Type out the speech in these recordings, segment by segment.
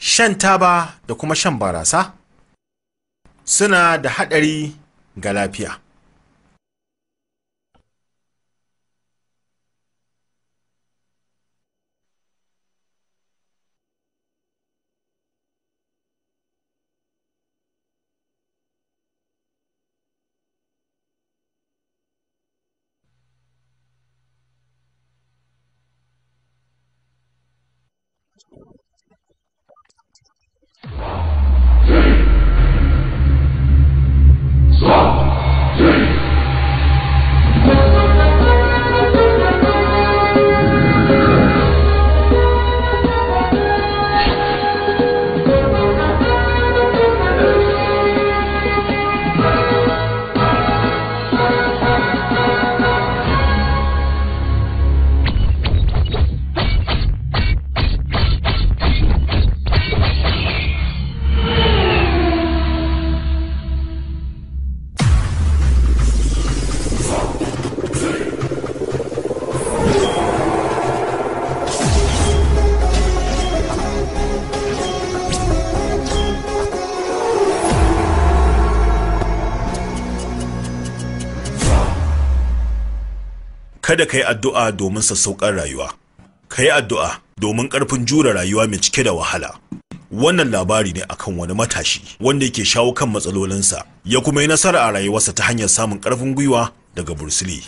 shan taba da kuma shan barasa suna da haɗari ga lafiya kada ka yi addu'a domin sassauƙar rayuwa ka yi addu'a domin ƙarfin jure rayuwa mai cike da wahala wannan labari ne akan wani matashi wanda yake shawo kan matsalolinsa ya kuma yi nasara a rayuwarsa ta hanyar samun ƙarfin gwiwa daga bursili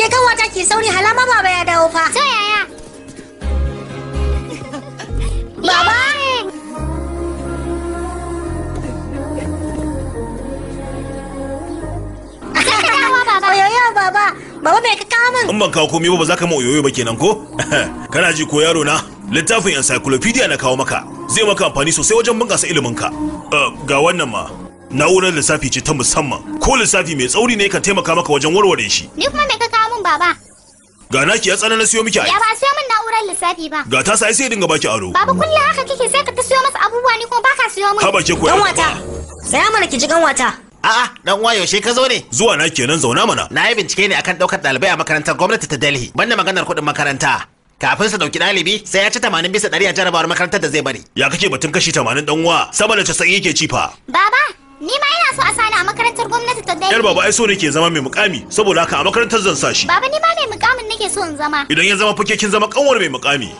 ke kan wata ke sauri halama baba ya dawo fa ta Baba bai ka kawo min? In ban kawo komai ba ba za ka mu oyoyo ba kenan ko? Kana ji ko yaro na? Littafin encyclopedia na kawo maka. Zai maka amfani sosai wajen bunƙasa ka. Eh, ga wannan ma. Na'urar lissafi ce ta musamman. Ko lissafi mai tsauri ne kan taimaka maka wajen warware shi. Ni kuma bai ka kawo min baba? Ga naki ya tsana na siyo miki ai. Ya ba siyo min na'urar lissafi ba. Ga ta sai sai dinga baki aro. Baba kullum haka kike sai ka ta siyo masa abubuwa ni kuma baka siyo min. Haba ke koyar. Dan wata. Saya mana ki ji gan wata. A'a dan uwa, yaushe ka zo ne? Zuwa na kenan zauna mana. Na yi bincike ne akan daukar ɗalibai a makarantar gwamnati ta Delhi. Banda maganar kuɗin makaranta. Kafin sa dauki ɗalibi sai ya ci 80 bisa 100 a jarabawar makarantar da zai bari. Ya kake batun kashi tamanin dan uwa? Sama da 90 yake ci fa. Baba, ni ma ina so a sani a makarantar gwamnati ta Delhi. Yar baba ai so nake zama mai mukami saboda haka a makarantar zan sa shi. Baba ni ma mai mukamin nake so in zama. Idan ya zama fake kin zama kanwar mai mukami.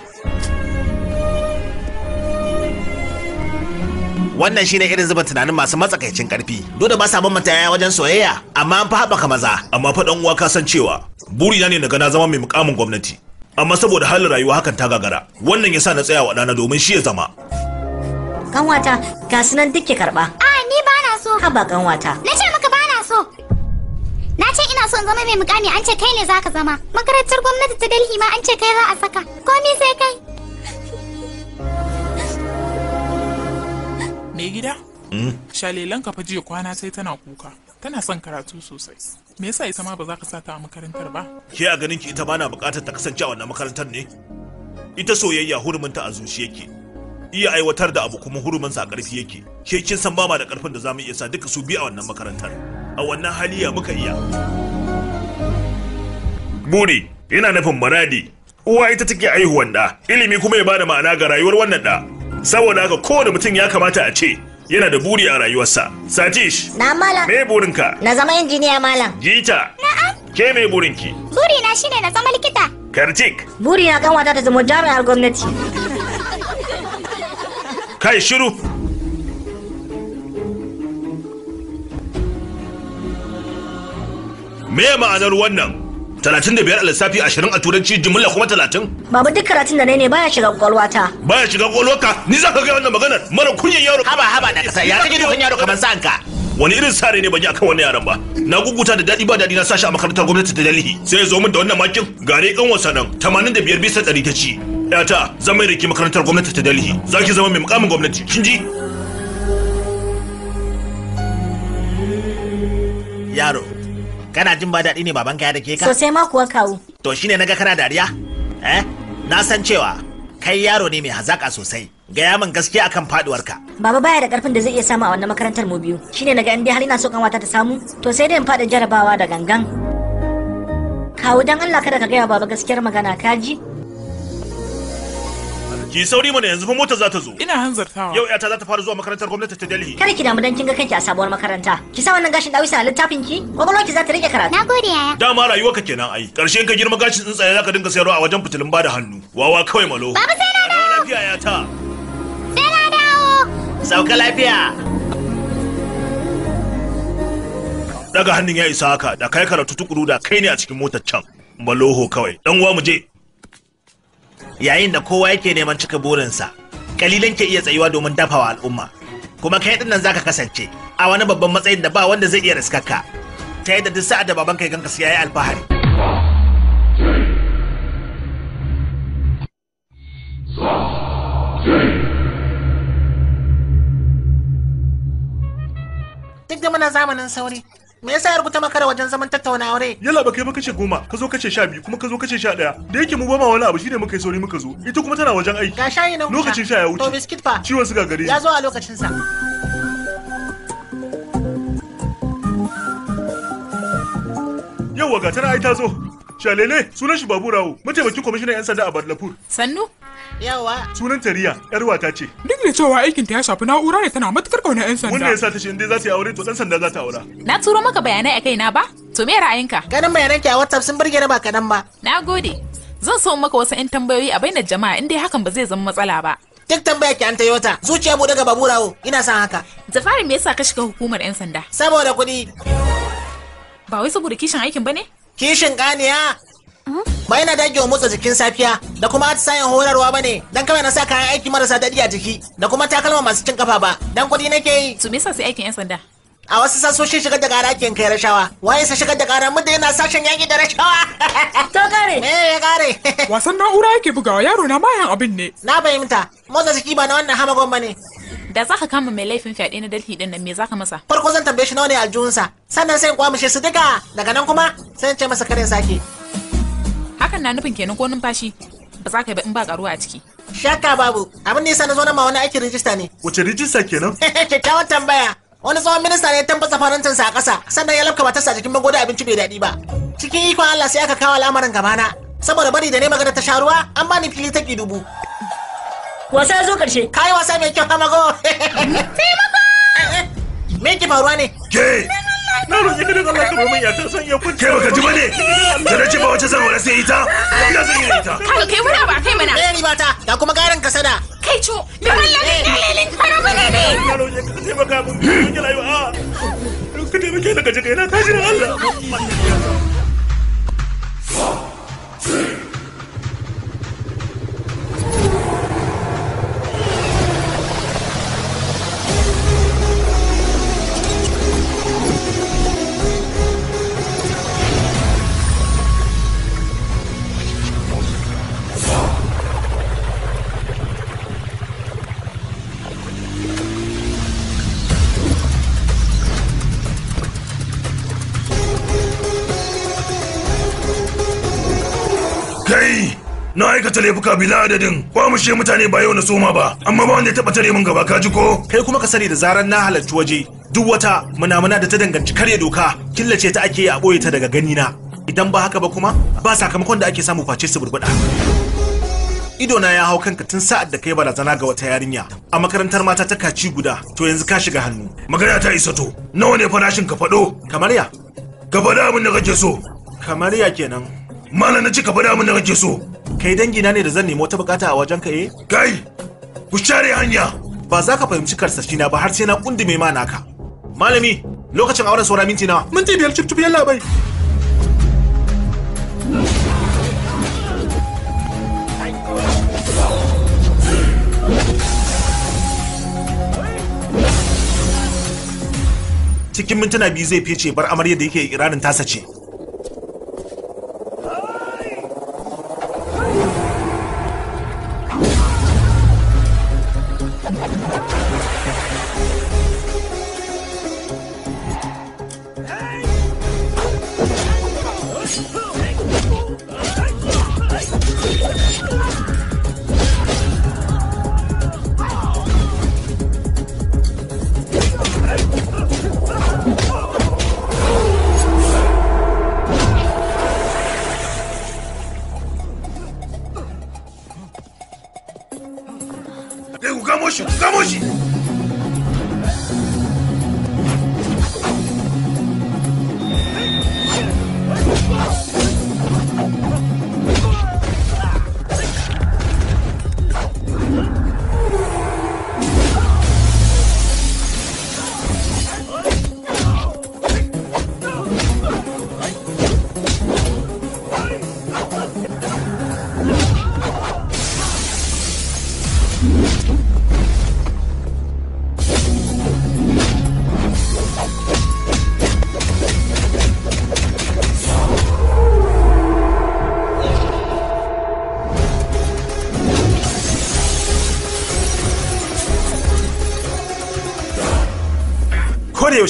wannan shine irin zuba tunanin masu matsakaicin karfi dole ba sa bambanta yaya wajen soyayya amma an fi haɓaka maza amma fa dan uwa ka san cewa burina ne na ga na zama mai mukamin gwamnati amma saboda halin rayuwa hakan ta gagara wannan yasa na tsaya wa ɗana domin shi ya zama kanwata ga sunan nan duk ke karɓa a ni ba na so haba kanwata na ce maka ba na so na ce ina son zama mai mukami an ce kai ne zaka zama makarantar gwamnati ta delhi ma an ce kai za a saka komi sai kai Mai gida? Hmm. Shalelan ka jiya kwana sai tana kuka. Tana son karatu sosai. Me yasa ita ma ba za ka sa ta a makarantar ba? Ke a ganin ki ita ba na bukatar ta kasance a wannan makarantar ne? Ita soyayya huruminta a zuci yake. Iya aiwatar da abu kuma huruminsa a ƙarfi yake. Ke kin san ba ma da ƙarfin da za mu iya sa duka su biyu a wannan makarantar. A wannan hali ya muka iya. Buri, ina nufin muradi. Uwa ita take aihuwan da, ilimi kuma ya bada ma'ana ga rayuwar wannan da. saboda haka kowane mutum ya kamata a ce yana da buri a rayuwarsa satish na malam me burinka na zama injiniya malam jita na'am ke me burinki buri na shine na zama likita kartik buri na kan wata ta zama jami'ar gwamnati kai shiru me ma'anar wannan talatin da biyar a lissafi ashirin a turanci jimilla kuma talatin. Baba duk karatun da ne baya shiga kwakwalwata. Baya shiga kwakwalwata ni za ka ga wannan maganar mara kunyan yaro. Haba haba da kasa ya kake dukan yaro kamar sanka. Wani irin sare ne ban yi akan wani yaran ba. Na guguta da daɗi ba daɗi na sashi a makarantar gwamnati ta Delhi. Sai ya zo min da wannan makin gare kan wasa nan tamanin da biyar bisa ɗari ta ci. Yata zan mai rike makarantar gwamnati ta Delhi. Za ki zama mai mukamin gwamnati. Kin ji? Yaro, kana jin ba daɗi ne babanka ya dake ka sosai ma kuwa kawo to shine naga kana dariya eh na san cewa kai yaro ne mai hazaka sosai gaya min gaskiya akan ka. baba baya da karfin da zai iya samu a wannan makarantar mu biyu shine naga in dai har ina so wata ta samu to sai dai in fada jarabawa da gangan kawo dan Allah kada ka gaya baba gaskiyar magana kaji Ki sauri mana yanzu fa mota za ta zo. Ina hanzartawa. Yau 'yata za ta fara zuwa makarantar gwamnati ta Delhi. Kada ki damu dan kin ga kanki a sabuwar makaranta. Ki sa wannan gashin dawisa a littafin ki, gwamnati ki za ta rike karatu. Nagode yaya. Dama rayuwa ka kenan ai. Karshen ka girma gashin tsuntsaye za ka dinga sayarwa a wajen fitilun bada hannu. Wawa kawai malo. Baba sai na dawo. Lafiya ya ta. Sai na dawo. Sauka lafiya. daga hannun ya isa haka da kai karatu tukuru da kai ne a cikin motar can maloho kawai dan uwa mu je yayin da kowa yake neman cika burinsa kalilan ke iya tsayuwa domin dafawa al'umma kuma kai din nan zaka kasance a wani babban matsayin da ba wanda zai iya riskarka ta yadda duk sa'ad da baban kai ganka sai yayi alfahari Duk da muna zamanin sauri, me yasa ya rubuta maka da wajen zaman tattauna aure yalla ba kai ba kace goma ka zo kace sha biyu kuma ka zo kace sha ɗaya. da yake mu ba ma wani abu shine muka yi sauri muka zo ita kuma tana wajen aiki ga shayi na lokacin sha ya wuce to biskit fa ciwon suga gare ya zo a lokacin sa yauwa ga tana ai ta zo shalele sunan shi baburawo mataimakin kwamishinan yan sanda a badlapur sannu Yawa. Sunan Tariya, ƴar wata ce. Duk da cewa aikinta ya shafi na'ura ne tana matukar kauna 'yan sanda. Wannan ya sa ta ce in za ta yi aure to ɗan sanda za ta aura. Na turo maka bayanai a kaina ba? To me ra'ayinka? Ganin ki a WhatsApp sun burge ba kaɗan ba. Na gode. Zan so maka wasu 'yan tambayoyi a bainar jama'a in dai hakan ba zai zama matsala ba. Duk tambaya ki an wata zuciya bude gaba burawo, ina son haka. Da fari me yasa ka shiga hukumar 'yan sanda? Saboda kuɗi. Ba wai saboda kishin aikin ba ne? Kishin ganiya, ba yana dagewa motsa jikin safiya da kuma atisayen horarwa ba ne dan kawai na sa kayan aiki marasa daɗi a jiki da kuma takalma masu cin kafa ba dan kuɗi nake yi su me su sai aikin yan sanda a wasu sasoshin shigar da ƙara ake kai rashawa waye sa shigar da ƙara muddin yana sashen yaƙi da rashawa to kare eh kare wasan na'ura yake bugawa yaro na mayan abin ne na fahimta motsa jiki ba na wannan hamagon ba ne da za ka kama mai laifin fyaɗe na dalhi ɗin nan me za ka masa farko zan tambaye shi nawa ne aljihunsa sannan sai in kwamishe su duka daga nan kuma sai in ce masa kare sake hakan na nufin kenan ko numfashi ba za ka yi in ba karuwa a ciki shakka babu abin da na zo na ma wani aikin rijista ne wace rijista kenan kyakkyawan tambaya wani tsohon minista ne ya tambasa farantinsa a kasa sannan ya lafka matarsa jikin magoda abinci bai daɗi ba cikin ikon Allah sai aka kawo al'amarin gabana saboda bari da ne magana ta sharuwa an bani fili ta dubu wasa ya zo ƙarshe kayi wasa mai kyau hamago taimako me ke faruwa ne ke na roƙi ka da Allah ka mun yarda san ya kunce kai baka ji bane da nace ba wace zan wani sai ita ina zan yi ita kai kai wani ba kai mana eh riba ta ga kuma garin ka sada kai co da ne eh. dalilin fara ne na roƙi ka ce baka mun ka layo a ka ce baka daga na kaji da Allah 4 3 Kai, na aikata laifuka bila adadin, kwamushe mutane ba yau na soma ba, amma ba wanda ya taba tare min gaba ka ji ko? Kai kuma ka sani da zaran na halarci waje, duk wata munamuna da ta danganci karya doka, killace ta ake yi a boye ta daga na Idan ba haka ba kuma, ba sakamakon da ake samu face su burbuɗa. na ya hau kanka tun sa'ad da kai barazana ga wata yarinya a makarantar mata ta kaci guda to yanzu ka shiga hannu magana ta isa to nawa ne farashin ka faɗo kamar ya ka faɗa abin da kake so kamar ya kenan malam na cika ka faɗa na da kake so kai dangina ne da zan nemi wata bukata a wajen ka eh kai ku share hanya ba za ka fahimci karsashi na ba har sai na kundume ma naka malami lokacin auren saura minti nawa minti biyar cip cip yalla bai cikin mintuna biyu zai fice bar amarya da yake iranin tasa ce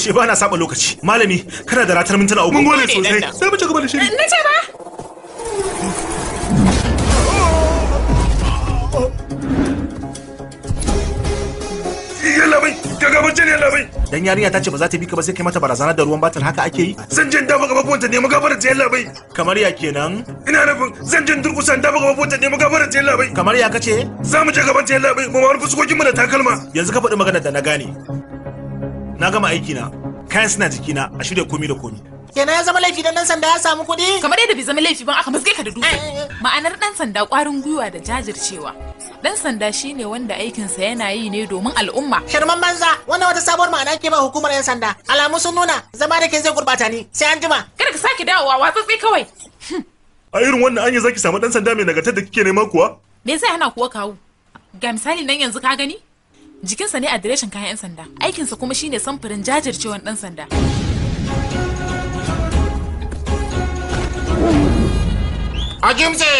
yaushe ba na saba lokaci malami kana da ratar mintuna uku mun gode sosai sai mu ci gaba da shiri na ce ba labai ka gaban jini labai dan yarinya ta ce ba za ta bi ka ba sai kai mata barazana da ruwan batar haka ake yi zan jin dafa gaba kuma ta nemi gafarar ta labai kamar ya kenan ina nufin zan jin durkusan dafa gaba kuma ta nemi gafarar ta labai kamar ya kace za mu je gaban ta labai mu ma rufe sukokin mu da takalma yanzu ka faɗi magana da na gane aiki na kayan suna jikina a shirya komi da komi kenan ya zama laifi dan dan sanda ya samu kuɗi kamar yadda bai zama laifi ban aka maske ka da dutse eh, eh, eh. ma'anar dan sanda ƙwarin gwiwa da jajircewa dan sanda shine wanda aikinsa yana yi ne domin al'umma shirman banza wannan wata sabuwar ma'ana ke ba hukumar yan sanda alamu sun nuna zama da ke zai gurbata ni sai an jima kada ka sake dawowa watsatsi kawai a irin wannan anya zaki samu dan sanda mai nagartar da kike nema kuwa me zai hana kuwa kawo ga misali nan yanzu ka gani jikinsa ne adireshin kayan 'yan sanda aikinsa kuma shine samfurin jajircewan ɗan sanda a gimse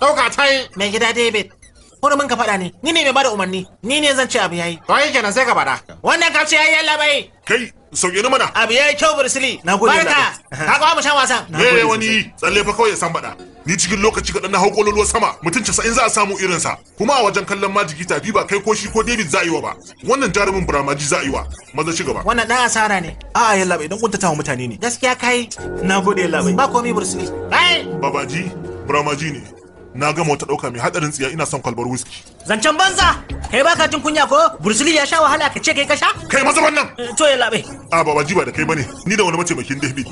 ɗauka tai mai gida david hurumin ka faɗa ne ni ne mai bada umarni ni ne zan ce abu yayi to ai kenan sai ka faɗa wannan ka ce yayi Allah bai kai sauke ni mana abu yayi kyau bursili nagode barka ka ga mu shan wasan eh wani tsalle fa kawai san bada ni cikin lokaci kaɗan na hau ƙololuwar sama mutum casa'in za a samu irinsa kuma a wajen kallon majigi tafi ba kai ko shi ko david za a yi wa ba wannan jarumin buramaji za a yi wa maza ci gaba wannan ɗan asara ne a'a yalla bai don kuntata wa mutane ne gaskiya kai na gode yalla bai ba komai bursili bai babaji buramaji ne na gama wata ɗauka mai hadarin tsiya ina son kwalbar whisky. Zancen banza! Kai baka jin kunya ko? Bursuli ya sha wahala ka ce kai ka sha? Kai maza wannan! Eh, to ya labe. A baba jiba da kai bane, ni da wani mace mataimakin David.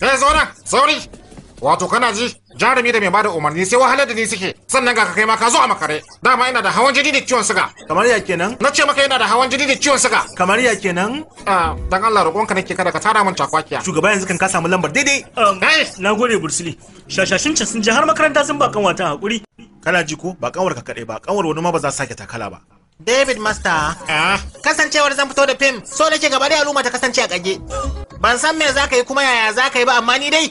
Kai eh, zauna, sauri! wato kana ji jarumi da mai bada umarni sai wahala da ni suke sannan ga kai ma ka zo a makare dama ina da hawan jini da ciwon suga kamar ya kenan na ce maka yana da hawan jini da ciwon suga kamar ya kenan ah, dan Allah roƙonka nake kada ka tara min takwakiya shugaba yanzu kan ka samu lambar daidai um, um, na gode bursili shashashin can sun je har makaranta sun ba kan wata hakuri kana ji ko ba kanwar ka kadai ba kanwar wani ma ba za sake takala ba David Master. Ah. Kasancewar zan fito da fim so nake gaba da al'umma ta kasance a kage. Ban san me za ka yi kuma yaya za ka yi ba amma ni dai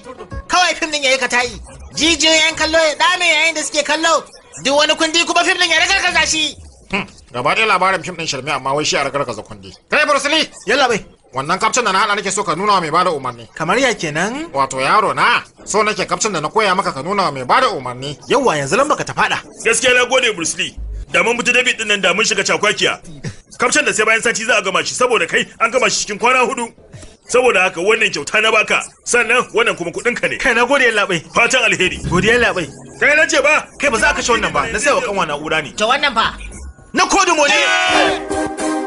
kawai fim din yayi ka tayi. Jijiyoyin kallo ya dame yayin da suke kallo. Duk wani kundi kuma fim din ya ragargaza shi. Hmm, gaba da labarin fim din Sharmi amma wai shi a ragargaza kundi. Kai Bruce Lee. Yalla bai. wannan kaftin da na hada nake so ka nuna wa mai bada umarni kamar ya kenan wato yaro na so nake kaftin da na koya maka ka nuna wa mai bada umarni Yawwa, yanzu lamba ka ta fada gaskiya na gode Bruce Lee da mun mutu dabi dinnan da mun shiga cakwakiya kamshan da sai bayan sati za a gama shi saboda kai an gama shi cikin kwana hudu saboda haka wannan kyauta na baka sannan wannan kuma kudin ka ne kai na gode labai fatan alheri godiya labai kai na ce ba kai ba za ka ci wannan ba na sai wa kanwa na'ura ne to wannan fa na kodin ne.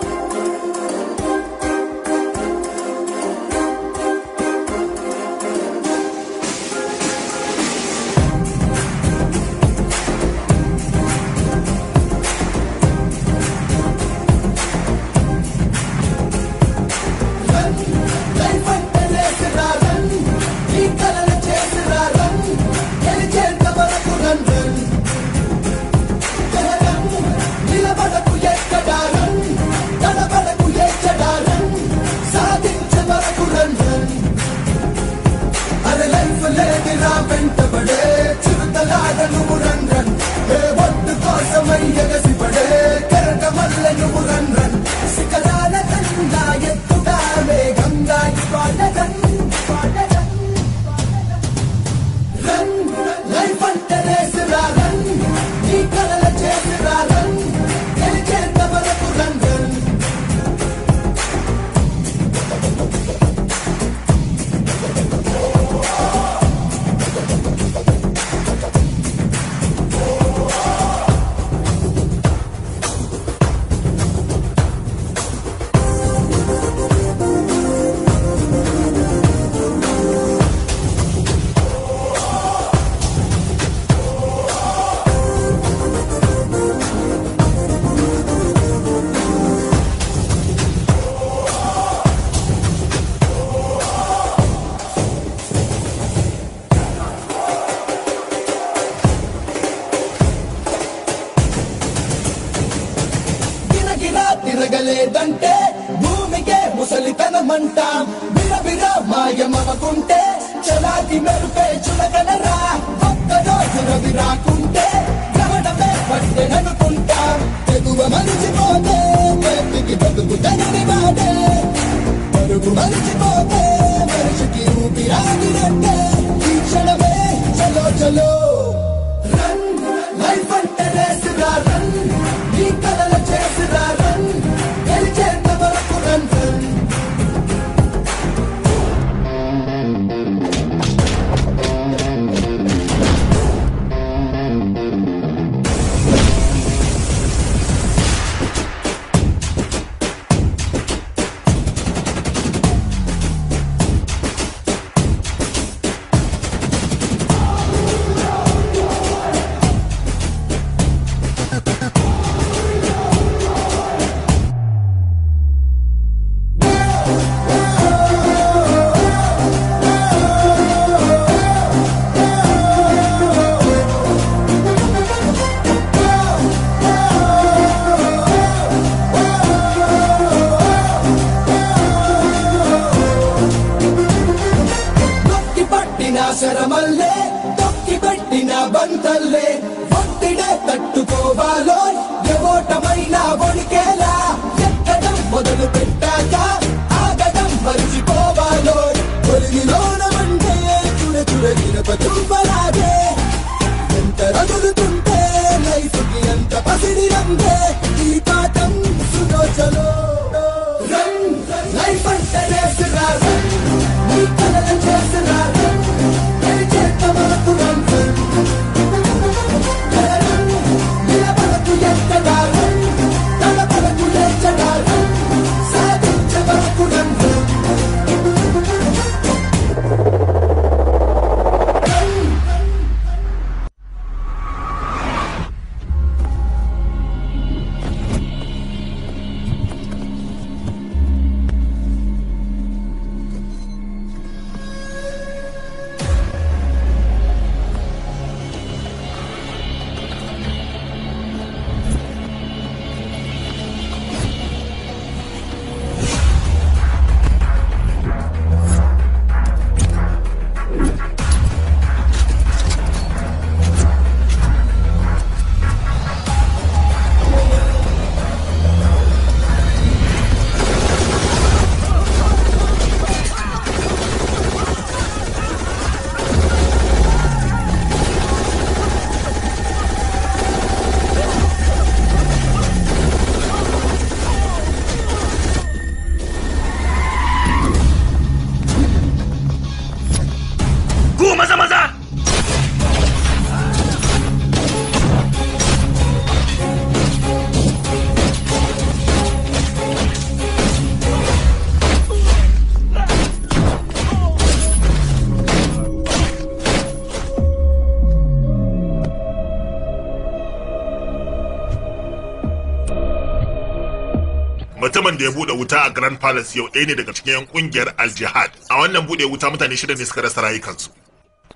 da ya bude wuta a Grand Palace yau ɗaya ne daga cikin yan kungiyar Al-Jihad. A wannan bude wuta mutane shida ne suka rasa rayukansu.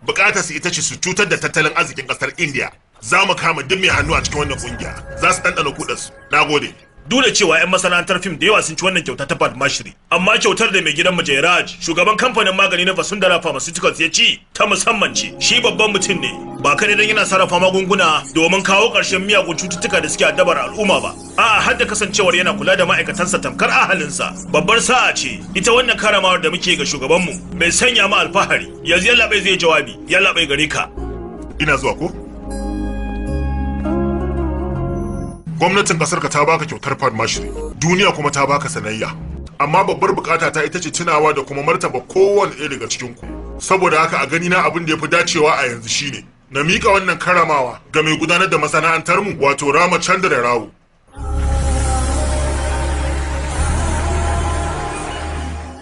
Bukatar su ita ce su cutar da tattalin arzikin kasar India. Za mu kama duk mai hannu a cikin wannan kungiya. Za su ɗanɗana su Na gode. dole cewa 'yan masana'antar fim da yawa sun ci wannan kyauta ta Padmashri amma kyautar da mai gidan mu Jairaj shugaban kamfanin magani na Vasundara Pharmaceuticals ya ci ta musamman ce shi babban mutum ne ba kai dan yana sarrafa magunguna domin kawo ƙarshen miyagun cututtuka da suke addabar al'umma ba a'a har da kasancewar yana kula da ma'aikatansa tamkar ahalinsa babbar sa'a ce ita wannan karamawar da muke ga shugabanmu mai sanya mu alfahari yanzu yallaɓai zai jawabi yallaɓai gare ka ina zuwa ko gwamnatin ƙasarka ka ta baka kyautar farmashiri duniya kuma ta baka sanayya amma babbar bukata ta ita ce tunawa da kuma martaba kowane ɗaya daga cikin ku saboda haka a gani na abin da ya fi dacewa a yanzu shine na mika wannan karamawa ga mai gudanar da masana'antar mu wato Rama Chandra Rawu.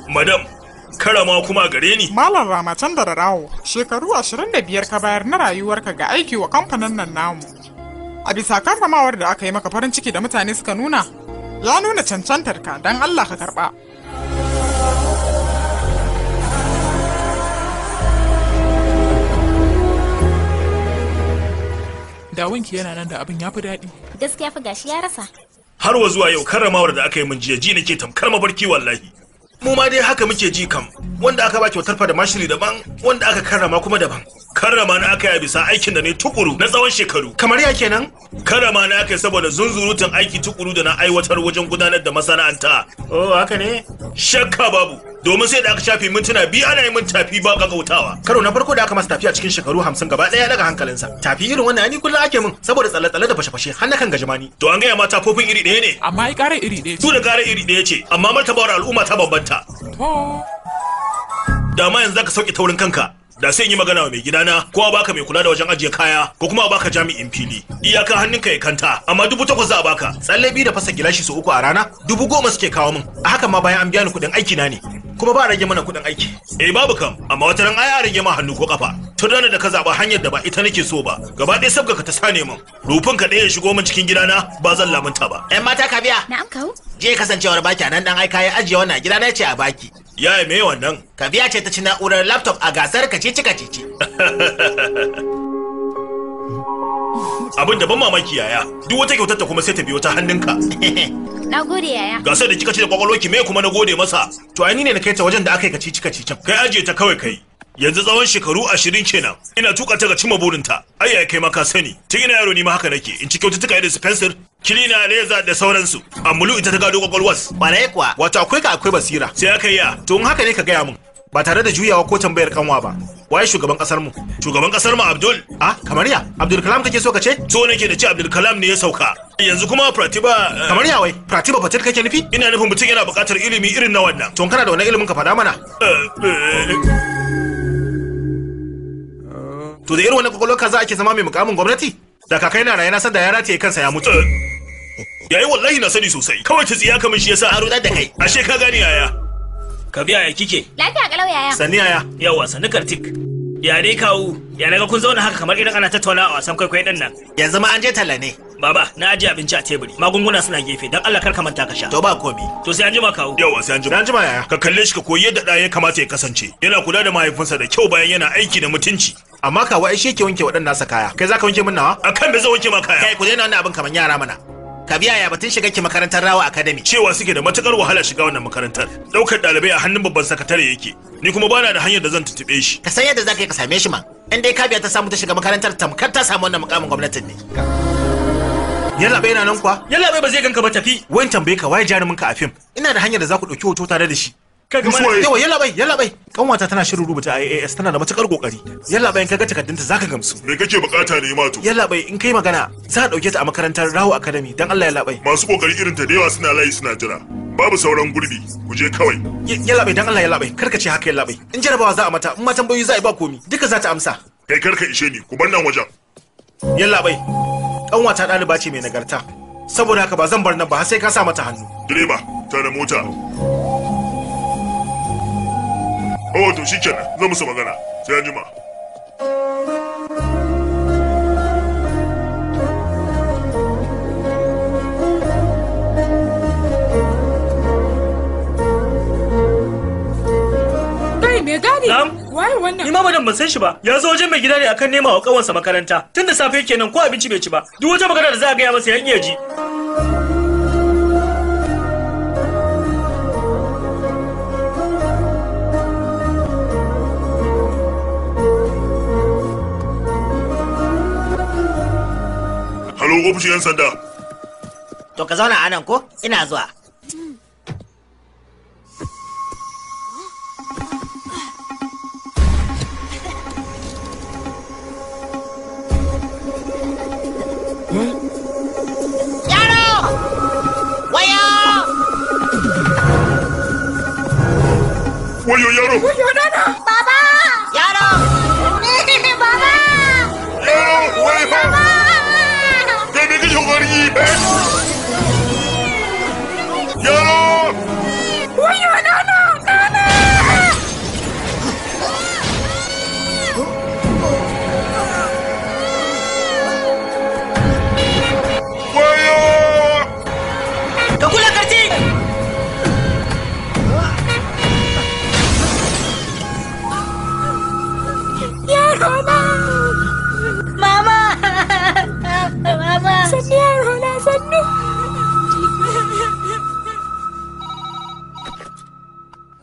madam karama kuma gare ni. Malam da Rawu, shekaru 25 ka bayar na rayuwarka ga aiki wa kamfanin nan namu. a bisa karramawar da aka yi maka farin ciki da mutane suka nuna ya nuna cancantar ka don Allah ka karɓa. Dawinki yana nan da abin ya fi daɗi. Gaskiya fi gashi ya rasa. Har wa zuwa yau karramawar da aka yi min jiya ji nake tamkar mabarki wallahi. mu ma dai haka muke ji kam wanda aka ba kyautar fa da mashiri daban wanda aka karrama kuma daban karrama na aka yi bisa aikin da ne tukuru na tsawon shekaru kamar ya kenan karrama na aka yi saboda zunzurutun aiki tukuru da na aiwatar wajen gudanar da masana'anta oh haka ne shakka babu domin sai da aka shafe mintuna biyu ana yi min tafi ba gautawa karo na farko da aka masa tafi a cikin shekaru hamsin gaba ɗaya daga hankalinsa tafi irin wannan ni kullum ake min saboda tsalle-tsalle da fashe-fashe har na kan gajimani to an gaya mata fofin iri ɗaya ne amma ai ƙara iri ɗaya ce su da ƙara iri ɗaya ce amma martabar al'umma ta bambanta dama yanzu zaka sauke taurin kanka da sai in yi magana wa mai gidana ko a baka mai kula da wajen ajiye kaya ko kuma a baka jami'in fili iyaka ka ya kanta amma dubu takwas za a baka tsalle biyu da fasa gilashi su uku a rana dubu goma suke kawo min a haka ma bayan an biya ni kuɗin aiki na ne kuma ba a rage mana kuɗin aiki eh babu kam amma wata ran ai a rage ma hannu ko kafa to dana da ka zaba hanyar da ba ita nake so ba gaba ɗaya sabga ka ta sane min rufin ka ɗaya ya shigo min cikin gida na, ba zan lamunta ba ƴan mata ka biya na'am kawo je kasancewar baki nan dan ai kayan ajiye wannan gidana ce a baki Ya yi me wannan? biya ce ta ci na'urar laptop a gasar kacici kacici. Abin da ban mamaki yaya, duk wata kyautar ta kuma sai ta biyo ta hannunka. Na gode yaya. Gasar da kika ce da ki me kuma na gode masa. To ai ni ne na kai ta wajen da aka yi kacici kacicin. Kai ajiye ta kawai kai. yanzu tsawon shekaru ashirin kenan ina tuka ta ga cimma burinta ai ya kai maka sani tun ina yaro ni ma haka nake in ci kyaututtuka irin spencer kilina leza da sauransu amulu ita ta gado kwakwalwas ɓarai kuwa wato akwai ka akwai basira sai aka yi ya to in haka ne ka gaya min ba tare da juyawa ko tambayar kanwa ba waye shugaban kasar mu shugaban kasar mu abdul ah kamar abdul kalam kake so ka ce so nake da ce abdul kalam ne ya sauka yanzu kuma pratiba eh, kamar ya wai pratiba fatir kake nufi ina nufin mutum yana buƙatar ilimi irin na wannan to kana da wani ilimin ka faɗa mana eh, eh, to da irin wani kwakwalwar ka za ke zama mai mukamin gwamnati da kakai na raye na sanda ya rataye kansa ya mutu eh. yayi wallahi na sani sosai kawai ta tsiya kamar shi yasa aro rudar da kai ashe ka gane yaya ka biya ya kike lafiya galau yaya sani yaya yawa sani kartik ya dai kawu ya naga kun zauna haka kamar idan ana tattauna a wasan kwaikwayo din nan yanzu ma an je talla ne baba na ajiye abinci a teburi magunguna suna gefe dan Allah kar ka manta ka sha to ba komi to sai an jima kawo yawa sai an jima an jima yaya ka kalle shi ka koyi yadda da ya kamata ya kasance yana kula da mahaifinsa da kyau bayan yana aiki da mutunci amma ka ai shi ke wanke waɗannan nasa kaya kai zaka wanke min nawa kan me zan wanke ma kaya kai ku daina wannan abin kamar yara mana ka biya ya batun shiga ki makarantar rawa academy cewa suke da matakar wahala shiga wannan makarantar daukar dalibai a hannun babban sakatare yake ni kuma bana da hanyar da zan tutube shi ka san yadda zaka yi ka same shi ma in dai ka biya ta samu ta shiga makarantar tamkar ta samu wannan mukamin gwamnatin ne yalla bai nan kwa yalla bai ba zai ganka ba tafi wani tambaye ka waye jarumin ka a fim ina da hanyar da za ku dauki hoto tare da shi yawa yalla bai yalla bai kanwata tana shirin rubuta IAS tana da matukar kokari yalla bai kaga takaddunta zaka gamsu me kake bukata ne ma to yalla bai in kai magana za a dauke ta a makarantar Rahu Academy dan Allah yalla bai masu kokari irin ta da yawa suna layi suna jira babu sauran gurbi ku je kawai yalla bai dan Allah yalla bai karka ce haka yalla bai in jarabawa za a mata in ma tambayoyi za a yi ba komi duka za ta amsa kai karka ishe ni ku bar nan wajen yalla bai kanwata ɗaliba ce mai nagarta saboda haka ba zan bar nan ba sai ka sa mata hannu direba tare mota Oh, to shi kenan, zan musu magana. Sai anjima. jima. waye wannan ni ma madan ban san shi ba ya zo wajen mai gida ne akan nema wa kawansa makaranta tun da safe kenan ko abinci bai ci ba duk wata magana da za a gaya masa yan iya ji tafi ofishin 'yan sanda. To ka zauna anan ko? Ina zuwa. Wayo yaro! Wayo nana! Ba Yo!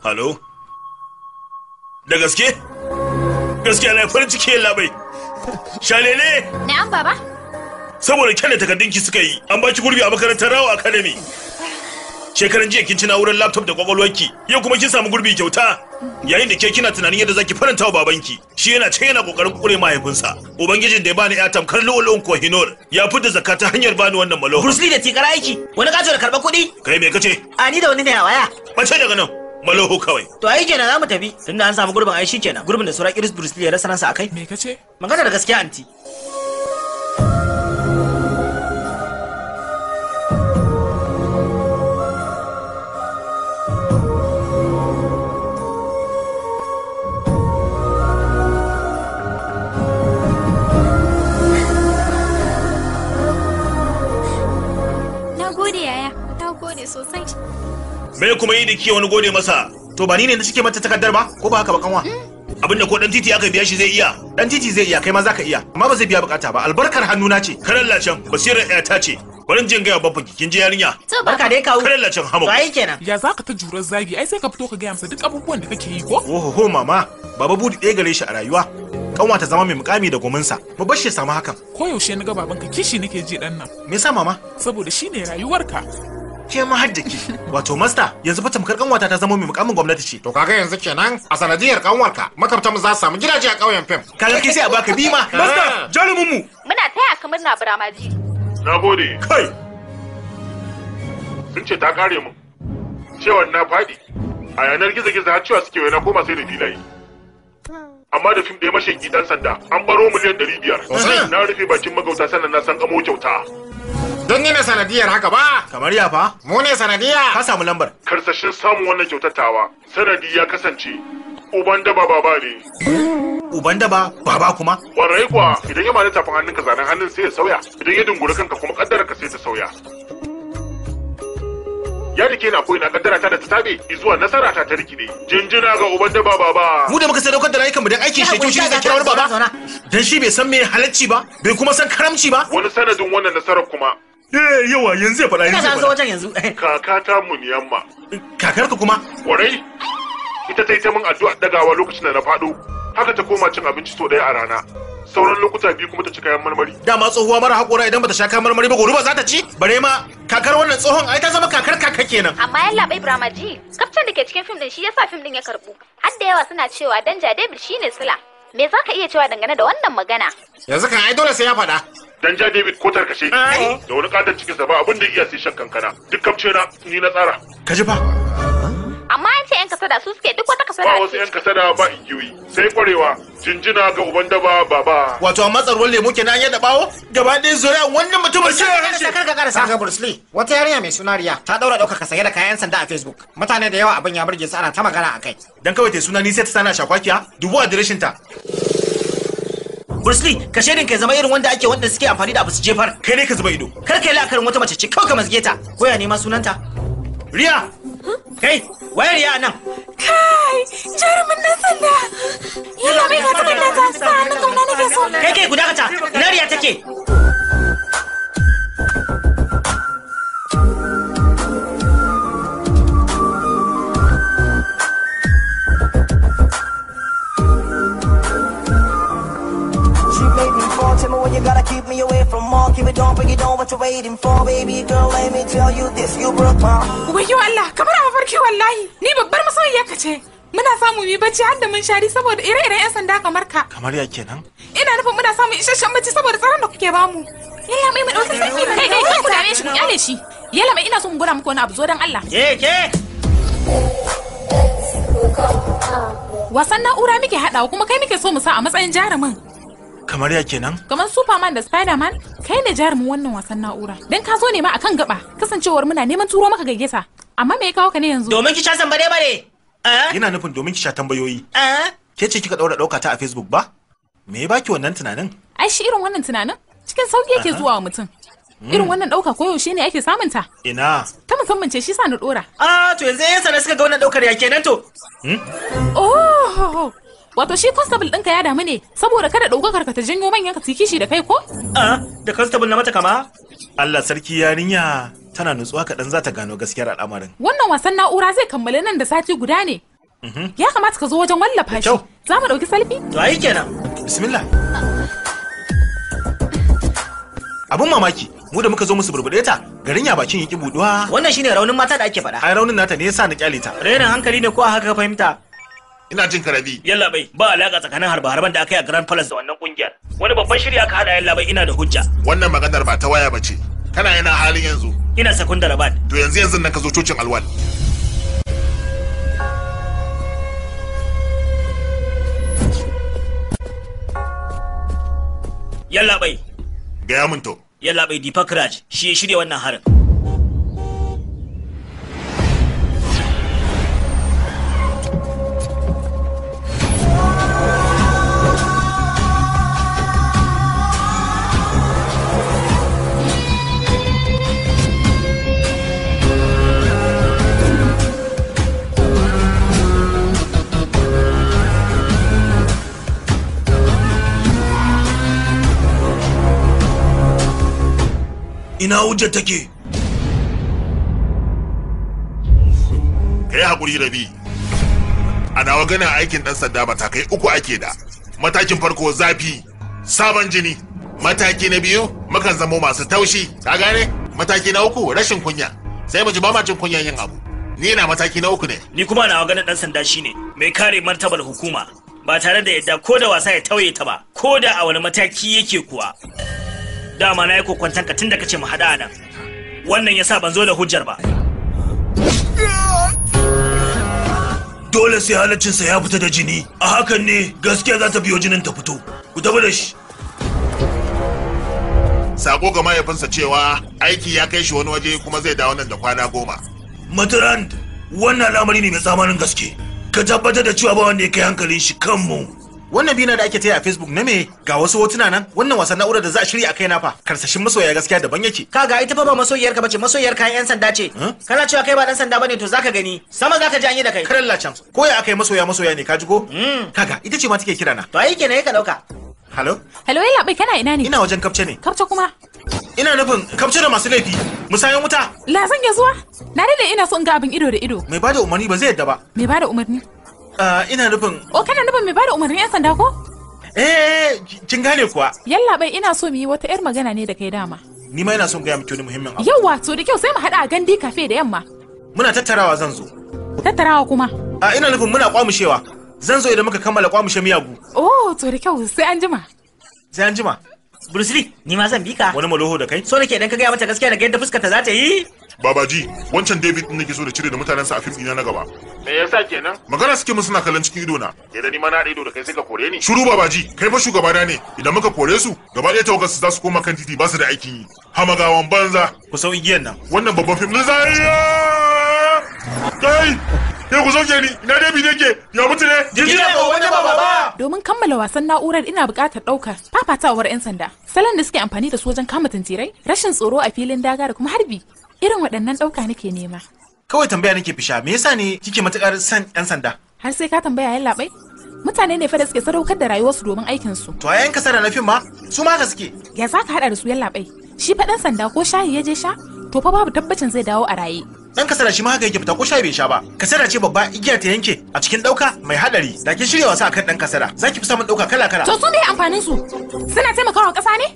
Halo? Da gaske? Gaske na farin ciki yalla bai. Shalele? Na'am baba. Saboda kyan takardunki suka yi, an baki gurbi a makarantar Rawa Academy. Shekaran jiya kin ci na'urar laptop da kwakwalwarki, yau kuma kin samu gurbi kyauta. Yayin da ke kina tunanin yadda zaki faranta wa babanki, shi yana can yana kokarin kure mahaifinsa. Ubangijin da ya bani ya tamkar lolon kohinor ya fudda zakka hanyar bani wannan malo. Bruce Lee da tikar aiki, wani gajo da karɓar kuɗi. Kai me kace? A ni da wani ne a waya. Bace daga nan. Maloho kawai. To ai kenan za mu tafi tunda an samu gurbin ai shi kenan gurbin da Sura Iris Bruce Lee ya rasa ransa akai. Me kace? Magana da gaskiya anti. Na gode yaya, gode sosai. me kuma yi da kiyo wani gode masa to ba ni ne da suke mata takardar ba ko ba haka ba kanwa da ko dan titi aka biya shi zai iya dan titi zai iya kai ma zaka iya amma ba zai biya bukata ba albarkar hannuna ce karan lacan basirar ta ce barin jin gaya babban kin je yarinya barka dai kawo karan lacan hamu to ai kenan ya zaka ta jurar zagi ai sai ka fito ka gaya masa duk abubuwan da kake yi ko ohoho mama baba budi ɗaya gare shi a rayuwa kanwa ta zama mai mukami da gominsa mu bar shi samu hakan koyaushe na ga babanka kishi nake ji dan nan me yasa mama saboda shine rayuwarka ke ma wato masta, yanzu fata mukar kanwata ta zama mai mukamin gwamnati ce to kaga yanzu kenan a sanadiyar kanwarka makabtan za su samu gidaje a kauyen fem kaga ke sai a baka bima master ah. jarumin mu muna taya kamar na buramaji nagode kai sun ce ta kare mu cewar na faɗi a yanar gizo-gizo har cewa suke na koma sai da filaye amma da fim da ɗaya mashe gidan sanda an baro miliyan ɗari biyar na rufe bakin magauta sannan na san kamo kyauta Don nina sanadiyar haka ba. Kamar ya fa? Mu ne sanadiya. Ka samu lambar. Karsashin samun wannan kyautatawa. Sanadi ya kasance. Uban daba baba ne. Uban daba baba kuma? Warai kuwa idan ya mani tafin ka zanen hannun sai ya sauya. Idan ya dungura kanka kuma kaddara ka sai ta sauya. ya rike na koyi na kaddara ta da ta tabe zuwa nasara ta ta rikide jinjina ga uban da baba mu da muka daukar da rayukan mu dan aikin shekin shi da kirawar baba dan shi bai san me halacci ba bai kuma san karamci ba wani sanadin wannan nasarar kuma Eh yawa yanzu ya faɗa yanzu. Kana zo wajen yanzu. Kaka ta mu niyamma. Kakar ka kuma? Kwarai. Ita ta yi ta min addu'a dagawa lokacin da na faɗo. Haka ta koma cin abinci sau ɗaya a rana. Sauran lokuta biyu kuma ta ci kayan marmari. Dama tsohuwa mara haƙora idan bata sha kayan marmari ba gobe ba za ta ci. Bare ma kakar wannan tsohon ai ta zama kakar kaka kenan. Amma yan labai Brahmaji, kaftan da ke cikin fim ɗin, shi ya sa fim ɗin ya karɓu. Har da yawa suna cewa Danja David shine Sila. Me za ka iya cewa dangane da wannan magana? Yanzu kan ai dole sai ya faɗa. dan ja David ko tarkace da wani kadan cikin sa ba abin da iya sai shan kankana duk kamce na ni na tsara ka ji ba amma an ce yan kasada su suke duk wata kasada ba wasu yan kasada ba igiyoyi sai kwarewa jinjina ga uban daba baba wato amma tsaron lemu kenan ya bawo. gaba ɗaya zuriya wannan mutum shi ne kar ka karasa ga Bruce Lee wata yarinya mai suna Riya ta daura daukar ka saye da kayan sanda a Facebook mutane da yawa abin ya burge su ana ta magana akai dan kawai ta suna ni sai ta sana shakwakiya dubu adireshin ta Bruce Lee ka shaidin ka zama irin wanda ake wanda suke amfani da abu su jefar. Kai ne ka zuba ido. Kar kai la'akarin wata mace ce kawai ka mazge Ko ya nema sunanta. Riya. Kai waye Riya nan? Kai jarumin na sanda. Yana bai ka tabbata ka sa hannun gwamna nake so. Kai kai guda ka ta. Ina Riya take? down, tell me what you gotta keep me away from all Keep it on, break it down, what you're waiting for Baby girl, let me tell you this, you broke my Wayo Allah, kamar a mafarki wallahi Ni babbar masoyiya ka ce Muna samu mi bacci har da mun shari saboda ire-iren 'yan sanda kamar ka. Kamar ya kenan? Ina nufin muna samu isasshen bacci saboda tsaron da kuke bamu. Yaya mai mai ɗaukar sarki kai kai kai ku dame shi ku kyale shi. Yala mai ina so mu gura muku wani abu zo don Allah. Ke ke. Wasan na'ura muke haɗawa kuma kai muke so mu sa a matsayin jarumin. kamar ya kenan kamar superman da spiderman kai ne jarumin wannan wasan na'ura dan ka zo ne ma akan gaba kasancewar muna neman turo maka gaggesa amma me ya kawo ka ne yanzu domin ki sha san bare bare yana eh? nufin domin ki sha tambayoyi eh? ke ce kika daura dauka ta a facebook ba me ya baki wannan tunanin ai shi irin wannan tunanin cikin sauki yake zuwa wa mutum hmm. irin wannan ɗauka koyaushe ne ake samun ta. Ina. Ta musamman ce shi sa na ɗora. Ah to yanzu yan sana suka ga wannan ɗaukar ya kenan to. Hmm? Oh Wato shi constable ɗinka ya damu ne saboda kada ɗaukakar ka ta janyo manyan ka da kai ko? A da constable na mata kama? Allah sarki yarinya tana nutsuwa kaɗan za ta gano gaskiyar al'amarin. Wannan wasan na'ura zai kammala nan da sati guda ne. Mhm. Ya kamata ka zo wajen wallafa shi. Za mu ɗauki salfi? To ayi kenan. Bismillah. Abun mamaki, mu da muka zo musu burbuɗe ta, garin ya bakin yaki buduwa. Wannan shine raunin mata da ake faɗa. Ai raunin nata ne yasa na kyale ta. rainin hankali ne ko a haka fahimta? ina jin karabi yalla bai ba alaka tsakanin harba-harban da aka yi a Grand Palace da wannan kungiyar wani babban shiri aka hada yalla bai ina da hujja wannan maganar ba ta waya bace kana yana halin yanzu ina secondary band. to yanzu yanzu nan ka zo cocin alwal yalla bai gaya mun to yalla bai Deepak Raj shi ya shirya wannan harin ina hujja take kai hakuri rabi a nawa gana aikin ɗan sanda matakai uku ake da matakin farko zafi sabon jini mataki na biyu mukan zamo masu taushi ka gane mataki na uku rashin kunya sai mu ji ba cin kunyan yin abu ni na mataki na uku ne ni kuma nawa ganin ɗan sanda shine mai kare martabar hukuma ba tare da yadda ko da wasa ya tauye ta ba ko da a wani mataki yake kuwa dama na yi kokwantan ka tunda kace mu hada nan wannan yasa ban zo da hujjar ba dole sai halaccinsa ya fita da jini a hakan ne gaskiya za ta biyo jinin ta fito ku tafi da shi sako ga mahaifinsa cewa aiki ya kai shi wani waje kuma zai dawo nan da kwana goma matarand wannan al'amari ne mai tsamanin gaske ka tabbatar da cewa ba wanda ya kai hankalin shi kanmu wannan bina da ake taya a facebook na me ga wasu hotuna nan wannan wasan na'ura da za a shirya a kai na fa karsashin masoya gaskiya daban yake kaga ita fa ba masoyiyarka bace masoyiyar kayan yan sanda ce kana cewa kai ba dan sanda bane to zaka gani sama zaka ji an yi da kai karalla can ko ya akai masoya masoya ne ka ji ko hmm. kaga ita ce ma take kira na to ai kenan ka dauka Halo? Halo yalla bai kana ina ne? Ina wajen kapce ne. Kapce kuma? Ina nufin kapce da masu laifi. Musayan wuta. La zan ya zuwa? Na dade ina so in ga abin ido da ido. Mai bada umarni ba zai yadda ba. Mai bada umarni? Ah, ina nufin o kana nufin mai bada umarnin yan sanda ko eh kin gane kuwa yalla bai ina so mu yi wata yar magana ne da kai dama ni ma ina son gaya miki wani muhimmin abu Yawwa, to da kyau sai mu haɗa a gandi cafe da yamma muna tattarawa zan zo tattarawa kuma a ah, ina nufin muna kwamushewa zan zo idan muka kammala kwamushe miyagu oh to da kyau sai an jima sai an jima Bruce Lee, ni ma zan bi ka. Wani maloho da kai? So nake idan ka gaya mata gaskiya daga yadda fuskar ta za ta yi. babaji wancan david din nake so da cire da mutanen sa a fim ɗina na gaba me yasa kenan magana suke mun suna kallon cikin ido na ke da ni ma na ido da kai sai ka kore ni shiru babaji kai fa shugabana ne idan muka kore su gaba ɗaya tawagar su za su koma kan titi ba su da aikin yi hamagawan banza ku sau igiyan nan wannan babban fim din zai kai ke ku sauke ni ina david ke, ya mutu ne jigila ba wani baba ba domin kammala wasan na'urar ina buƙatar ɗaukar fafatawar 'yan sanda salon da suke amfani da su wajen kama tantirai rashin tsoro a filin daga da kuma harbi Irin waɗannan ɗauka nake nema. Kawai tambaya nake fisha, me yasa ne kike matukar san 'yan sanda? Har sai ka tambaya yan labai? Mutane ne fa da suke sadaukar da rayuwarsu domin aikin su. To ayan kasara na fim ma, su ma ka suke. Ya za ka haɗa da su yan labai? Shi fa ɗan sanda ko shayi ya je sha? To fa babu tabbacin zai dawo a raye. Ɗan kasara shi ma haka yake fita ko shayi bai sha ba kasara ce babba igiya ta yanke a cikin ɗauka mai haɗari. da ke shirya wasa kan ɗan kasara Za ki fi samun ɗauka kala kala to su me amfanin su suna taimakawa kasa ne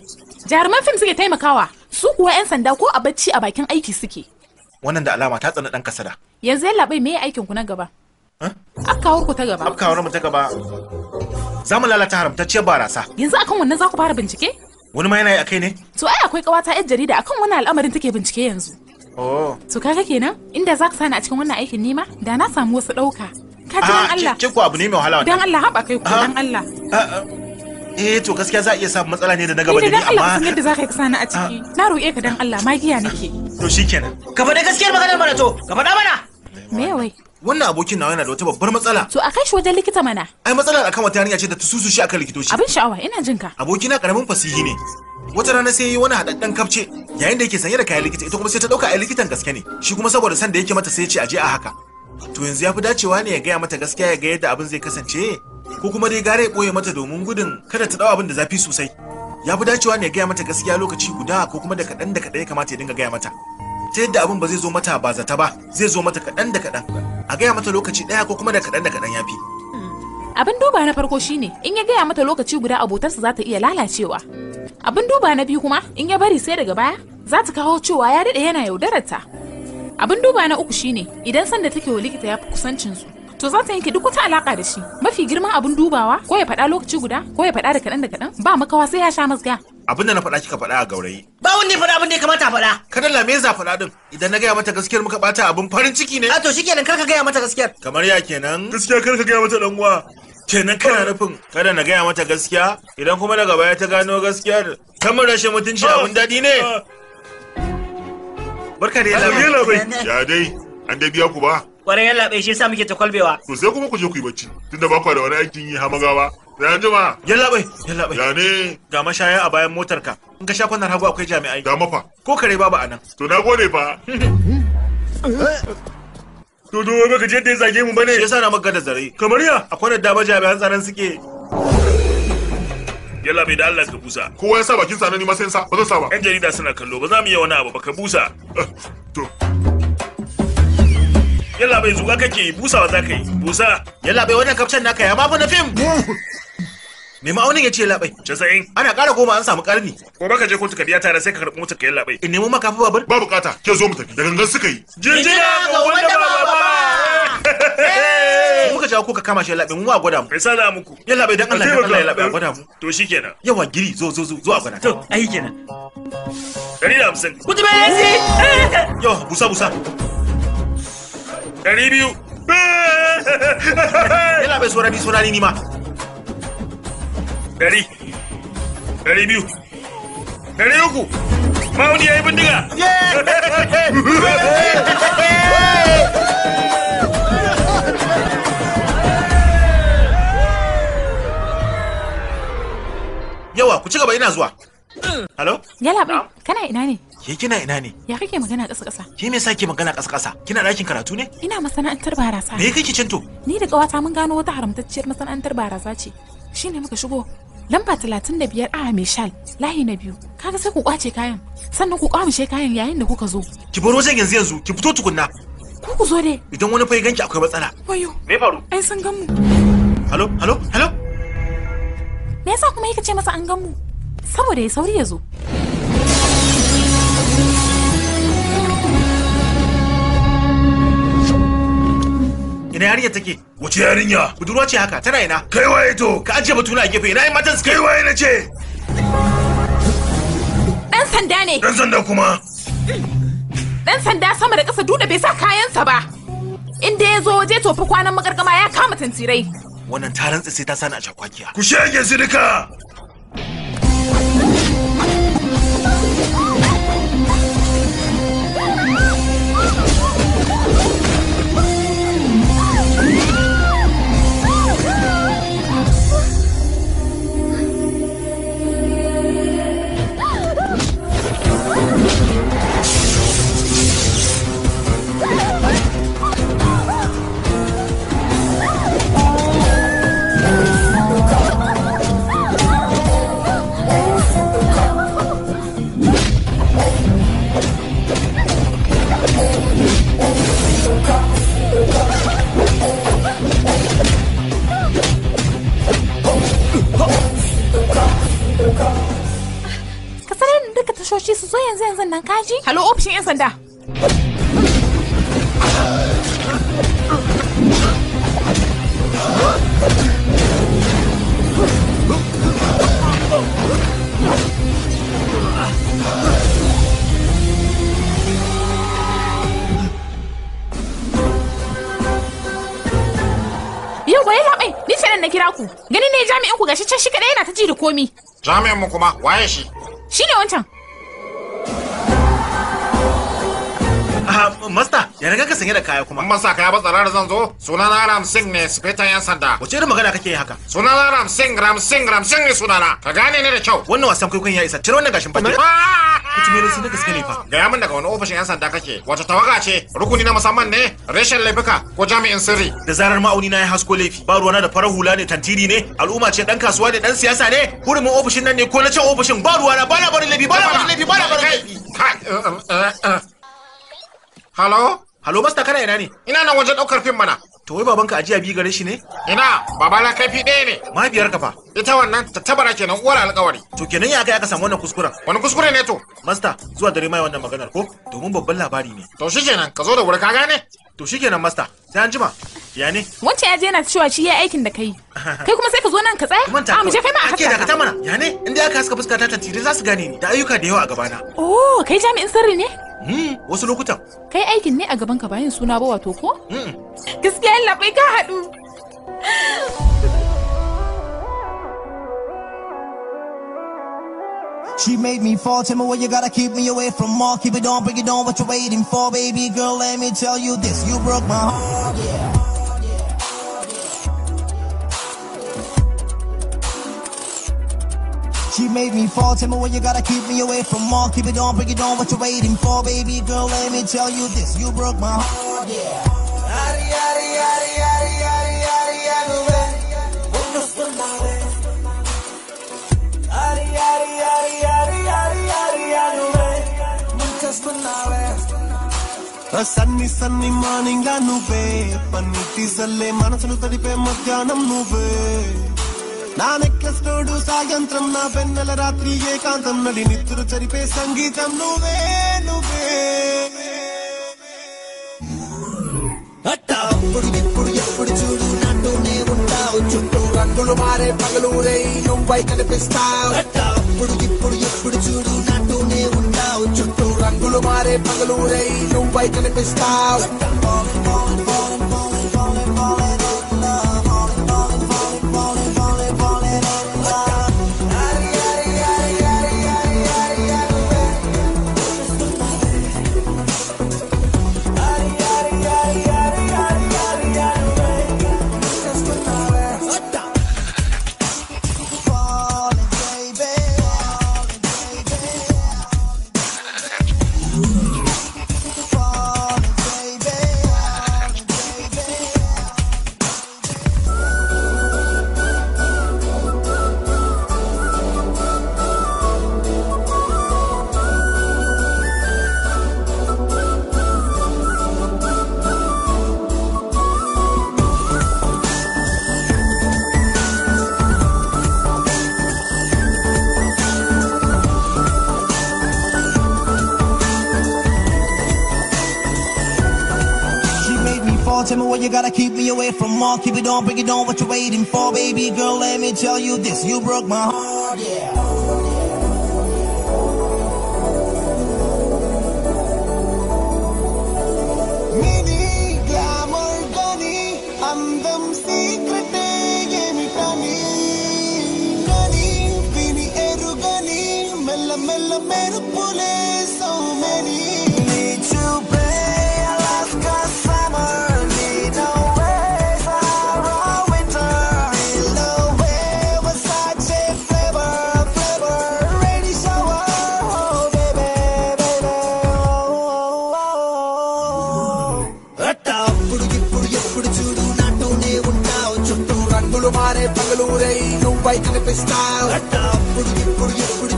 jaruman fim suke taimakawa su kuwa 'yan sanda ko a bacci a bakin aiki suke wannan da alama ta tsana dan kasada yanzu yalla bai me aikin ku na gaba afkawar ku ta gaba afkawar mu ta gaba za mu lalata haramtacciyar barasa yanzu akan wannan za ku fara bincike wani ma yana yi akai ne to ai akwai kawata yar jarida akan wannan al'amarin take bincike yanzu oh to kaga kenan inda za ka sani a cikin wannan aikin nima da na samu wasu ɗauka ka ji dan ah, Allah abu ne mai wahala dan Allah haɓa kai ku ah. dan Allah ah, eh to gaskiya za a iya samun matsala ne da na gaba eh, da ni amma ni da za ka yi kasana a ciki ah. na roƙe ka dan Allah giya nake to shikenan ka faɗa gaskiyar maganar mana to ka faɗa mana me wai wannan abokin nawa yana da wata babbar matsala to a kai shi wajen likita mana ai matsala akan wata yarinya ce da ta susu shi akan likitoci abin sha'awa ina jin ka abokina karamin fasihi ne wata rana sai yi wani haɗaɗɗen kafce yayin da yake sanye da kayan likita ita kuma sai ta ɗauka ai likitan gaske ne shi kuma saboda san da yake mata sai ya ce aje a haka to yanzu ya fi dacewa ne ya gaya mata gaskiya ya ga yadda abin zai kasance ko kuma dai gare ya ɓoye mata domin gudun kada ta ɗau abin da zafi sosai ya fi dacewa ne ya gaya mata gaskiya lokaci guda ko kuma da kaɗan da kaɗan ya kamata ya dinga gaya mata ta yadda abin ba zai zo mata ba zata ba zai zo mata kaɗan da kaɗan a gaya mata lokaci ɗaya ko kuma da kaɗan da kaɗan ya fi. abin duba na farko shine in ya gaya mata lokaci guda abotarsa za ta iya lalacewa abin duba na biyu kuma in ya bari sai daga baya za ta kawo cewa ya daɗe yana yaudararta abin duba na uku shine idan sanda take wa likita ya fi kusancinsu to za ta yanke duk wata alaka da shi mafi girman abin dubawa ko ya faɗa lokaci guda ko ya faɗa da kaɗan da kaɗan ba makawa sai ya sha mazga abin da na faɗa kika faɗa a gaurayi ba wanda ya faɗa abin da ya kamata faɗa kada lame za faɗa din idan na gaya mata gaskiyar muka bata abin farin ciki ne a to shikenan kar ka gaya mata gaskiyar kamar ya kenan gaskiya kar ka gaya mata dan uwa kenan kana nufin kada na gaya mata gaskiya idan kuma daga baya ta gano gaskiyar kamar rashin mutunci abin daɗi ne ah, ah. barka da yalla bai ya dai an dai biya ku ba kwarai yalla bai shi yasa muke ta kwalbewa to sai kuma ku je ku yi bacci tunda ba ku da wani aikin yi hamagawa sai ya jima yalla bai yalla bai ya ne ga mashaya a bayan motar ka in ka sha kwanar hagu akwai jami'ai da mafa ko kare babu anan to na gode fa to do ba ka je da zage mu bane yasa na maka da zare kamar ya akwai da dama jami'an tsaron suke yalla bai da Allah ka busa kowa ya sa bakin sa na ni ma sai sa ba zan sa ba yan jarida suna kallo ba za mu yi wani abu ba ka busa to yalla bai zuga kake busawa za ka yi busa yalla bai wannan kafcan naka ya babu na fim mai ma'aunin ya ce labai casa'in ana ƙara goma an samu ƙarni ko ka je kotu ka biya tare sai ka karɓi motar ka yalla bai in nemo maka babur ba bukata ke zo mu tafi da gangan suka yi jinjina ga wanda ba ba muka jawo kuka kama shi yalla bai mu a gwada mu kai sana muku yalla bai dan Allah ne Allah yalla bai a gwada mu to shikenan yawa giri zo zo zo zo a gwada to ai kenan 150 kutuba yasi yo busa busa ɗari biyu yana bai saurari saurari ni ma ɗari ɗari biyu ɗari uku ma'auni ya yi bindiga yawa ku ci gaba ina zuwa mm. halo yala kana ina ne Ke kina ina ne? Ya kake magana ƙasa ƙasa? Ke me yasa ke magana ƙasa ƙasa? Kina ɗakin karatu ne? Ina masana'antar barasa. Me kake cinto? Ni da ƙawata mun gano wata haramtacciyar masana'antar barasa ce. Shine muka shigo. Lamba talatin da biyar a Mishal, layi na biyu. Kaga sai ku kwace kayan, sannan ku kwamishe kayan yayin da kuka zo. Ki bar wajen yanzu yanzu, ki fito tukunna. Ku ku zo dai. Idan wani fa ganki akwai matsala. Wayo. Me faru? Ai sun gan mu. Halo, halo, halo. Me yasa kuma yake ce masa an gan mu? Saboda ya sauri ya zo. ina yarinya take wace yarinya budurwa ce haka tana ina kai waye to ka ajiye batuna a gefe ina yi matan kai waye na ce dan sanda ne dan sanda kuma dan sanda sama da kasa duda bai sa kayansa ba inda ya zo waje tofa kwanan magargama ya kama tantirai wannan taron sai ta sani a shakwakiya ku shege su duka duka tashoshi su zo yanzu yanzu nan kaji halo ofishin yan sanda Yau ba ya labai, ni na ku. Gani ne jami'in ku gashi can shi kadai yana ta ji da komi. Jami'in mu kuma waye shi? 新农场。Ah, masta ya riga ka sanye da kaya kuma masa kaya ba tsara da zan zo sunana ram singh ne sifetan yan sanda wace irin magana kake yi haka sunana ram singh ram singh ram singh ne sunana ka gane ne da kyau wannan wasan kwaikwayon ya isa cire wannan gashin ci mere sun da gaske ne fa gaya min daga wani ofishin yan sanda kake wato tawaga ce rukuni na musamman ne rashin laifuka ko jami'in sirri da zarar ma'auni na ya hasko laifi ba ruwana da farar hula ne tantiri ne al'umma ce dan kasuwa ne dan siyasa ne hurumin ofishin nan ne ko na ce ofishin ba ruwana ba na barin laifi ba na barin laifi ba na barin laifi eh, eh, eh, Halo? Halo basta kana ina ne? Ina nan wajen daukar fim mana. To wai babanka ajiya biyu gare shi ne? Ina, babana kaifi ɗaya ne. Mahaifiyar ka fa? Ita wannan ta tabara kenan uwar alƙawari. To kenan ya kai aka samu wannan kuskuren? Wani kuskure ne to? Masta, zuwa dare mai wannan maganar ko? Domin babban labari ne. To kenan, ka zo da wuri ka gane? To kenan masta, sai an jima. Ya ne? Wancan ya je yana cewa shi ya aikin da kai. Kai kuma sai ka zo nan ka tsaya? A ah, mu je kai ma a haka. Ake da ta mana. Ya ne? Inda aka haska fuska ta tantire za su gane ni da ayyuka da yawa a gabana. Oh, kai jami'in sirri ne? Hmm, wasu lokutan. Kai aikin ne a gaban ka bayan suna ba wato ko? Hmm. Gaskiya labai ka haɗu. She made me fall, tell me what you gotta keep me away from more Keep it on, bring it on, what you waiting for Baby girl, let me tell you this, you broke my heart, yeah She made me fall. Tell me what you gotta keep me away from all. Keep it on, break it on. What you waiting for, baby girl? Let me tell you this. You broke my heart, yeah. A sunny, sunny morning, I knew, babe. But it is a lame, I'm not going to be a నా నెక్కస్తోడు సాయంత్రం నా పెన్నెల రాత్రి ఏకాంతం నడి నిత్తులు చరిపే సంగీతం నువ్వే నువ్వే అట్టప్పుడు ఎప్పుడు ఎప్పుడు చూడు నన్నునే ఉంటావు చుట్టూ రంగులు మారే పగలు రే నువ్వై కనిపిస్తావు అట్టప్పుడు ఇప్పుడు ఎప్పుడు చూడు నన్నునే ఉంటావు చుట్టూ రంగులు మారే పగలు రే నువ్వై కనిపిస్తావు You gotta keep me away from all. Keep it on, bring it on. What you waiting for, baby girl? Let me tell you this. You broke my heart.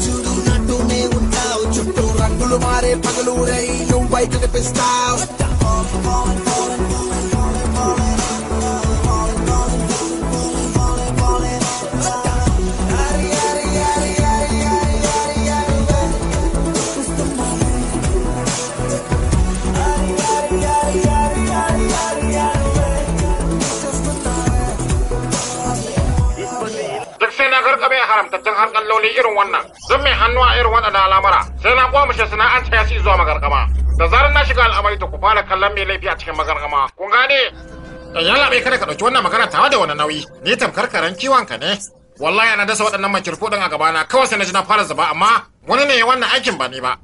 చూడు నటునే ఉంటావు చుట్టూ రంగులు మారే పగలు రై నువ్వు బయట కనిపిస్తావు ne irin wannan don mai hannu a irin waɗannan al'amura sai na kwamushe sana'anta ya ci zuwa magargama da zarar na shiga al'amari ta, ku fara kallon mai laifi a cikin magargama kun gane eh, yalla bai kada ka ɗauki wannan magana tawa da wani nauyi ni tamkar karan kiwon ka ne wallahi ana dasa waɗannan makirfo din a gabana kawai sai na ji na fara zuba amma wani ne wannan aikin ba ni ba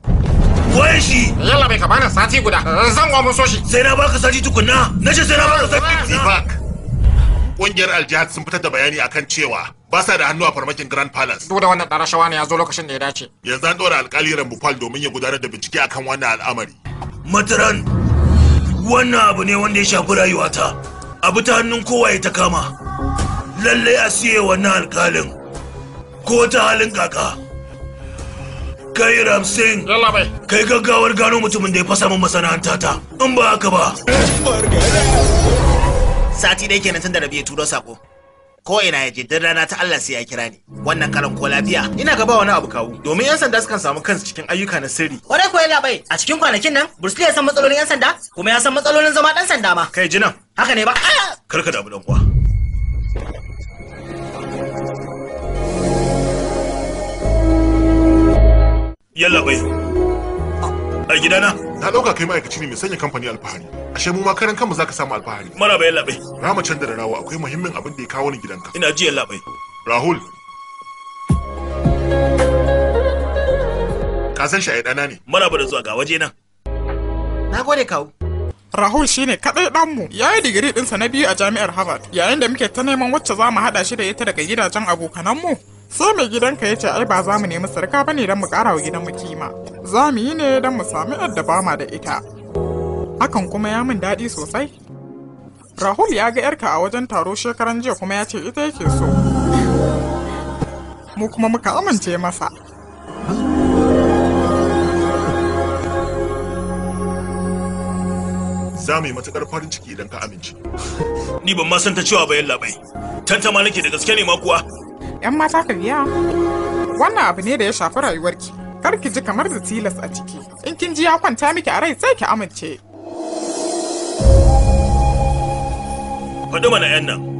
Wai shi eh, yalla bai ka bani sati guda zan wa mun shi sai na baka sati tukunna ce sai na baka sati kungiyar aljihad sun fitar da bayani akan cewa ba sa da hannu a farmakin Grand Palace. Duk da wannan rashawa ne ya zo lokacin da ya dace. Yanzu an ɗora alkali Bufal domin ya gudanar da bincike akan wannan al'amari. Mataran, wannan abu ne wanda ya shafi rayuwata. Abu ta hannun kowa ya ta kama. Lallai a siye wannan alkalin. Ko ta halin kaka. Kai Ramsin, kai gaggawar gano mutumin da ya fasa min masana'anta ta. In ba haka ba. Eh, Sati dai kenan tun da rabi ya turo sako. ko ina ya je duk rana ta Allah sai ya kira ni wannan karan ko lafiya ina gaba wani abu kawu domin yan sanda sukan samu kansu cikin ayyuka na sirri kwarai ko yana bai a cikin kwanakin nan Bruce Lee ya san matsalolin yan sanda kuma ya san matsalolin zama dan sanda ma kai jinan haka ne ba karka da abu dan kuwa yalla bai a gidana na dauka kai ma'aikaci ne mai sanya kamfani alfahari ashe mu ma karan kanmu zaka samu alfahari mara bayan labai rama can da rawa akwai muhimmin abin da ya kawo ni gidanka ina jiya labai rahul ka san shi a ɗana ne mara ba da zuwa ga waje na na gode kawo Rahul shi ne kaɗai ɗanmu ya yi digiri ɗinsa na biyu a jami'ar Harvard yayin da muke ta neman wacce za mu haɗa shi da ita daga gidajen abokananmu sai mai gidanka ya ce ai ba za mu nemi sarka ba ne don mu kara wa gidan mu kima za mu yi ne don mu sami yadda ba ma da ita hakan kuma ya min daɗi sosai rahul ya ga yarka a wajen taro shekaran jiya kuma ya ce ita yake so mu kuma muka amince masa za mu yi matukar farin ciki idan ka amince ni ban ma san ta cewa bayan labai tantama nake da gaske ne ma kuwa yan mata ka biya wannan abu ne da ya shafi rayuwarki kar ki ji kamar da tilas a ciki in kin ji ya kwanta miki a rai sai ki amince faɗi mana yan nan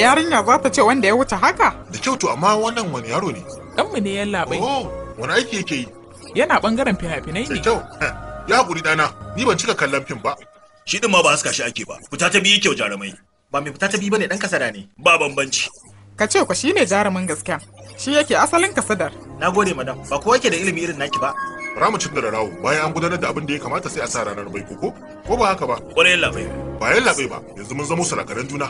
yarinya za ta ce wanda ya wuce haka da kyau to amma wannan wani yaro ne ɗanmu ne ya labai oh wani aiki yake yi yana bangaren fina-finai ne kyau ya haƙuri ɗana ni ban cika kallon fim ba shi ɗin ma ba haska shi ake ba fita ta biyu kyau jarumai ba mai fita ta biyu bane ɗan kasada ne ba bambanci ka ce ku ne jarumin gaskiya shi yake asalin kasadar na gode madam ba kowa yake da ilimi irin naki ba ramucin da rawo bayan an gudanar da abin da ya kamata sai a sa ranar bai koko ko ba haka ba kwarai labai bayan labai ba yanzu mun zamo sarakaran juna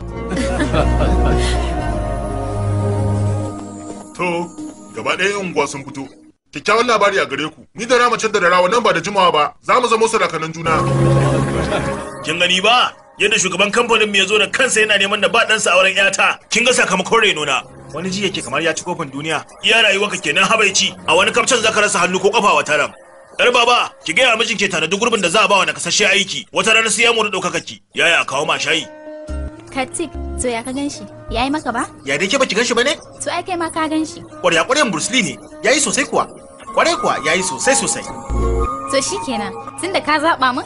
to gaba ɗaya yan unguwa sun fito kyakkyawan labari a gare ku ni da ramucin da rawo nan ba da jimawa ba za mu zamo sarakaran juna kin gani ba yadda shugaban kamfanin mu ya zo da kansa yana neman da ba ɗansa auren 'yata kin ga sakamakon reno na wani ji yake kamar ya ci kofin duniya iya rayuwa ka kenan habaici a wani kafcan zaka rasa hannu ko kafa wata ran yar baba ki gaya mijin ke tanadi gurbin da za a ba wa nakasashe aiki wata rana sai ya mu ɗaukaka ki yaya kawo ma shayi Katik, to ya ka gan shi? Ya yi maka ba? Ya dai ke baki gan shi ba ne? To ai kai ma ka gan shi. Ƙwarya ƙwaryan Bruce Lee ne, ya yi sosai kuwa. Ƙwarai kuwa ya yi sosai sosai. To shikenan, tunda ka zaɓa min,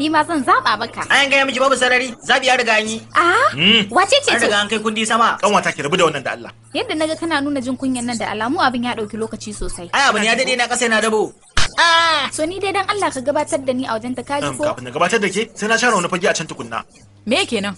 ni ma zan zaba maka. An gaya miki babu sarari, zabi ya riga ni. Ah, hmm. wace ce ce? An riga an kai kundi sama. Kanwata ke rabu da wannan da Allah. Yadda naga kana nuna jin kunyan nan da alamu abin ya dauki lokaci sosai. Ai abin ya dade na kasa na dabo. Ah! So ni dai dan Allah ka gabatar da ni a wajen ta kaji ko? Kafin na gabatar da ke, sai na share wani fage a can tukunna. Me kenan?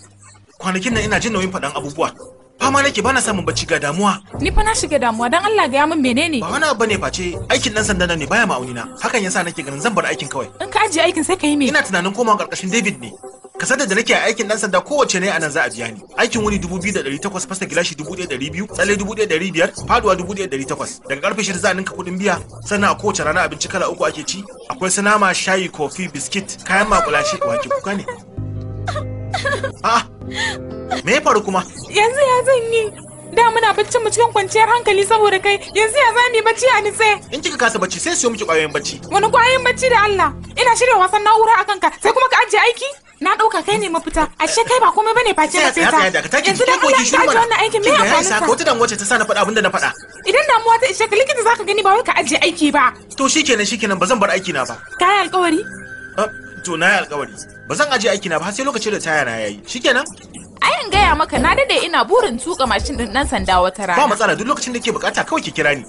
Kwanakin nan ina jin nauyin faɗan abubuwa. fama nake bana samun bacci ga damuwa ni fa na shiga damuwa dan Allah ga ya min menene ba wani abu ne face aikin dan sanda ne baya ma'auni na hakan yasa nake ganin zan bar aikin kawai in ka ajiye aikin sai ka yi me ina tunanin komawa karkashin David ne kasar da nake aikin dan sanda kowace ne anan za a biya ni aikin wuni 2800 fasta gilashi 1200 tsalle 1500 faduwa 1800 daga karfe 6 za a ninka kudin biya sannan a kowace rana abinci kala uku ake ci akwai sanama shayi kofi biskit kayan makulashi wake kuka ne a'a Me faru kuma? Yanzu ya zan yi. Da muna bacci mu cikin kwanciyar hankali saboda kai, yanzu ya zan yi bacci a nitse. In kika kasa bacci sai siyo miki kwayoyin bacci. Wani kwayoyin bacci da Allah? Ina shirya wasan na'ura akan ka, sai kuma ka ajiye aiki? Na ɗauka kai ne mafita, ashe kai ba komai bane face ba Tsaya tsaya daga taki ki ko ki shiru wannan aikin me amfanin sa? Ko ta damuwa ce ta sa na faɗa abinda na faɗa. Idan damuwa ta ishe ka likita zaka gani ba wai ka ajiye aiki ba. To shikenan shikenan ba zan bar aiki na ba. Kai alƙawari? to na yi alkawari ba zan aje aiki na ba sai lokacin da taya na yayi shikenan ayan gaya maka na dade ina burin tuka mashin din dan sanda wata rana ba matsala duk lokacin da ke bukata kawai ki kira ni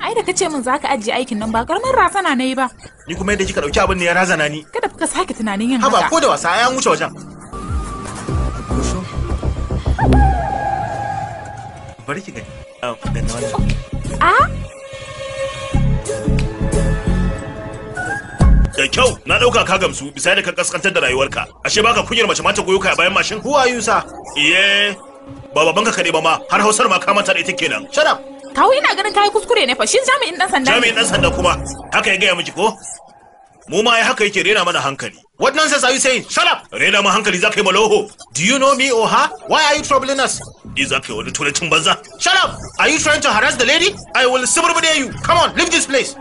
ai da kace min zaka aje aikin nan ba karamin razana na yi ba ni kuma yadda kika dauki abin ne ya razana ni kada fuka sake tunanin yin haka haba ko da wasa an wuce wajen bari ki gani a ah? Da kyau, na dauka ka gamsu bisa da ka kaskantar da rayuwarka. Ashe baka kunyar mace mata goyo ka bayan mashin? Who are you, sir? Iye. Ba babanka ka ba ma, har Hausar ma ka mata da ita kenan. Shut up. Kawo ina ganin kai kuskure ne fa, shin jami'in dan sanda. Jami'in dan sanda kuma. Haka ya gaya miki ko? Mu ma ai haka yake rena mana hankali. What nonsense are you saying? Shut up! Rena ma hankali za ka yi maloho. Do you know me or her? Why are you troubling us? Ni za ka yi wani turancin banza. Shut up! Are you trying to harass the lady? I will suburbide you. Come on, leave this place.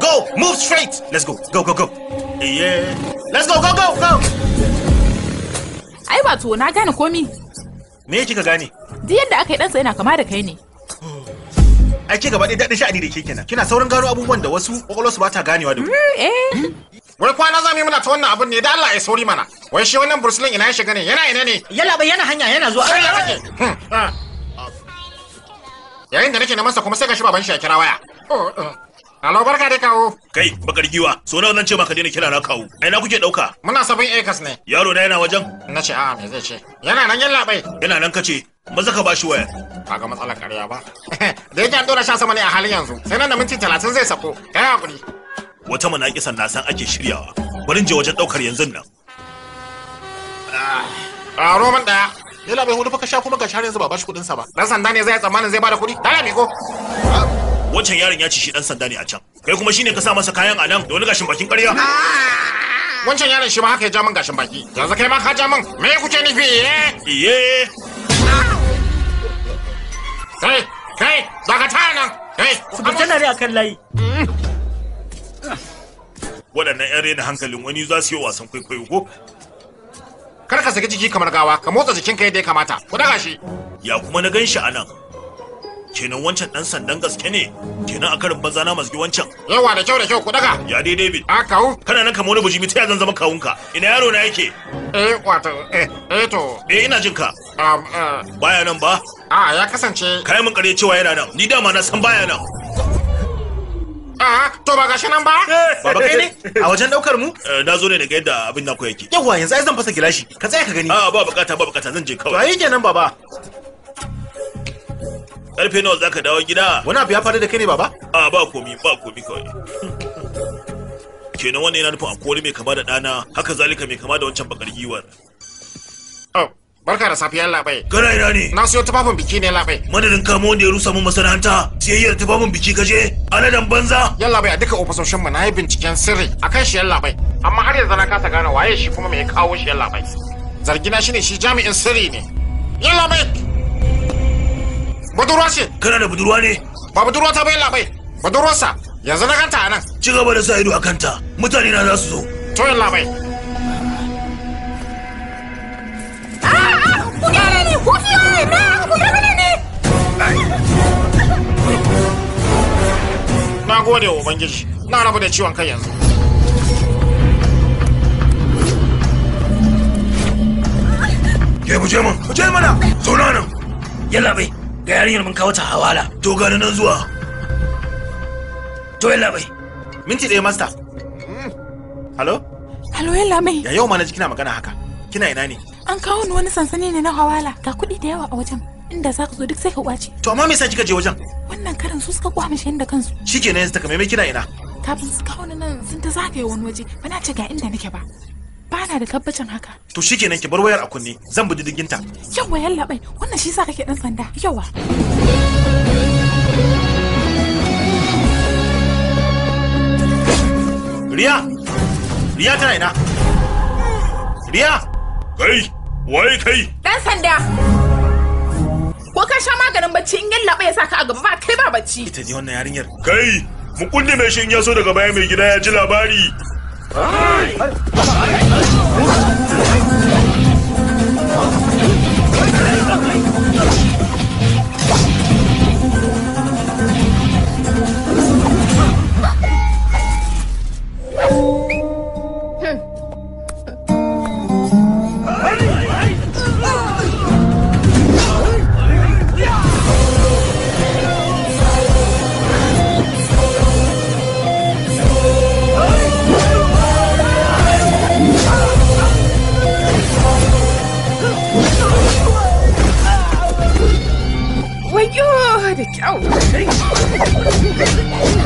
Go, move straight. Let's go, go, go, go. Yeah. Let's go, go, go, go. Ai wato na gane komi. Me kika gane? Duk yadda aka yi ɗansa yana kama da kai ne. Ai ke gaba ɗaya daɗin sha'ani da ke kenan. Kina saurin gano abubuwan da wasu ƙwaƙwalwarsu ba ta ganewa da ku. Mm, eh. Hmm? wai kwana za mu yi muna ta wannan abun ne da Allah ya sauri mana wai shi wannan bursulin ina ya shiga ne yana ina ne yalla bai yana hanya yana zuwa Allah kake hmm. ah. yayin da nake na masa kuma sai ga shi baban shi ya kira waya oh, oh. Alo barka da kawo. Kai bakar giwa, so nawa nan ce maka daina kira na kawo. Ai na kuke dauka? Muna sabon acres ne. Yaro na yana wajen? Na ce a'a me zai ce? Yana nan yalla bai. Yana nan kace. Maza ka bashi waya. Kaga matsalar ƙarya ba. Da yake an dora sha sama ne a halin yanzu. Sai nan da minti 30 zai sako. Kai hakuri. wata manaƙisan na san ake shiryawa bari je wajen ɗaukar yanzu nan ah, a roman ɗaya yana bai hudu fa sha kuma ga shahar yanzu ba bashi kuɗinsa ba ɗan sanda ne zai tsammanin zai bada kuɗi ne ko. wancan yaron ya ci shi ɗan sanda ne a can kai kuma shine ka sa masa kayan a nan da wani gashin bakin ƙarya ah! wancan yaron shi ma haka ya ja min gashin baki yanzu kai ma ka ja min me kuke nufi iye eh? iye kai kai daga ta nan kai ku tana ne akan layi mm. waɗannan yan rena hankalin wani za su yi wasan kwaikwayo ko kar ka saki jiki kamar gawa ka motsa ka yadda ya kamata ku daga shi ya kuma na gan shi a nan kenan wancan dan sandan gaske ne kenan a karin banza na masu wancan yawa da kyau da kyau ku daga ya dai david a kawu kana nan kamar wani bujimi ta ya zan zama kawunka ina yaro na yake eh wato eh eh to eh ina jin ka um eh. baya nan ba a ah, ya kasance kai mun kare cewa yana nan ni dama na san baya nan to ba gashi nan ba baba kai ne a wajen daukar mu eh, na zo ne daga yadda abin naku yake yawa yanzu ai zan fasa gilashi ka tsaya ka gani a ah, ba bukata ba bukata zan je kawai to ai kenan baba karfe nawa zaka dawo gida wani abu ya faru da kai ne baba a ah, ba komi ba komi kawai kenan wannan yana nufin akwai mai kama da dana haka zalika mai kama da wancan bakar giwar oh. Barka da safiyar labai. Kana ina ne? Na siyo tufafin biki ne labai. Madadin kamo wanda ya rusa mun masana'anta, siyayyar tufafin biki kaje, aladan banza. yalla bai a duka ofisoshin mu na yi binciken sirri akan shi yan bai Amma har yanzu na kasa gane waye shi kuma me ya kawo shi yan labai. Zargina shine shi jami'in sirri ne. yalla bai Budurwa ce. Kana da budurwa ne? Ba budurwa ta bai labai. Budurwarsa yanzu na kanta a nan. Ci gaba da sa ido a kanta. Mutane na za su zo. To yalla labai. 아, 호기야네네, 호기야, 나 호기야네네. Na gode wa Ubangiji, na rabu da ciwon kai yanzu. Ke mu je mun, mu je mana. Zauna nan. Yalla bai, ga yarinyar mun kawo ta hawala. To ga nan zuwa. To yalla bai. Minti ɗaya master. Halo? Halo yalla mai. Ya yau ma na ji kina magana haka. Kina ina ne? an kawo ni wani sansani ne na hawala ga kuɗi da yawa a wajen inda za ka zo duk sai ka kwace to amma me yasa kika je wajen wannan karin su suka kwa mishi da kansu shikenan yanzu takamaimai kina ina kafin su kawo ni nan sun ta zagaye wani waje ba na ce ga inda nake ba ba na da tabbacin haka to shikenan ki bar wayar a kunne zan bi didigin ta yawa yalla bai wannan shi yasa kake dan sanda yawa Riya! Riya tana ina? Riya! Kai, waye kai? Dan sanda. Ko ka sha maganin bacci in yalla ya saka a gaba ba kai ba bacci. Ita ne wannan yarinyar. Kai, mu kunne mai shin ya so daga baya mai gida ya ji labari. Ai! Oh,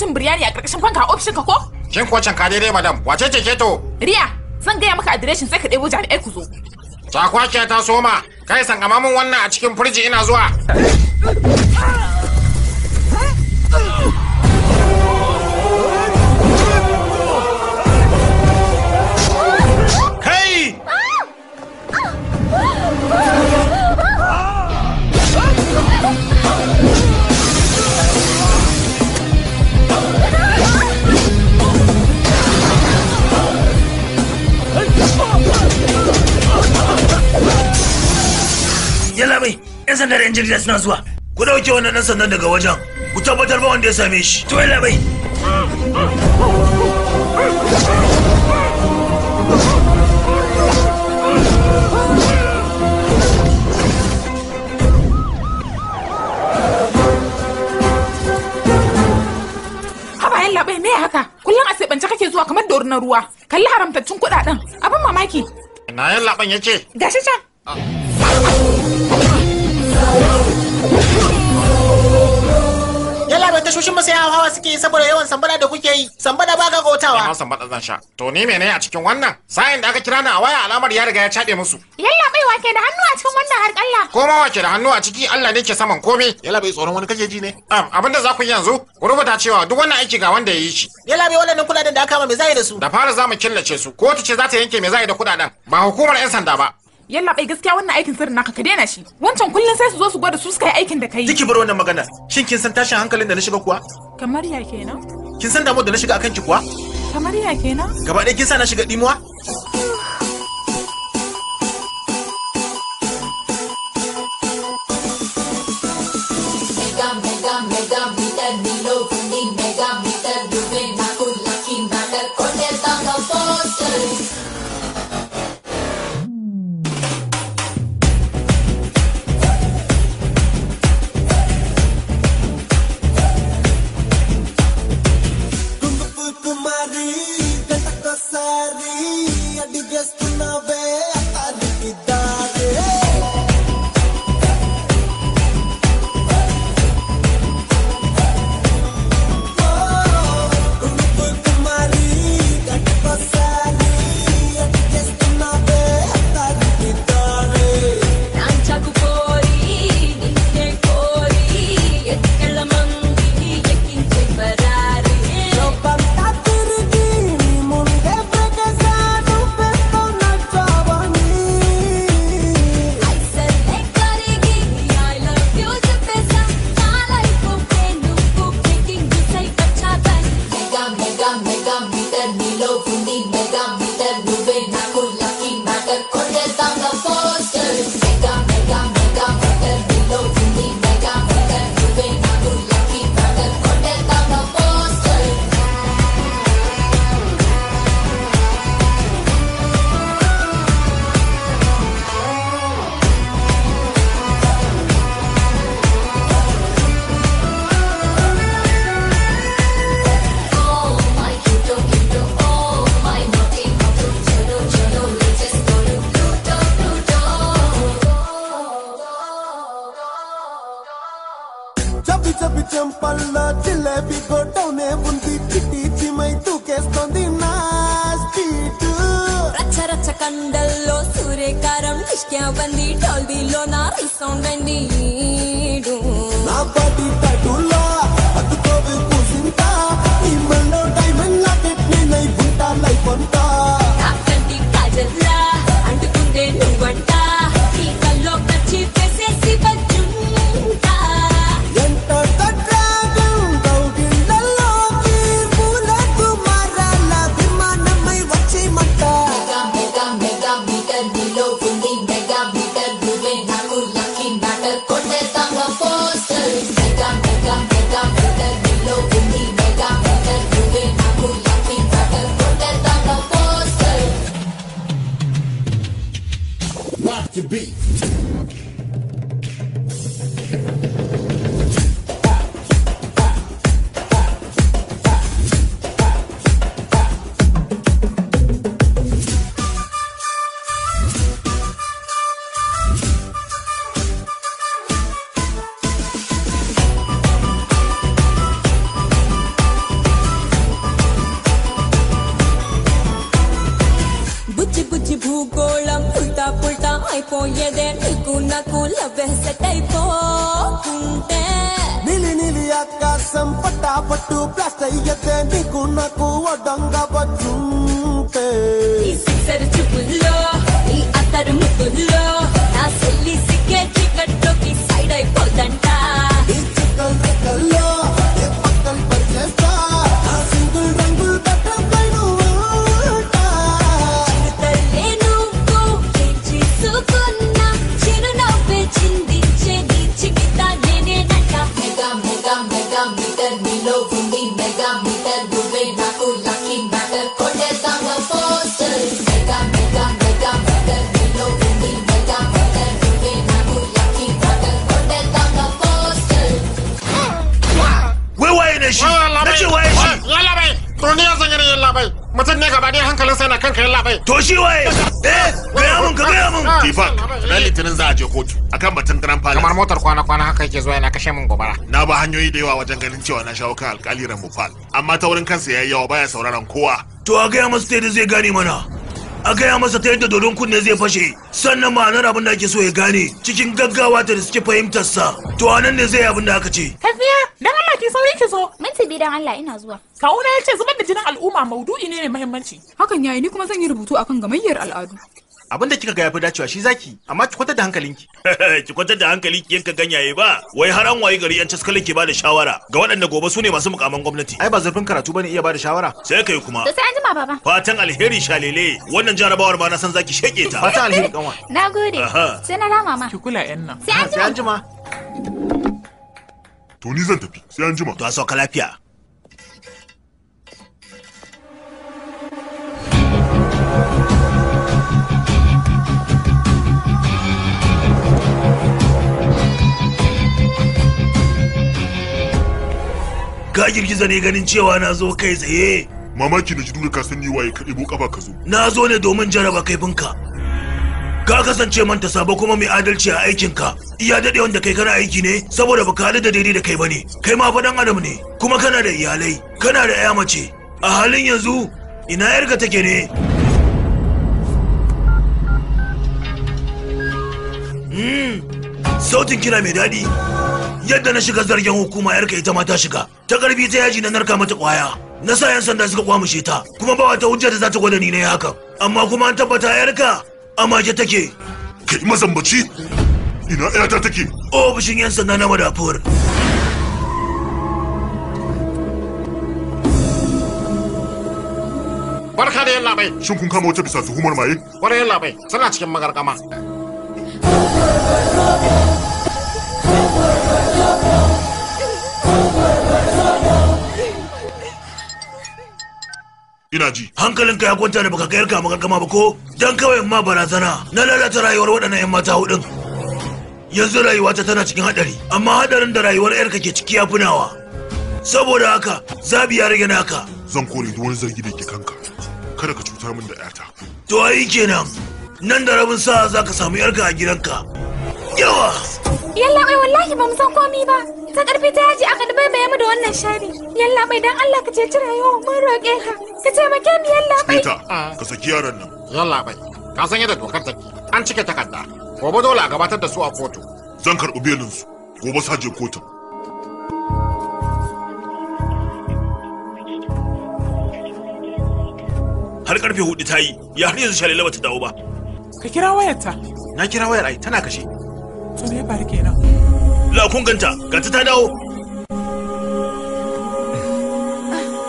cin biryani a ƙarƙashin fanka a ofishin ka ko? Kin ko ka daidai madam, wace ce ke to? Riya, zan gaya maka adireshin sai ka ɗebo jami'ai ku zo. Sakwa ke ta soma, kai san mun wannan a cikin firji ina zuwa. yalla bai yan sanda yan jirgin suna zuwa ku dauke wannan dan sandan daga wajen ku tabbatar ba wanda ya same shi to yalla bai labai me haka kullum a kake zuwa kamar dorin ruwa kalli haramtattun kudaden abin mamaki na yin laban ya ce gashi can ah. yalla tashoshin ba sai hawa hawa suke saboda yawan sambada da kuke yi sambada ba ga gotawa amma sambada zan sha to ni mene a cikin wannan sa'in da aka kira ni a waya alamar ya riga ya cade musu yalla bai wake da hannu a cikin wannan harkalla ko ma wake da hannu a ciki Allah ne ke saman komai yalla bai tsoron wani kake ji ne abinda za ku yi yanzu ku rubuta cewa duk wannan aiki ga wanda ya yi shi yalla bai wannan kudaden da aka ma me zai da su da fara za mu killace su Ko ta ce za ta yanke me zai da kudaden ba hukumar yan sanda ba yalla bai gaskiya wannan aikin sirrin naka ka daina shi wancan kullun sai su zo su gwada su suka yi aikin da kai kiki bar wannan magana shin kin san tashin hankalin da na shiga kuwa kamar ya kenan kin san damuwar da na shiga akan ki kuwa kamar ya kenan gaba ɗaya kin sa na shiga dimuwa motar kwana-kwana haka yake zuwa yana kashe min gobara na ba hanyoyi da yawa wajen ganin cewa na shawo kan alkali ramufal amma taurin kansa yayi yawa baya sauraron kowa to a gaya masa ta yadda zai gane mana a gaya masa ta yadda dodon kunne zai fashe sannan ma'anar abin da ake so ya gane cikin gaggawa ta da suke fahimtar sa to a nan ne zai abin da aka ce Kafiya, dan Allah ki sauri ki zo minti biyu dan Allah ina zuwa kawuna ya ce zubar da jinin al'umma maudu'i ne mai muhimmanci hakan yayi ni kuma zan yi rubutu akan gamayyar al'adu abin da kika ga yafi dacewa shi zaki amma ki kwatar da hankalinki ki kwatar da hankalinki yanka ganyaye ba wai har an wayi gari yan caskalin ke bada shawara ga waɗanda gobe su ne masu mukaman gwamnati ai ba zurfin karatu bane iya bada shawara sai kai kuma to sai an jima baba fatan alheri shalele wannan jarabawar ba na san zaki sheke ta fatan alheri kanwa nagode sai na rama ma ki kula yan nan sai an jima to ni zan tafi sai an jima to a sauka lafiya ka girgiza ne ganin cewa na zo kai tsaye mamaki da jidu ka sani waye ka ɗebo ƙafa ka zo na zo ne domin jaraba kaifin ka kasance manta sabo kuma mai adalci a aikinka iya daɗe wanda kai kana aiki ne saboda baka haɗu da daidai da kai bane kai ma faɗan adam ne kuma kana da iyalai kana da 'ya mace a halin yanzu ina yarka take ne hmm, sautin kira mai daɗi yadda na shiga zargin hukuma yarka ita ma ta shiga ta karbi ta yaji na narka mata kwaya na sa yan sanda suka kwamushe ta kuma ba wata hujja da za ta gwada ni ne haka amma kuma an tabbata yarka amaje take kai mazambaci ina yata take ofishin yan sanda na madafuwar barka da yalla bai shin kun kama wata bisa tuhumar maye wani yalla bai suna cikin magargama Don't ina ji Hankalin ka ya kwanta da baka kayar kama-kama ba ko dan kawai ma barazana na lalata rayuwar waɗannan yan mata hudun yanzu rayuwata tana cikin hadari amma hadarin da rayuwar yarka ke ciki ya funawa saboda haka zabi ya rage naka zan kore duk wani zargi da ke kanka kada ka cuta min da yata to ai kenan nan da rabin sa'a za ka samu yarka a gidanka yawa yalla wallahi ba mu san komi ba ta karfi ta yaji aka dubai bai mu da wannan shari yalla bai dan Allah ka ceci rayuwa mun roƙe ka ka taimake mu yalla bai ka saki yaron nan yalla bai ka san yadda dokar take an cike takarda gobe dole a gabatar da su a kotu zan karɓi belin su gobe saje kotun har karfe hudu ta yi ya har yanzu shalila bata dawo ba Ka kira wayarta. Na kira wayar ai tana kashe. To me ya faru kenan? La kun ganta, ganta ta dawo.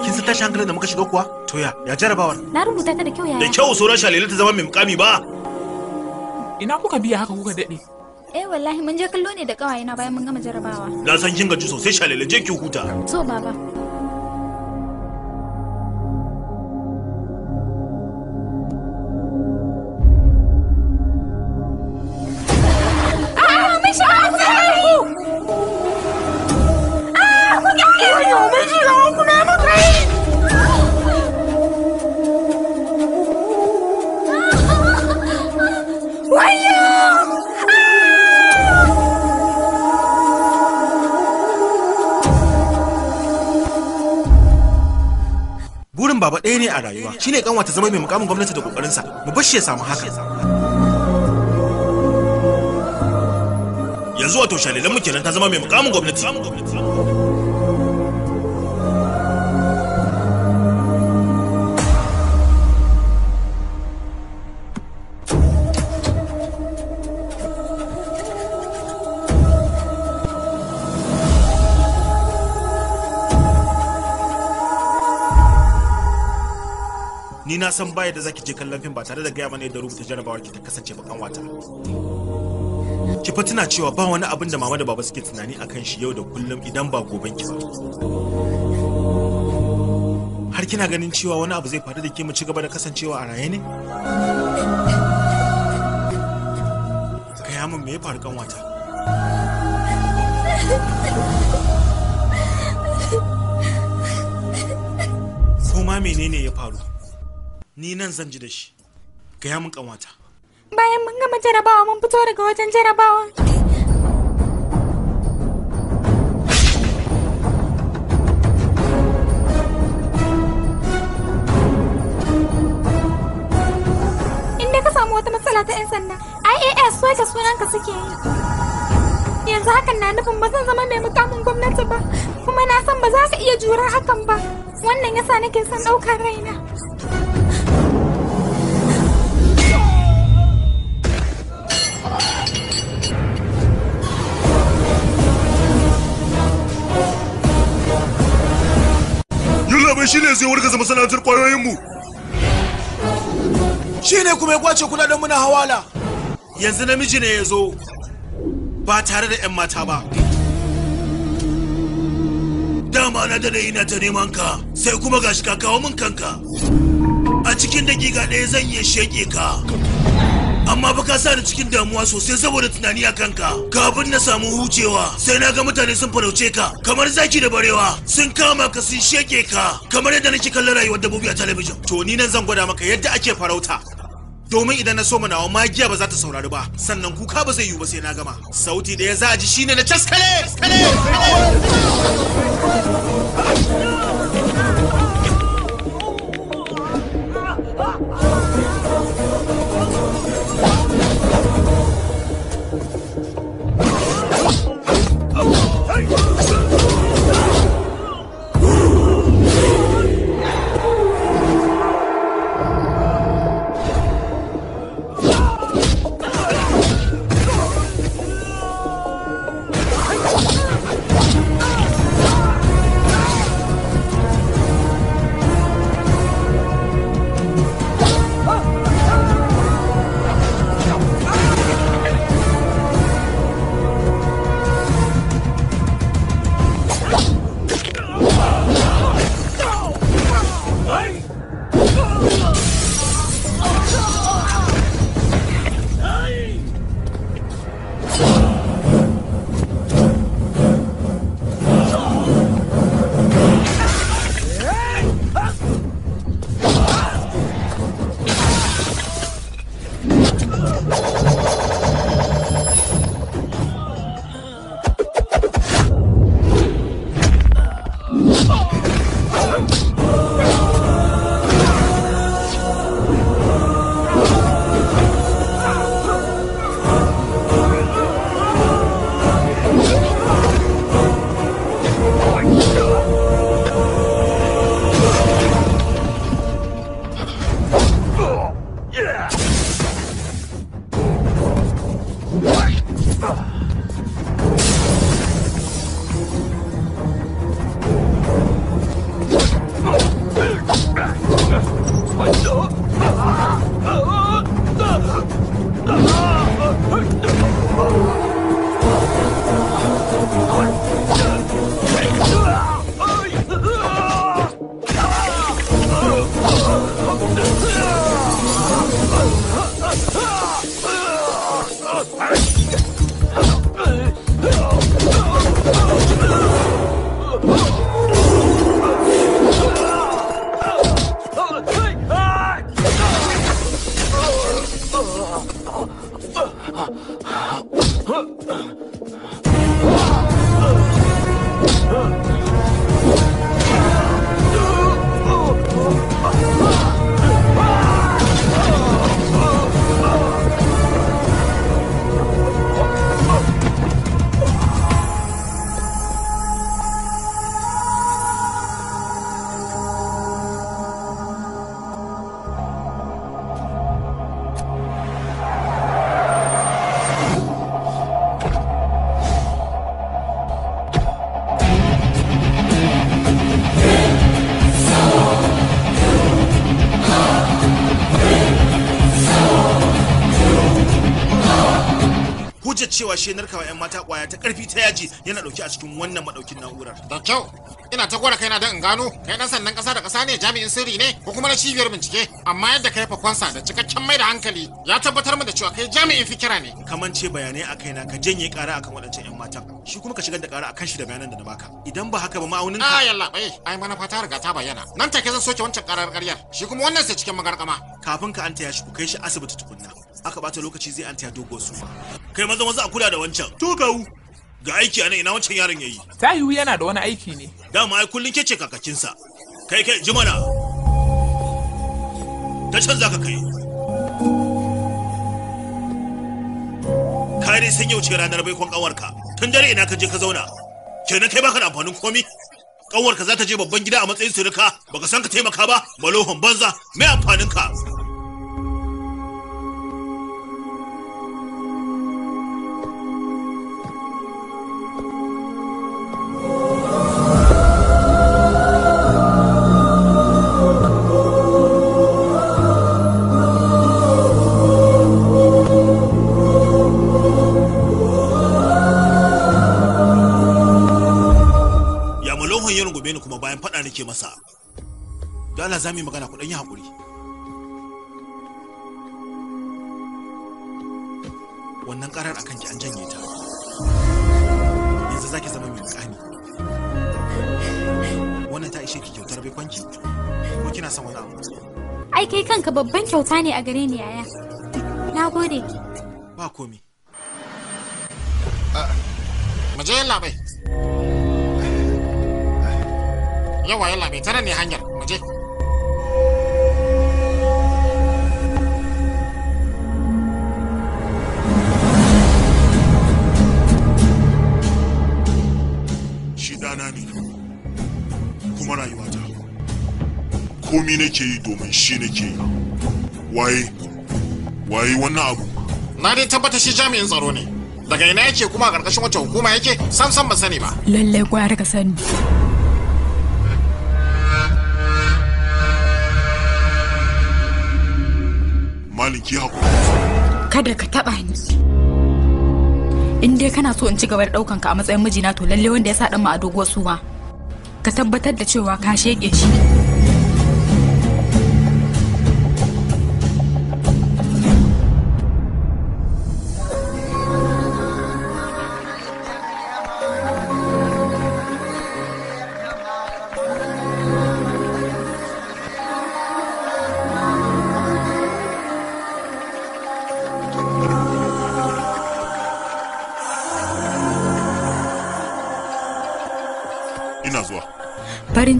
Kin san tashi hankalin da muka shiga kuwa? To ya, ya jarabawar. Na rubuta ta da kyau yaya. Da kyau sauran shalele ta zama mai mukami ba. Ina kuka biya haka kuka daɗe? Eh wallahi mun je kallo ne da ƙawayena bayan mun gama jarabawa. Na san kin gaji sosai shalele je ki huta. So baba. baba ɗaya ne a rayuwa shine kanwa ta zama mai mukamin gwamnati da sa mu bar shi ya samu haka yanzu wato shalilan mu kenan ta zama mai mukamin gwamnati na san baya da zaki je kallon fim ba tare da gaya mana yadda rubuta jarabawar ki ta kasance bakan wata ki fa tuna cewa ba wani abin da mama da baba suke tunani akan shi yau da kullum idan ba goben ki ba har kina ganin cewa wani abu zai faru da ke mu ci gaba da kasancewa a raye ne kaya min me ya faru kan wata ko ma menene ya faru ni nan zan ji da shi gaya mun kanwata bayan mun gama jarabawa mun fito daga wajen jarabawa inda ka samu wata matsala ta 'yan sanda ias wace sunanka suke yi yanzu hakan na nufin ba zan zama mai mukamin gwamnati ba kuma na san ba za su iya jura hakan ba wannan yasa nake son ɗaukar raina shine zai wargaza masana'antar kwayoyinmu shine kuma ya kwace kudaden muna hawala yanzu namiji ne ya zo ba tare da 'yan mata ba dama na yi ina ta neman ka sai kuma gashi ka kawo min kanka a cikin dakika ɗaya zan iya sheƙe ka amma fa ka sa ni cikin damuwa sosai saboda tunani a kanka kafin na samu hucewa sai na ga mutane sun farauce ka kamar zaki da barewa sun kama ka sun sheke ka kamar yadda nake kallon rayuwar dabbobi a talabijin to ni nan zan gwada maka yadda ake farauta domin idan na so nawa magiya ba za ta saurari ba sannan kuka ba zai yiwu ba sai na gama sauti da ya za a ji shine na caskale shi narkawa yan mata kwaya ta karfi ta yaji yana dauke a cikin wannan madaukin na'urar da kyau ina ta gwada kaina don in gano kai dan sandan kasa da kasa ne jami'in sirri ne ko kuma na cibiyar bincike amma yadda kai fakwansa da cikakken mai da hankali ya tabbatar mu da cewa kai jami'in fikira ne kamance bayanai a kaina ka janye kara akan waɗancan yan matan shi kuma ka shigar da kara akan shi da bayanan da na baka idan ba haka ba ma'aunin ka yalla bai, ai mana fata riga ta bayyana nan take zan soke wancan karar karyar shi kuma wannan sai cikin magarƙama. kafin ka anta ya shi ku kai shi asibiti tukunna aka bata lokaci zai an taya dogon su. kai maza maza a kula da wancan to gawu ga aiki a nan ina wancan yaron yayi tahiyu yana da wani aiki ne dama ai kullun kece kakakinsa kai kai ji mana ta can zaka kai kai dai san yau ce ranar baikon kawarka tun dare ina ka je ka zauna kenan kai baka da amfanin komi kanwarka za ta je babban gida a matsayin surika baka san ka taimaka ba malohon banza mai amfanin ka za mu yi magana ku ɗan yi haƙuri wannan ƙarar kan ki an janye ta yanzu za ki zama mai mukami wannan ta ishe ki kyautar baikonki ko kina son wani abu ai kai kanka babban kyauta ne a gare ni yaya na gode ba komi ah, mu labai yawa yalla bai tare ne hanyar nake yi domin shi nake yi waye waye wannan abu na dai tabbata shi jami'in tsaro ne daga ina yake kuma a ƙarƙashin wacce hukuma yake sam sam ba sani ba lallai gwara ka sani maliki ki hakuri kada ka taba ni in dai kana so in ci gaba da daukan ka a matsayin mijina to lalle wanda ya sa dan ma a doguwar suwa ka tabbatar da cewa ka sheke shi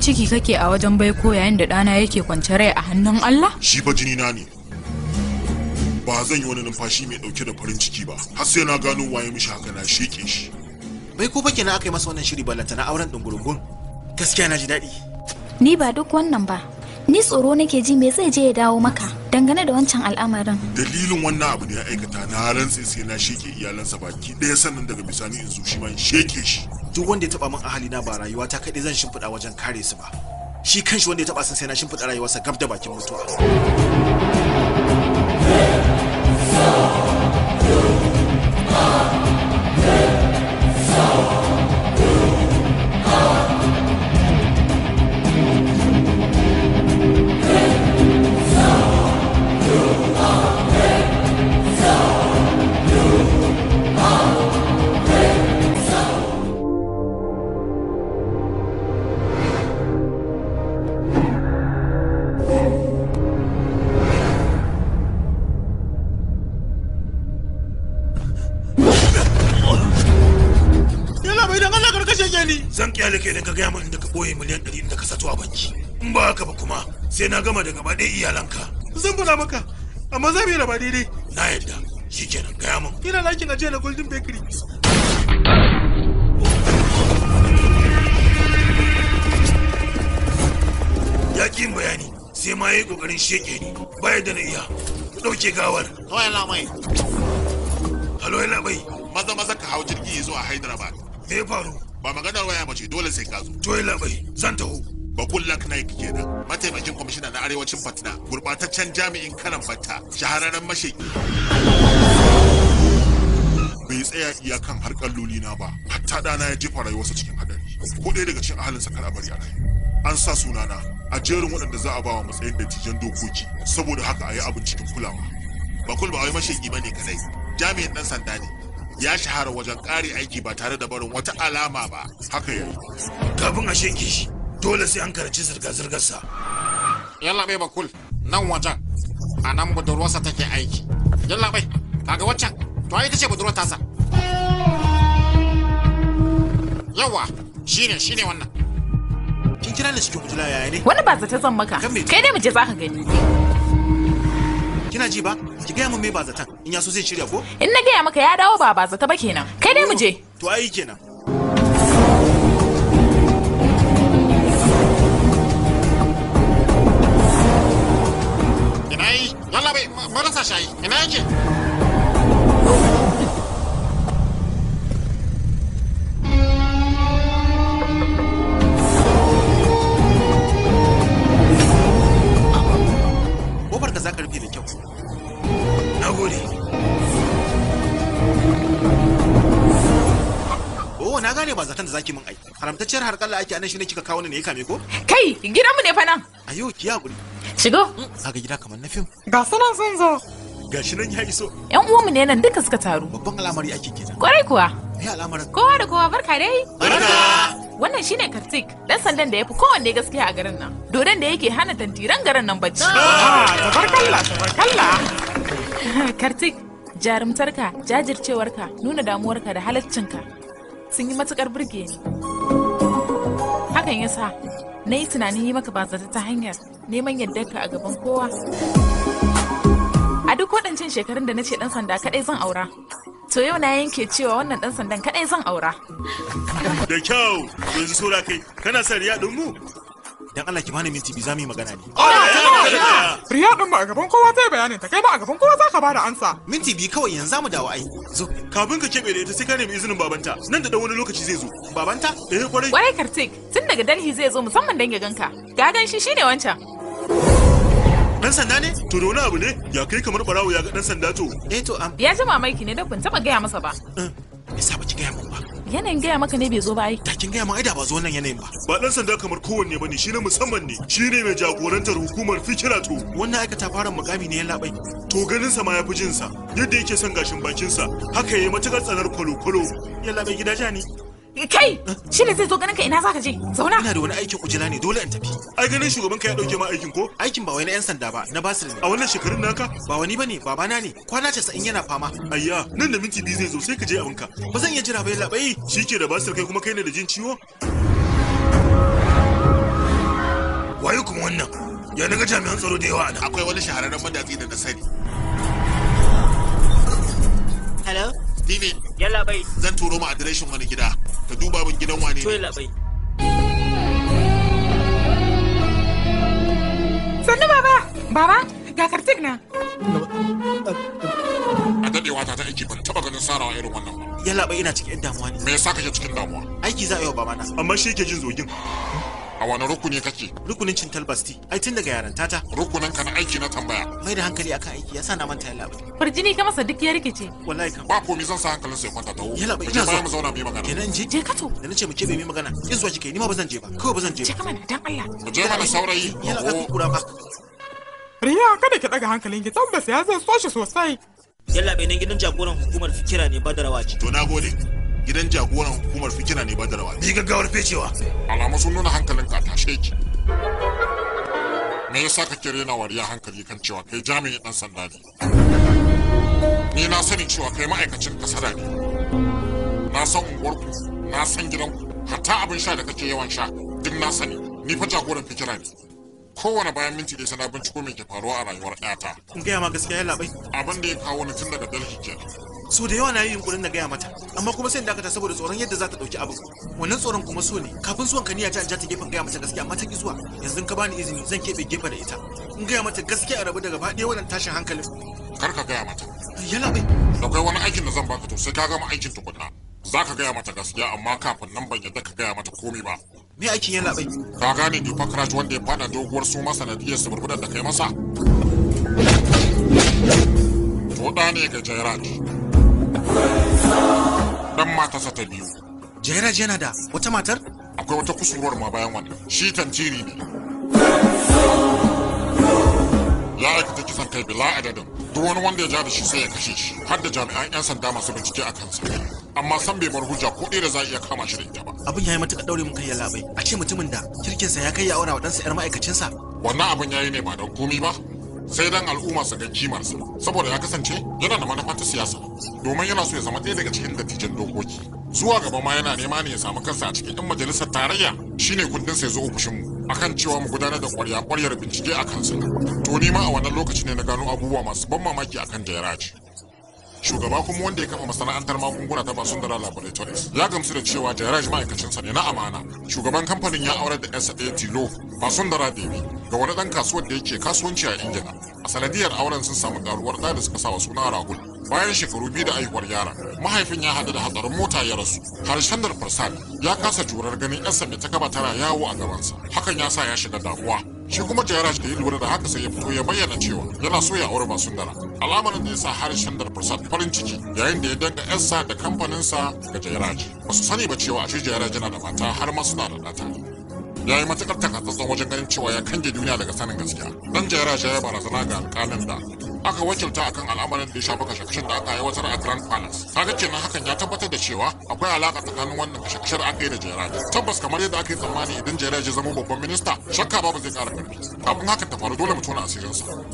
ciki kake a wajen baiko yayin da ɗana yake kwance rai a hannun Allah? Shi fa jini na ne. Ba zan yi wani numfashi mai ɗauke da farin ciki ba, har sai na gano waye mishi haka na sheƙe shi. ko fa kenan aka yi masa wannan shiri ballanta na auren ɗungurungun. Gaskiya na ji daɗi. Ni ba duk wannan ba, ni tsoro nake ji me zai je ya dawo maka dangane da wancan al'amarin dalilin wannan abu ne ya aikata na rantsi sai na sheke iyalansa baki ɗaya sannan daga bisani in zo shi ma in sheke shi duk wanda ya taba min ahali na ba rayuwa ta kaɗai zan shimfiɗa wajen kare su ba shi kanshi wanda ya taba sun sai na shimfiɗa rayuwarsa gab da bakin mutuwa sai na gama da gaba ɗaya iyalanka zan faɗa maka amma za mu yi raba daidai na yadda shi kenan gaya mun ina lakin ajiya na golden bakery ya ƙi bayani sai ma yi ƙoƙarin sheke ni baya da na iya ɗauke gawar kawai lamai halo ya maza maza ka hau jirgi a hyderabad me faru ba maganar waya ba ce dole sai ka zo to labai zan taho Bakullak Naik kenan mataimakin kwamishina na arewacin Patna gurbataccen jami'in kanan batta shahararren mashigi. Bai tsaya iyakan harkar na ba hatta dana ya jefa rayuwarsa cikin hadari ko ɗaya daga cikin ahalinsa kar a bari a rai. An sa sunana a jerin waɗanda za a ba wa matsayin dattijan dokoki saboda haka a yi abin cikin kulawa. Bakul ba yi mashigi ba ne kadai jami'in ɗan sanda ne ya shahara wajen ƙari aiki ba tare da barin wata alama ba haka yayi. Kafin a shege shi dole sai an karci zirga-zirgarsa yalla bai bakul nan wajen a nan budurwarsa take aiki yalla bai kaga waccan to ai ita ce budurwar tasa yawa shine shine wannan kin kira ni cikin kujula yaya ne wani ba zata zan maka kai ne mu je zaka gani kina ji ba ki gaya min me ba zata in ya so zai shirya ko in na gaya maka ya dawo ba ba zata ba kenan kai ne mu je to ai kenan yalla bai marasa shayi ina kofar ka rufe kyau na na gane ba da zaki mun ai haramtacciyar harkar da ake anan shi ne kika kawo ni ne kame ko kai gidanmu ne fa nan ayo Shigo. Kaga gida kamar na fim. Ga sanan sun zo. shi nan ya iso. Yan uwanmu ne nan duka suka taru. Babban al'amari ake kenan. Kwarai kuwa. Me al'amarin? Kowa da kowa barka dai. Barka. Wannan shine Kartik, dan sandan da ya fi kowanne gaskiya a garin nan. Dodon da yake hana tantiran garin nan bacci. Ah, tabarkalla, tabarkalla. Kartik, jarumtarka, jajircewarka, nuna damuwarka da halaccinka sun yi matukar burge ni. Hakan ya sa na yi tunanin yi maka bazata ta hanyar neman ka a gaban kowa a duk waɗancan shekarun da na ce ɗan sanda kaɗai zan aura to yau na yanke cewa wannan ɗan sandan kaɗai zan aura da kyau yanzu sura kai kana son riya mu dan Allah ki bani minti bi za mu yi magana ne riya din ba a gaban kowa zai bayanin ta kai ba a gaban kowa za ka da ansa minti bi kawai yanzu mu dawo ai zo kafin ka kebe da ita sai ka nemi izinin babanta nan da dan wani lokaci zai zo babanta eh kwarai kwarai kartik tun daga dalhi zai zo musamman dan ya ganka ga dan shi shine wancan dan sanda ne to da wani abu ne ya kai kamar barawo ya ga dan sanda to eh to am ya ji mamaki ne da ban taba gaya masa ba eh, me yasa ba ki gaya mun Yanayin gaya maka ne bai zo ba ai. Da kin gaya ma ai da ba zo wannan yanayin ba. Ba dan sanda kamar kowanne bane shi ne musamman ne. Shi ne mai jagorantar hukumar fikira to. Wannan aikata fara mukami ne ya labai. To ganin sa ma yafi jin sa. Yadda yake son gashin bakin sa haka yayi matukar tsanar kwalo-kwalo. Ya labai ne. Kai, shi ne zai zo ganin ka ina zaka je? Zauna. Ina da wani aikin ujila ne dole in tafi. Ai ganin shugaban ka ya dauke ma aikin ko? Aikin ba wai na yan sanda ba, na basir ne. A wannan shekarun naka? Ba wani bane, babana ne. Kwana casa'in yana fama. Ayya, nan da minti biyu zai zo sai ka je abinka. Ba zan iya jira ba yalla bai. Shike da basir kai kuma kai ne da jin ciwo? Waye kuma wannan? Ya naga jami'an tsaro da yawa akwai wani shahararren madatsi da na sani. ni yalla bai zan turo ma adireshin wani gida ka duba min gidan wani ne bai sannu baba baba ga kartik na a dadewa ta ta aiki ban taba ganin sarawa irin wannan ba yalla bai ina cikin damuwa ne me yasa kake cikin damuwa aiki za a yi wa baba na amma shi ke jin zogin a wani rukuni kake rukunin cin talbasti ai tun daga yaranta ta rukunin ka na aiki na tambaya mai da hankali akan aiki yasa na manta yalla farjini ka masa duk ya rikice wallahi kan ba mi zan sa hankalin sai kwanta tawo yalla bai ina zuwa mu zauna mu magana kenan je je ka to da nace mu ke bai magana in zuwa kike ni ma zan je ba kawai zan je ba je kamar dan Allah mu je mana saurayi yalla ka kura ba Riya kada ki daga hankalin ki tambasa ya zan so shi sosai yalla bai nan gidan jagoran hukumar fikira ne badarawa ce to na gode gidan jagoran hukumar fikira ne badarwa ni gaggawar fecewa alamu sun nuna hankalin a tashe ki me yasa ke rena wariya hankali kan cewa kai jami'in dan sanda ne ni na sani cewa kai ma'aikacin kasada ne na san unguwarku na san gidanku hatta abin sha da kake yawan sha duk na sani ni fa jagoran fikira ne kowane bayan minti da sana binciko mai ke faruwa a rayuwar ƴata. In gaya ma gaskiya ya labai. Abin da ya kawo ni tun daga Delhi ke. So da yawa na yi yunkurin na gaya mata, amma kuma sai dakata saboda tsoron yadda za ta ɗauki abin. Wannan tsoron kuma so ne, kafin zuwan ka niyya ta ta gefen gaya mata gaskiya amma ta ki zuwa, yanzu ka bani izini zan keɓe gefe da ita. In gaya mata gaskiya a rabu daga ɗaya wannan tashin hankalin. Kar ka gaya mata. Ya labai. Akwai wani aikin da zan baka to sai ka gama aikin tukunna. Za ka gaya mata gaskiya amma kafin nan ban yadda ka gaya mata komai ba. me ake yana bai ka gane democrat wanda ya fada doguwar su masa na iya suburbudan da kai masa to da ne ga jairaj dan sa ta biyu jairaj yana da wata matar akwai wata kusurwar ma bayan wannan shi tantiri ne ya aikata kisan kai bila adadin duk wani wanda ya ja da shi sai ya kashe shi har da jami'an 'yan sanda masu bincike a kansa amma san bai bar hujja ko da za a iya kama shi da ita ba abin yayi matuƙar daure mun kai labai a ce mutumin da kirkin sa ya kai ya aura wa ɗansa yar ma'aikacinsa wannan abin yayi ne ba don komi ba sai dan al'umma su ga kimarsa saboda ya kasance yana da manufa ta siyasa domin yana so ya zama ɗaya daga cikin dattijan dokoki zuwa gaba ma yana nema ne ya samu kansa a cikin 'yan majalisar tarayya shine kundin ya zo ofishin mu akan cewa mu gudanar da ƙwarya-ƙwaryar bincike a kansa to ni ma a wannan lokaci ne na gano abubuwa masu ban mamaki akan jayaraji shugaba kuma wanda ya kafa masana'antar magunguna ta basundara laboratories ya gamsu da cewa jairaj ma'aikacinsa ne na amana shugaban kamfanin ya aurar da yansa ɗaya tilo basundara devi ga wani 'dan kasuwar da yake kasuwanci a ingila a sanadiyar auren sun samu karuwar ɗa da suka sa suna rahul bayan shekaru biyu da aihuwar yara mahaifin ya haɗu da hatsarin mota ya rasu harshendar farsal ya kasa jurar ganin yansa mai ta kaba tana yawo a gabansa hakan ya sa ya shiga damuwa shi kuma jayaraj da yi lura da haka sai ya fito ya bayyana cewa yana so ya aure basundara alamar da ya sa har shandar prasad farin ciki yayin da ya danga yarsa da kamfaninsa ga jayaraj ba su sani ba cewa shi jayaraj yana da mata har ma suna da ɗata ya yi matukar takatsatsan wajen ganin cewa ya kange duniya daga sanin gaskiya dan jayara ya barazana ga alƙalin da aka wakilta akan al'amarin da ya shafi kashe-kashen da aka aiwatar a grand palace kaga kenan hakan ya tabbatar da cewa akwai alaƙa tsakanin wannan kashe-kashen da aka yi da jayaraji tabbas kamar yadda aka yi tsammani idan jayaraji zama babban minista shakka babu zai ƙara ƙarfi. kafin hakan ta faru dole mu tona sa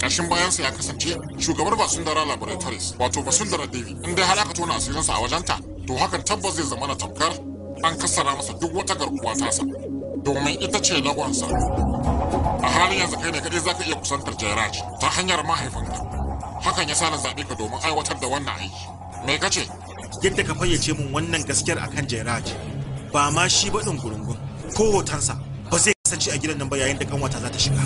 ƙarshen bayansa ya kasance shugabar basundara laboratories wato basundara devi in dai har aka tona sa a ta to hakan tabbas zai zama na tamkar an kassara masa duk wata garkuwa tasa domin ita ce lagonsa a halin yanzu kai ne kadai za ka iya kusantar jairaj ta hanyar mahaifinka hakan ya sa na zaɓe ka domin aiwatar da wannan aiki me ka ce yadda ka fayyace min wannan gaskiyar akan jairaj ba ma shi ba gurungun ko hotonsa ba zai kasance a gidan nan ba yayin da kanwata za ta shiga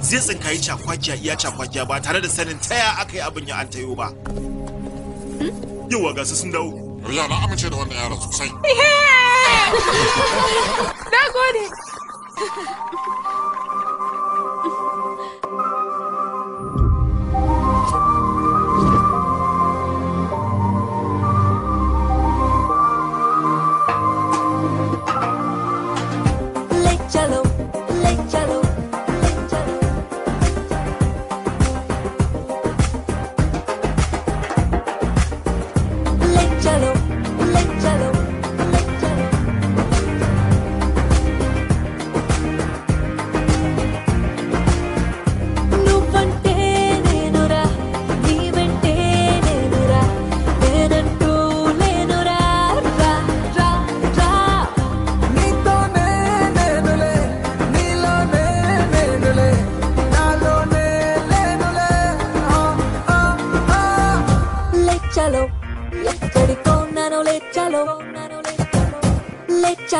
zai tsinkayi cakwakiya iya cakwakiya ba tare da sanin taya aka yi abin ya an ba yawa su sun dawo Wallahi na amince da wannan yaron sosai. Na gode.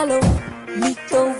Hello,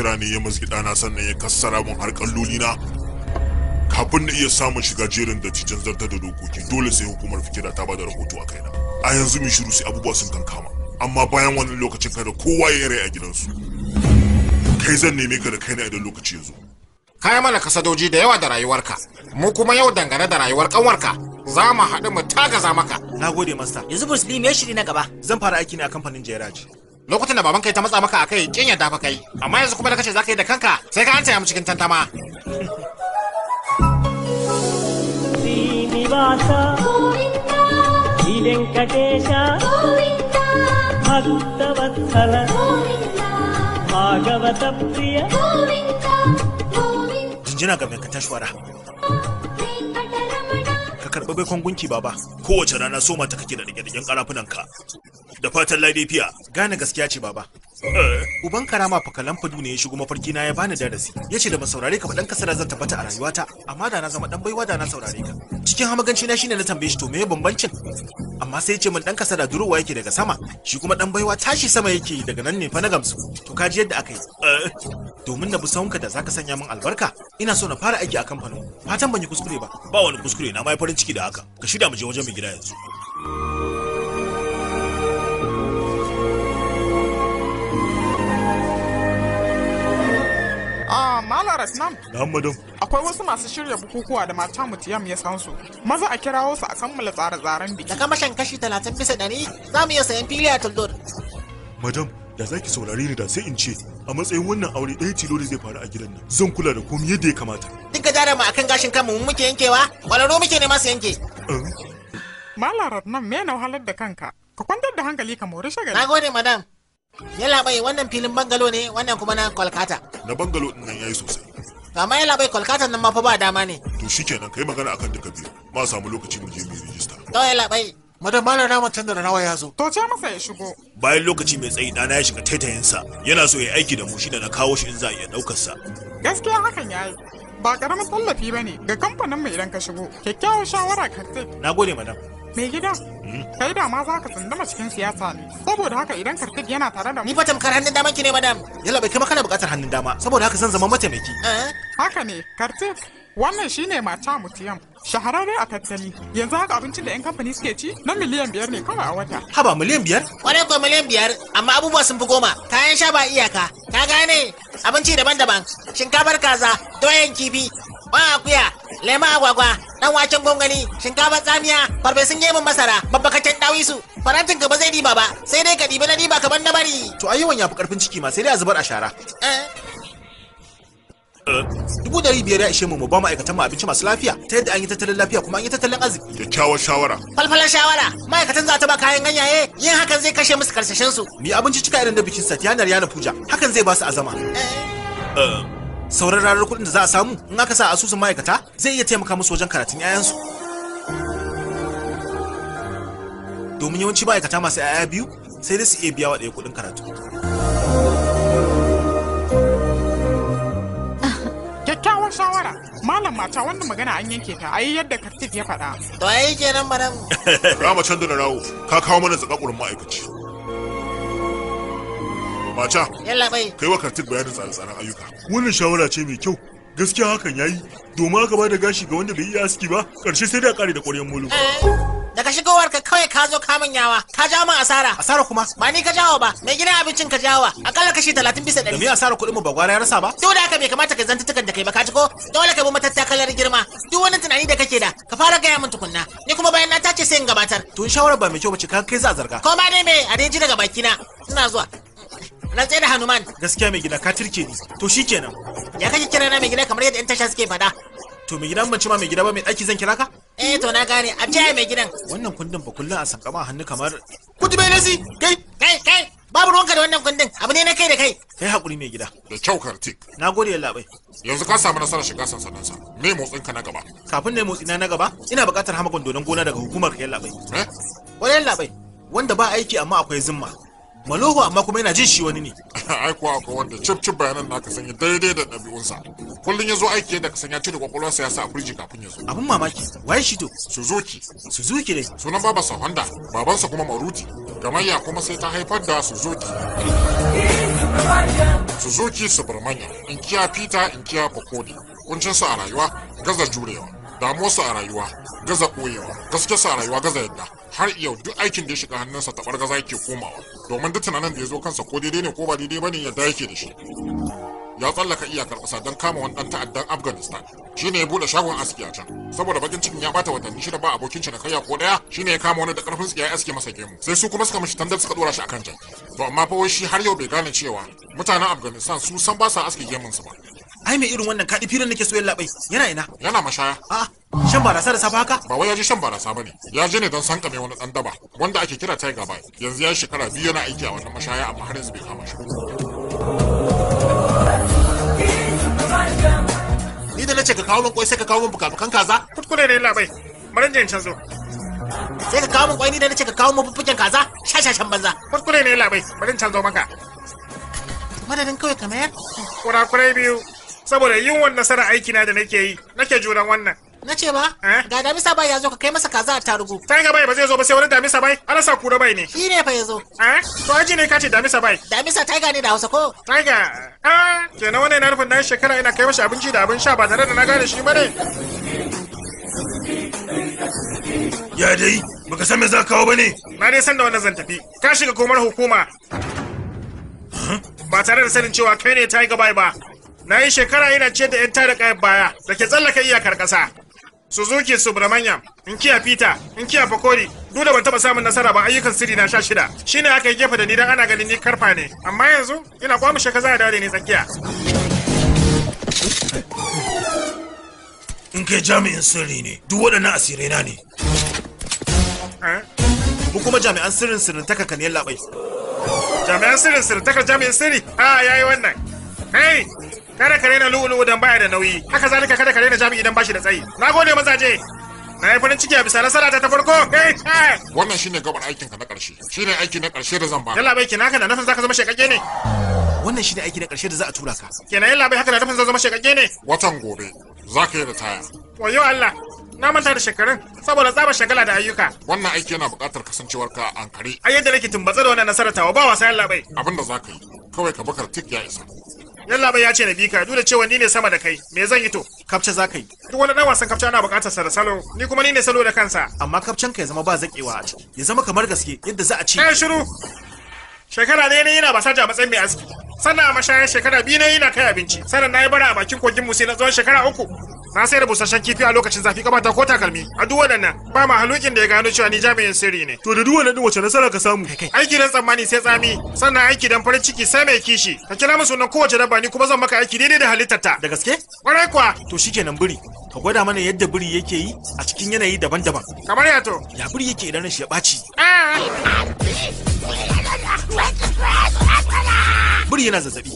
kira ne ya mazgi dana sannan ya kassara mun har na kafin na iya samun shiga jerin da cikin zartar da dokoki dole sai hukumar fikira ta bada rahoto a kaina a yanzu mai shiru sai abubuwa sun kankama amma bayan wannan lokacin kada kowa ya rai a gidansu kai zan neme ka da kaina idan lokaci ya zo kai mana kasadoji da yawa da rayuwarka mu kuma yau dangane da rayuwar kanwarka za mu haɗu mu tagaza maka nagode master yanzu bruce lee me shiri na gaba zan fara aiki ne a kamfanin jeraji lokutan da babanka ya ta matsa maka a kai kin yadda fa kai amma yanzu kuma da kace zaka yi da kanka sai ka hanta ya mu cikin tantama Srinivasa శ్రీ వెంకటేశ భక్తవత్సల Bhagavata jinjina ga Venkateshwara. Ka karɓi baikon gunki baba, kowace rana soma ta kake da ɗage-ɗagen ƙarafunanka. Da fatan laifiya gane gaskiya ce baba uban karama fakalan fadu ne ya shigo mafarki na ya bani darasi ya ce da ba saurare ka ba dan kasara zan tabbata a rayuwata amma da na zama dan baiwa da na saurare ka cikin hamaganci na shine na tambaye shi to meye bambancin amma sai yace ce min dan kasara durowa yake daga sama shi kuma dan baiwa tashi sama yake daga nan ne fa na gamsu to kaji yadda aka yi domin na bi sahunka da zaka sanya min albarka ina so na fara aiki a kamfanin fatan ban yi kuskure ba ba wani kuskure na mai farin ciki da haka ka shirya mu je wajen mai gida yanzu karas nan Na madam akwai wasu masu shirya bukukuwa da mata mutiyam ya san su maza a kirawo su a kammala tsare-tsaren biki da kamashin kashi talatin bisa ɗari za mu iya sayan fili a tuldor madam da za ki saurare ni da sai in ce a matsayin wannan aure ɗaya tilo da zai faru a gidan nan zan kula da komai yadda ya kamata duk ga jara mu akan gashin kanmu mu muke yankewa kwararru muke ne masu yanke malarar nan me na wahalar da kanka ka kwantar da hankali ka mori na gode madam yalla bai wannan filin bangalo ne wannan kuma na kolkata na bangalo din nan yayi sosai amma yana bai kolkatan nan mafi ba dama ne to shikenan kai magana akan duka biyu ma samu lokaci mu je mu yi rijista to yana bai madam malam na can da rawa ya zo to ce masa ya shigo bayan lokaci mai tsayi dana ya shiga sa yana so ya aiki da mu shi da na kawo shi in za a iya daukar sa gaskiya hakan yayi ba karamin tallafi ba ne. ga kamfanin mu idan ka shigo kyakkyawar shawara Na gode, madam Mai gida, kai da ma za ka tsundama cikin siyasa ne. Saboda haka idan Kartik yana tare da mu. Ni fa tamkar hannun dama ki ne madam. Yalla bai kai kana buƙatar hannun dama saboda haka zan zama mataimaki. Haka ne, Kartik. Wannan shine mata mutiyam. ne a tattali yanzu haka abincin da 'yan kamfani suke ci na miliyan biyar ne kawai a wata haba miliyan biyar kwarai kuwa miliyan biyar amma abubuwa sun fi goma kayan sha ba iyaka ka gane abinci daban-daban shinkafar kaza doyan kifi wa akuya lema agwagwa dan waken gwangwani shinkafar tsamiya farfesun yemin masara babbakaccen dawisu farantin ka ba zai diba ba sai dai ka dibi na diba kaman na bari to ayyuwan ya fi karfin ciki ma sai dai a zubar a shara eh. dubu dari biyar ya ishe mu mu ba ma'aikatan mu abinci masu lafiya ta yadda an yi tattalin lafiya kuma an yi tattalin arziki kyakkyawar shawara falfalar shawara ma'aikatan za ta ba kayan ganyaye yin hakan zai kashe musu karsashen su mu yi abinci cika irin da bikin satiyanar yana puja hakan zai ba su azama eh. um. sauran ranar kuɗin da za a samu in aka sa asusun ma'aikata zai iya taimaka musu wajen karatun 'ya'yansu domin yawanci ma'aikata masu 'ya'ya biyu sai dai su iya biya wa ɗaya kuɗin karatu mata wannan magana an yanke ta ayi yadda kartif ya faɗa. To ai kenan madam. Rama can rawo ka kawo mana tsakakurin ma'aikaci. Mata. Yalla bai. Kai wa kartif bayanin tsare-tsaren ayyuka. Wannan shawara ce mai kyau gaskiya hakan yayi domin aka bada gashi ga wanda bai iya aski ba karshe sai da kare da ƙwaryen mulu eh, daga shigowar ka kawai ka zo ka yawa ka ja min asara asara kuma ba ni ka jawo ba mai gina abincin ka a akalla kashi 30 bisa 100 da me asara kuɗin mu ba gwara ya rasa ba duk da haka bai kamata ka zanta tukan da kai ba ka ji ko dole ka bi matattakalar girma duk wani tunani da kake da ka fara gaya min tukunna ni kuma bayan na tace sai in gabatar tun shawara ba mai kyau ba ce ka kai za zarga ko ma dai me a dai ji daga na ina zuwa tsaye da hanuman gaskiya mai gida ka turke ni to shikenan ya kake kira na mai gida kamar yadda yan tasha suke faɗa to mai gidan mace ma mai gida ba mai ɗaki zan kira ka eh to na gane a ce mai gidan wannan kundin ba kullun a sankama hannu kamar kudi bai nasi kai kai kai babu ruwanka da wannan kundin abu ne na kai da kai kai hakuri mai gida da kyau kartik na gode yalla bai yanzu ka samu nasarar shiga sansanin sa me motsin ka na gaba kafin ne motsi na na gaba ina buƙatar hama donon gona daga hukumar ka yalla bai eh wani yalla bai wanda ba aiki amma akwai zimma maloho amma kuma yana jin shi wani ne ai kuwa akwai wanda cip cip bayanan na ka sanya daidai da ɗabi'unsa kullum ya zo aiki yadda ka sanya cire kwakwalwarsa ya sa a kurji kafin ya zo abin mamaki waye shi to suzuki suzuki ne sunan baba babansa honda babansa kuma maruti gamayya kuma sai ta haifar da suzuki suzuki subramanya inkiya peter inkiya pakodi kuncinsa a rayuwa gaza jurewa su a rayuwa gaza koyewa su a rayuwa gaza yadda har yau duk aikin da ya shiga hannunsa ta gaza yake komawa domin duk tunanin da ya zo kansa ko daidai ne ko ba daidai bane yadda yake da shi ya tsallaka iyakar ƙasa don kama wani ɗan ta'addan afghanistan shine ya buɗe shagon aski can saboda bakin cikin ya bata watanni shida ba abokin shi kaiya ko ɗaya shine ya kama wani da ƙarfin tsiya ya aske masa gemu sai su kuma suka mishi tandar suka ɗora shi akan can to amma fa shi har yau bai gane cewa mutanen afghanistan su san ba sa aske gemunsu ba ai mai irin wannan kaɗi firin nake so yin labai yana ina yana mashaya a shan barasa da safa haka ba wai ya ji shan barasa bane ya je ne don kame wani dan daba wanda ake kira tiger bai yanzu ya shekara biyu yana aiki a wannan mashaya amma har yanzu bai kama shi ni da nace ka kawo min kwai sai ka kawo min bukabukan kaza kuskure ne labai maran jin canzo. sai ka kawo min kwai ni da nace ka kawo min fuffuken kaza shashashan banza kuskure ne labai maran can maka madadin kawai kamar kurakurai biyu saboda yin wannan nasara aiki na da nake yi nake juran wannan na ce ba eh? ga damisa bai ya zo ka kai masa kaza a tarugu ta ga bai ba zai zo ba sai wani damisa bai ana sa kura bai ne shi ne fa ya zo eh? to aji ne kace damisa bai damisa taiga ne da hausa ko taiga ah kenan wannan na nufin na shekara ina kai masa abinci da abin sha ba tare da na gane shi ba ne ya dai baka san me za kawo ba ne na dai san da wannan zan tafi ka shiga komar hukuma ba tare da sanin cewa kai ne taiga bai ba na yi shekara yana ce da yan tada kayan baya da ke tsallaka iyakar ƙasa suzuki subramanyam inkiya peter inkiya bakori duk da ban taɓa samun nasara ba ayyukan siri na sha shida shine aka yi gefe da ni dan ana ganin ni karfa ne amma yanzu ina kwamu ka za a dare ni tsakiya in kai jami'in sirri ne duk waɗannan asirai na ne eh? mu kuma jami'an sirrin sirrin taka kan yin labai. jami'an sirrin sirrin taka jami'in sirri ah, a yayi wannan hey kada ka raina lu'ulu'u dan baya da nauyi haka zalika kada ka raina jami idan bashi da tsayi Na gode, mazaje na yi farin ciki a bisa nasara ta ta farko wannan shine gaban aikin ka na karshe shine aiki na karshe da zan ba yalla bai kina haka na nafin zaka zama shekake ne wannan shine aiki na karshe da za a tura ka kenan yalla bai haka na nafin zan zama shekake ne watan gobe zaka yi ritaya wayo Allah na manta da shekarun saboda tsaba shagala da ayyuka wannan aiki yana buƙatar kasancewarka a ankare a yadda nake tumbatsa da wannan nasara ta ba wasa yalla bai abinda zaka yi kawai ka bakar tik ya isa yalla bai ya ce na bi ka duk da cewa ni ne sama da kai me zan yi to kapce za ka yi duk wani dan wasan kapce ana buƙatar sa da salo ni kuma ni ne salo da kansa amma kapcen ka ya zama ba zakewa a ciki ya zama kamar gaske yadda za a ci kai eh, shiru shekara ne ne yana basaja a matsayin mai aski sannan a mashayar shekara biyu ne yana kai abinci sannan na yi bara a bakin kogin mu sai na tsawon shekara uku na sayar busasshen kifi a lokacin zafi ta ko takalmi a duk waɗannan ba ma halukin da ya gano cewa ni jami'in sirri ne to da duk din wace nasara ka samu aiki dan tsammani sai tsami sannan aiki dan farin ciki sai mai kishi ka kira musu nan kowace dabba ni kuma zan maka aiki daidai da halittarta da gaske kwarai kuwa to shikenan biri ka gwada mana yadda biri yake yi a cikin yanayi daban-daban kamar ya to ya biri yake idan shi ya ɓaci biri yana zazzabi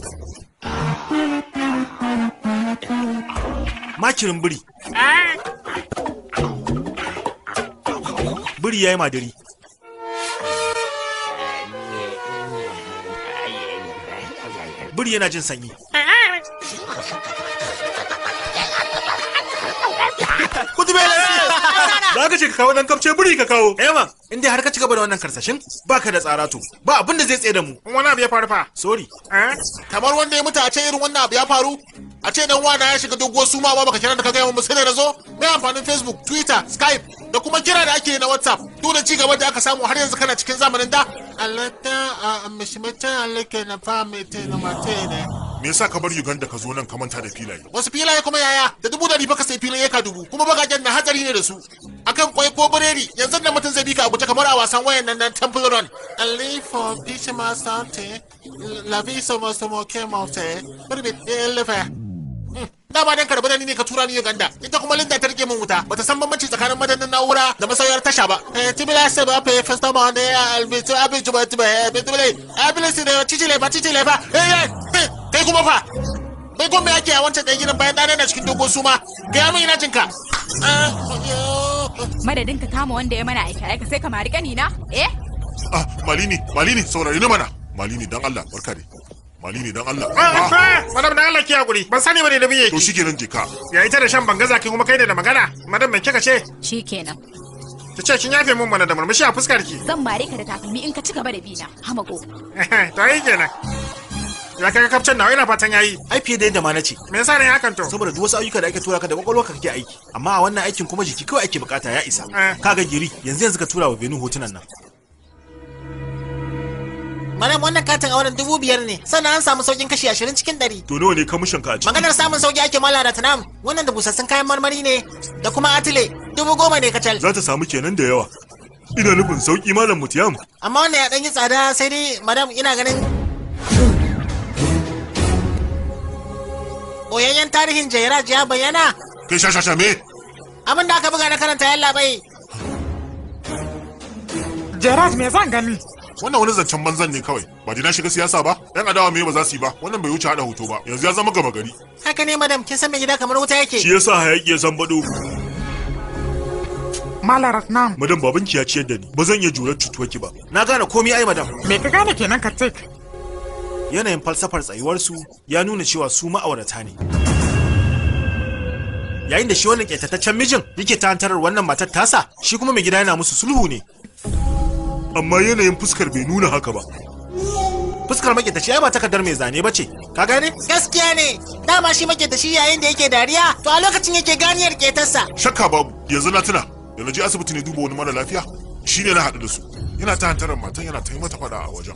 makirin biri biri ya yi madari biri yana jin sanyi kudu bai Za ka ce ka kawo dan kafce buri ka kawo. Eman, eh, in dai har ka cigaba da wannan karsashin ba ka da tsara to Ba abin da zai tsaye da mu. Wani abu ya faru fa. Sorry. Eh? Kamar wanda ya mutu a ce irin wannan abu ya faru. A ce dan wana ya shiga doguwar suma ba baka kira da ka gaya mu sai da zo. Me amfanin Facebook, Twitter, Skype, da kuma kira da ake na whatsapp duk da ci gaba da aka samu har yanzu kana cikin zamanin da alata a mishimata alake na ta na mata ne me yasa ka bar Uganda ka zo nan ka manta da filaye wasu filaye kuma yaya da dubu dari baka sai filaye ka dubu kuma bagajen na hatsari ne da su akan kwai ko biredi yanzu da mutum zai bi ka abuta kamar a wasan wayan nan na Temple Run for bishima sante la vie sama sama kemote birbit elefe eh, dama dan karbi dani ne ka tura ni Uganda ita kuma Linda ta rike min wuta bata san bambanci tsakanin madannin na'ura da masauyar tasha ba eh tibila se ba pe first time on air albitu abitu ba tiba bitule abilisi da cicile ba cicile ba eh eh kai kuma fa bai gome ake a wancan ɗan gidan bayan ɗana na cikin dogon suma ga yamin ina jinka ah, madadin ka kama wanda ya mana aika aika sai ka mari kanina eh ah malini malini saurari na mana malini dan Allah barka dai mali ne dan Allah madam dan Allah ki hakuri ban sani bane da biye to shikenan je ka ya ita da shan bangaza ki kuma kai ne da magana madam me kika ce shikenan ta ce kin yafe mun mana da murmushi a fuskar ki zan mare ka da takalmi in ka ci gaba da bi na hamago to ai kenan ya kaga kafcin na ina fatan yayi ai fiye da yadda ma nace me yasa ne hakan to saboda duk wasu ayyuka da ake tura ka da kwakwalwa kake aiki amma a wannan aikin kuma jiki kawai ake bukata ya isa eh. kaga giri yanzu yanzu ka tura wa Benin hotunan nan Madam wannan katin a auren dubu biyar ne sannan an samu saukin kashi ashirin cikin dari. To nawa ne kamishin ka a Maganar samun sauki ake mala da tunam wannan da busassun kayan marmari ne da kuma atile dubu goma ne kacal. Za ta samu kenan da yawa. Ina nufin sauki malam mutiyam. Amma wannan ya ɗan yi tsada sai dai madam ina ganin. Boyayyen tarihin Jairaj ya bayyana. Kai shashasha me? Abin da aka buga na karanta yalla bai. Jairaj me zan gani? wannan wani zancen banzan ne kawai ba na shiga siyasa ba yan adawa me ba za su yi ba wannan bai wuce hada hoto ba yanzu ya zama gama gari haka ne madam kin san me gida kamar wuta yake shi yasa hayaki ya san bado Mala Ratnam. Madam babanki ya ciyar da ni. Ba zan iya jurar ki ba. Na gane komai ai madam. Me ka gane kenan ka Kartik? Yanayin falsafar tsayuwarsu ya nuna cewa su ma'aurata ne. Yayin da shi wannan ƙetataccen mijin yake tantarar wannan matar tasa, shi kuma mai gida yana musu sulhu ne. amma yanayin fuskar bai nuna haka ba fuskar ya ba takardar mai zane ba ce ka gane gaskiya ne dama shi magidashi yayin da yake dariya to a lokacin yake ganiyar ketarsa shakka babu yanzu na tuna da na je asibiti ne duba wani mara lafiya shine na haɗu da su yana ta hantarar matan yana ta yi mata faɗa a wajen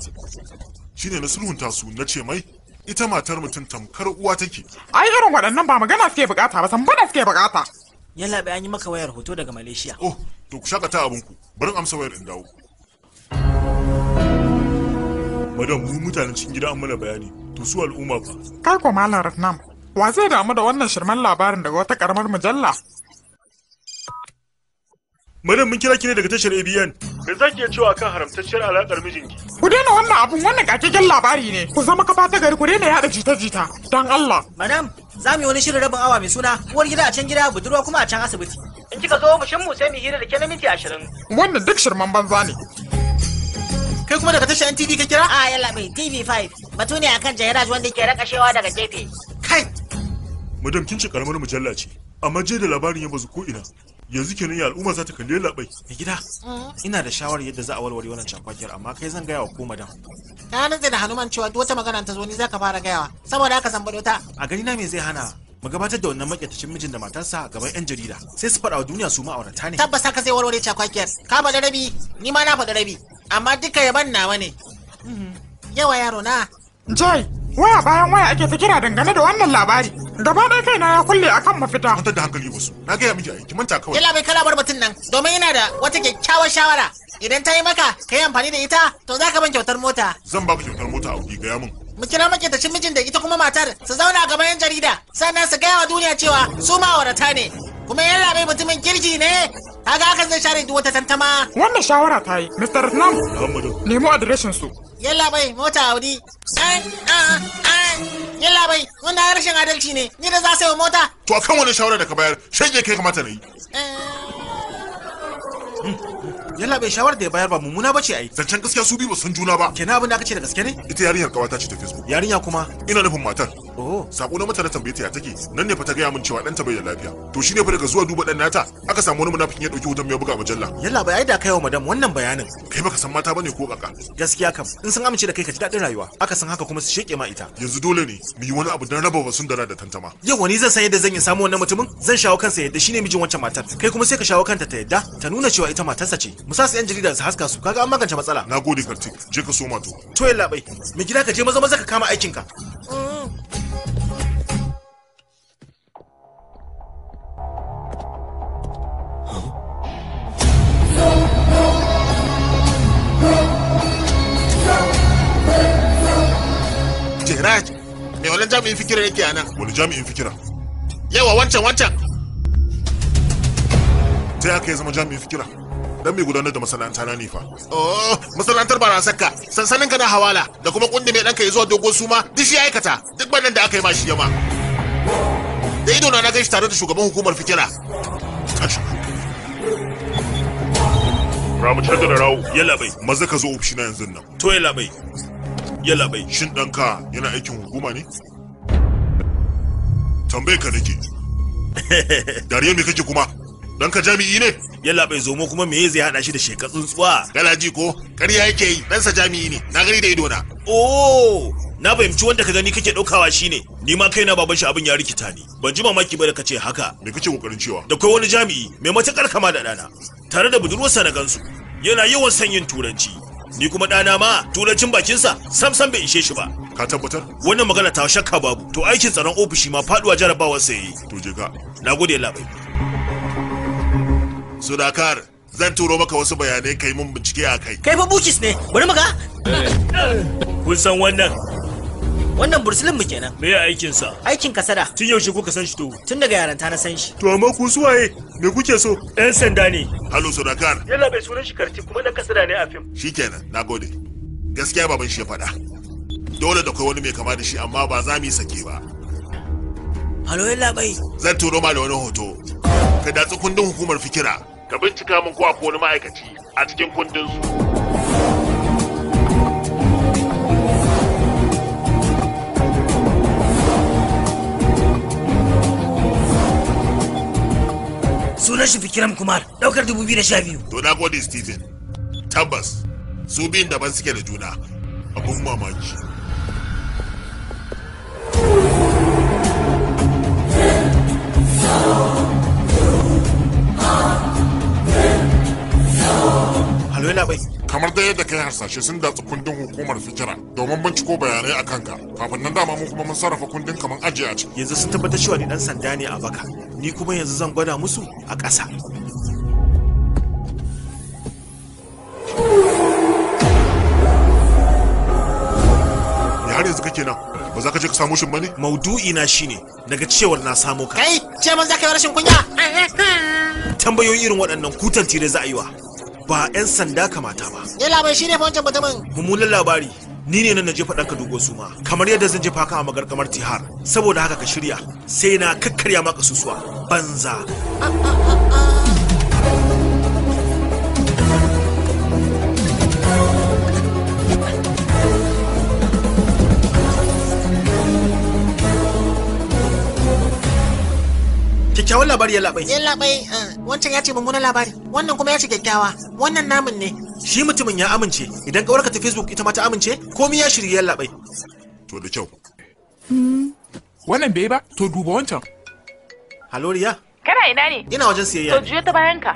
shine na sulhunta su na ce mai ita matar mutum tamkar uwa take ai irin waɗannan ba magana suke bukata ba san bada suke bukata yalla bai an yi maka wayar hoto daga malaysia oh to ku shakata abinku bari amsa wayar in dawo madam mu mutanen cikin gida an mana bayani to su al'umma fa kai ko malam ratnam wa zai damu da wannan shirman labarin daga wata karamar mujalla madam mun kira ki ne daga tashar abn me zaki ki iya cewa kan haramtacciyar alaƙar mijinki ku daina wannan abun wannan kakakken labari ne ku zama kafa ta gari ku daina yaɗa jita-jita don allah madam za mu yi wani shirin rabin awa mai suna uwar gida a can gida budurwa kuma a can asibiti in kika zo mu shin mu sai mu hira da ke na minti ashirin wannan duk shirman banza ne Kai kuma daga tashar NTV ka kira? A ah, yalla mai TV5. Batu ne akan Jairaj wanda ke rakashewa daga gefe. Kai! Madam kin ce karamar mujalla ce. Amma je da labarin ya bazu ko'ina, Yanzu kenan ya al'umma za ta kalli ya bai. Me gida, ina da shawarar yadda za a warware wannan cakwakiyar amma kai zan gaya wa ko madam. Ta zai da Hanuman cewa duk wata magana ta zo ni zaka fara gayawa saboda haka bado ta. A gani na me zai hana mu gabatar da wannan makyatacin mijin da matarsa gaban yan jarida sai su faɗa wa duniya su ma'aurata ne tabbas haka zai warware cakwakiyar ka faɗi rabi ni ma na faɗi rabi amma duka yaban nawa ne yawa yaro na jai waya bayan waya ake ta dangane da wannan labari gaba ɗaya kaina ya kulle akan mafita mutar da hankali wasu na gaya miki aiki manta kawai yalla bai kalabar mutum nan domin yana da wata kyakkyawar shawara idan ta yi maka ka yi amfani da ita to za ka ban kyautar mota zan ba ka kyautar mota a wuri gaya min mu kira maƙetacin mijin da ita kuma matar su zauna gaban yan jarida sannan su gaya wa duniya cewa su ma'aurata ne kuma yalla bai mutumin kirki ne kaga haka zai share duk wata tantama wannan shawara ta yi mr ratnam nemo adireshin su yalla bai mota audi yalla bai wannan rashin adalci ne ni da za sai mota to akan wani shawara da ka bayar shege kai kamata na yi eh. yalla bai shawar da ya bayar ba mummuna bace ai zancen gaskiya su biyu ba san juna ba kenan abin da kace da gaske ne ita yarinyar kawata ce ta facebook yarinya kuma ina nufin matar oh sako na mata na tambaye ta ya take nan ne fa ta gaya min cewa ɗanta bai da lafiya to shine fa daga zuwa duba dan nata aka samu wani munafikin ya dauki hoton mai buga mujalla yalla bai ai da madam wannan bayanin kai baka san mata bane ko kaka gaskiya kam in sun amince da kai ka ji dadin rayuwa aka san haka kuma su sheke ma ita yanzu dole ne mu yi wani abu dan raba wa dara da tantama yau wani zan san yadda zan yi samu wannan mutumin zan shawo kansa yadda shine mijin wancan matar kai kuma sai ka shawo kanta ta yadda ta nuna cewa ita matarsa ce mu sa su yan jarida su haska su kaga an magance matsala na gode kartik je ka soma to to ya labai mai gida ka je maza maza ka kama aikin ka Gerard, me wani jami'in fikira yake a nan? Wani jami'in fikira? Yawa wancan wancan! Ta ya zama jami'in fikira? dan mai gudanar da masana'anta na nifa. oh masana'antar barasakka sansanin ka na hawala da kuma kundi mai ɗanka ya zuwa dogon suma duk shi aikata duk bannan da aka yi ma shi yama da ido na gaishe tare da shugaban hukumar fikira Ramu da rawu. Ya labai. Maza ka zo ofishina yanzu nan. To ya labai. Ya labai. Shin ɗanka yana aikin hukuma ne? Tambaye ka nake. Dariyar me kake kuma? don ka jami'i ne yalla bai zomo kuma me zai hada shi da sheka tsuntsuwa kana ji ko ƙarya yake yi dan sa jami'i ne na gari da ido na oh na fahimci wanda ka gani kake daukawa shine ni ma kaina baban shi abin ya rikita ni ban ji mamaki ba da kace haka me kake kokarin cewa da kai wani jami'i mai matakar kama da dana tare da budurwarsa na gansu yana yawan sanyin turanci ni kuma dana ma turancin bakinsa sam sam bai ishe shi ba ka tabbatar wannan magana ta shakka babu to aikin tsaron ofishi ma faduwa jarabawar sa to je ka nagode labai sudakar zan turo maka wasu bayanai kai mun bincike a kai kai fa bukis ne bari maka kun san wannan wannan bursulin mu kenan me ya aikin sa aikin kasada tun yaushe kuka san shi to tun daga yaranta na san shi to amma ku su waye me kuke so ɗan sanda ne halo sudakar yana bai sunan shi karti kuma na kasada ne a fim shikenan nagode gaskiya baban shi ya faɗa dole da kai wani mai kama da shi amma ba za mu yi sake ba halo yalla bai zan turo ma da wani hoto ka datsi kundin hukumar fikira ka bincika min ko akwai wani ma'aikaci a cikin kundin su sunan shi fikiran kumar daukar biyu. to na gode stephen tabbas su biyun daban suke da juna abun mamaki Oh Alo bai. Kamar da yadda kai harsashe sun datsi kundin hukumar fikira domin binciko bayanai a kanka. Kafin nan dama mu kuma mun sarrafa kundin kamar ajiye a ciki. Yanzu sun tabbatar cewa ni dan sanda ne a baka. Ni kuma yanzu zan gwada musu a ƙasa. har yanzu kake nan ba za ka je ka samu shin bane maudu'i na shine daga cewar na samo ka kai ce ban za ka yi rashin kunya tambayoyi irin waɗannan kutan tire za a yi wa ba 'yan sanda kamata ba ya labai shi ne fa wancan mutumin mummunan labari ni ne nan na jefa ɗanka ka suma suma. kamar yadda zan jefa ka a magarkamar tihar saboda haka ka shirya sai na kakkarya maka susuwa banza ah, ah, ah, kyakkyawan labari ya labai ya labai eh, wancan ya ce mummunan labari wannan kuma ya ce kyakkyawa wannan namun ne shi mutumin ya amince idan kawarka ta facebook ita ma ta amince komai ya shirya ya labai to da kyau hmm. wannan bai ba to duba wancan haloriya kana ina ne ina wajen siyayya to juyo ta bayan ka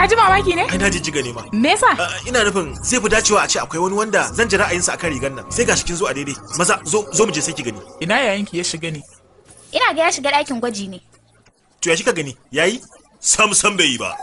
Ka ji mamaki ne? Ai na jijjiga ne ma. Me yasa? Ina nufin zai fi dacewa a ce akwai wani wanda zan ji ra'ayinsa akan rigar nan. Sai gashi kin zo a daidai. Maza zo zo mu je sai ki gani. Ina yayin ki ya shiga ne? Ina ga ya shiga ɗakin gwaji ne. To ya shiga gani? Yayi? Sam sam bai yi ba.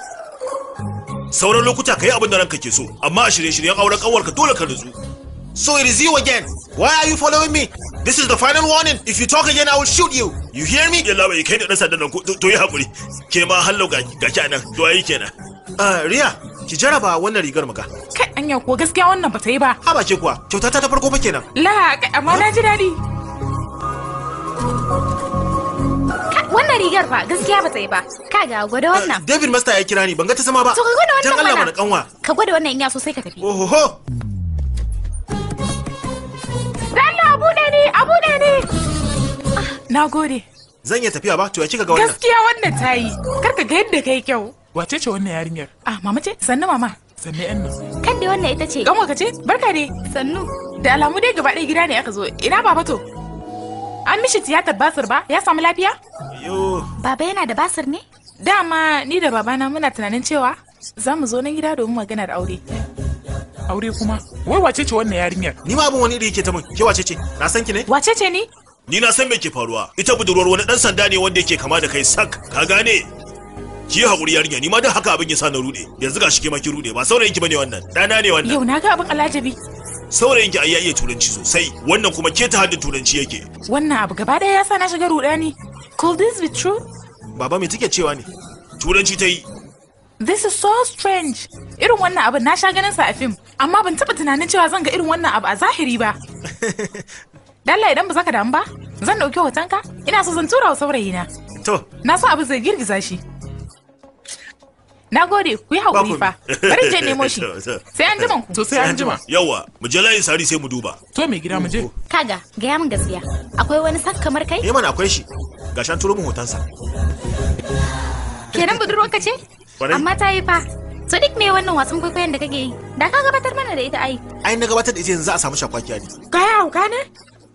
Sauran lokuta ka yi abin da ranka ke so, amma a shirye-shiryen auren ƙanwarka dole ka nutsu. So it is you again. Why are you following me? This is the final warning. If you talk again, I will shoot you. You hear me? Yalla bai kai da dan da nan ko to yi hakuri. Ke ma hallo ga ki anan. To yi kenan. Ah, Riya, ki jaraba wannan rigar maka. Kai anya ko gaskiya wannan ba ta yi ba. Ha ba ke kuwa. Kyauta ta farko fa kenan. La, amma na ji dadi. wannan rigar ba gaskiya ba ta yi ba ka ga gwada ah, wannan david master ya kira ni ban ga ta sama ba to ka gwada wannan mana kanwa ka gwada wannan in ya so sai ka tafi ohoho abu ne ne abu ne ne na gode zan iya tafiya ba to ya kika ga wannan gaskiya wannan ta yi karka ga yadda kai kyau wace ce wannan yarinyar a ah, mama ce sannu mama sannu yan nan kan dai wannan ita ce gamo ka ce barka dai sannu da alamu dai gaba ɗaya gida ne aka zo ina baba to an mishi tiyatar basir ba ya samu lafiya yo baba yana da basir ne dama ni da babana muna tunanin cewa za mu zo nan gida domin maganar aure aure kuma wai wace ce wannan yarinyar ni ma abin wani da yake ta min ke wace ce na san ki ne wace ce ni ni na san me ke faruwa ita budurwar wani dan sanda ne wanda yake kama da kai sak ka gane ki hakuri yarinya ni ma dan haka abin ya sa na rude yanzu ga shi ke ma ki rude ba saurayin ki bane wannan dana ne wannan yau na ga abin alajabi saurayin ki ayyaye turanci sosai wannan kuma ke ta haddin turanci yake wannan abu gaba daya ya sa na shiga rudani could this be true baba me take cewa ne turanci ta yi This is so strange. Irin wannan abin na sha ganin sa a fim, amma ban taba tunanin cewa zan ga irin wannan abu a zahiri ba. Dalla idan ba za ka damu ba, zan ɗauki hotonka, ina so zan tura wa saurayina. To. Na san abin zai girgiza shi. Na gode, ku yi haƙuri fa. Bari je nemo shi. Sai an jima ku. To sai an jima. Yawa, mu je layin sari sai mu duba. To mai gida mu je. Kaga, gaya min gaskiya. Akwai wani sak kamar kai? Eh mana akwai shi. Gashan turo min hotonsa. Kenan budurwanka ce? Amma ta yi fa. Sadiq me wannan wasan kwaikwayon da kake yi? Da ka gabatar mana da ita ai. Ai na gabatar da ita yanzu za a samu shakwakiya ne. yi hauka ne?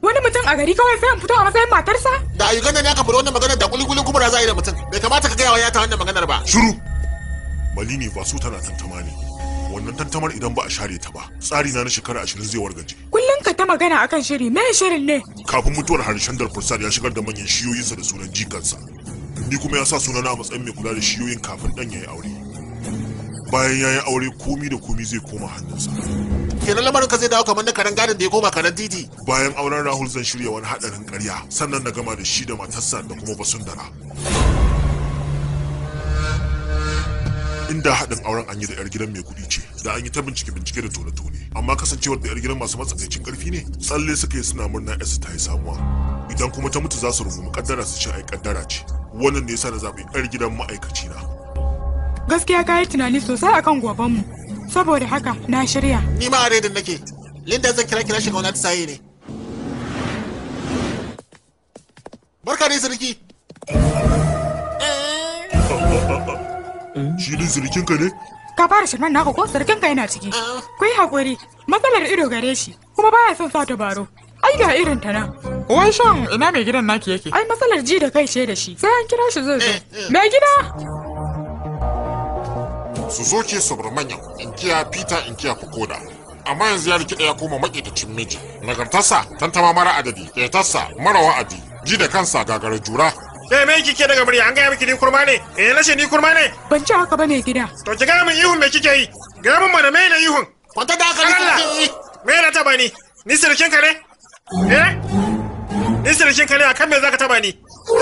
Wani mutum a gari kawai sai an fito a matsayin matarsa? Da a Uganda ne aka fara wannan maganar da kulikulin kuma za a yi da mutum. Bai kamata ka gaya wa yata wannan maganar ba. Shiru. Malini ba su tana tantama ne. Wannan tantamar idan ba a share ta ba, tsari na na shekara ashirin zai wargaje. Kullum ka ta magana akan shiri, me shirin ne? Kafin mutuwar harshen Darfur ya shigar da manyan shiyoyinsa da sunan jikansa. ni kuma ya sa sunana a matsayin mai kula da shiyoyin kafin dan yayi aure bayan yayi aure komi da komi zai koma hannunsa kenan lamarin ka zai dawo kamar na karen gadin da ya koma karen didi. bayan auren rahul zan shirya wani hadarin karya sannan na gama da shi da matarsa da kuma basundara inda haɗin auren an yi da 'yar gidan mai kuɗi ce da an yi ta bincike bincike da tone-tone amma kasancewar da 'yar gidan masu matsakaicin ƙarfi ne tsalle suka yi suna murna yasu ta yi samuwa idan kuma ta mutu za su mu kaddara su ce ai kaddara ce wannan ne sa na zaɓi 'yar gidan ma'aikaci na gaskiya ka yi tunani sosai akan gobanmu saboda haka na shirya ni ma are din nake linda zan kira kira shiga wani atisaye ne barka ne sarki shi din ka ne ka fara shirman naka ko sarkinka yana ciki ah. ku yi haƙuri matsalar ido gare shi kuma baya son sa tabaro ai ga irin ta nan wai shan ina mai gidan naki yake ai matsalar ji da kai ce da shi sai an kira shi zo zo eh, eh. mai gida su zo ke subramanian inkiya peter inkiya fukoda amma yanzu ya rikida ya koma maƙetacin miji nagartarsa tantama mara adadi ƙetarsa mara wa'adi ji da kansa gagara jura Eh me kike daga murya an gaya miki ni kurma ne? Eh na ni kurma ne? Ban ci haka bane gida. To ki ga min ihun me kike yi? Ga min mana me ne ihun? Kwanta da ka ni. Me na ta ni? Ni sirkin ka ne? eh Ni sarkin ka ne akan me zaka taba ni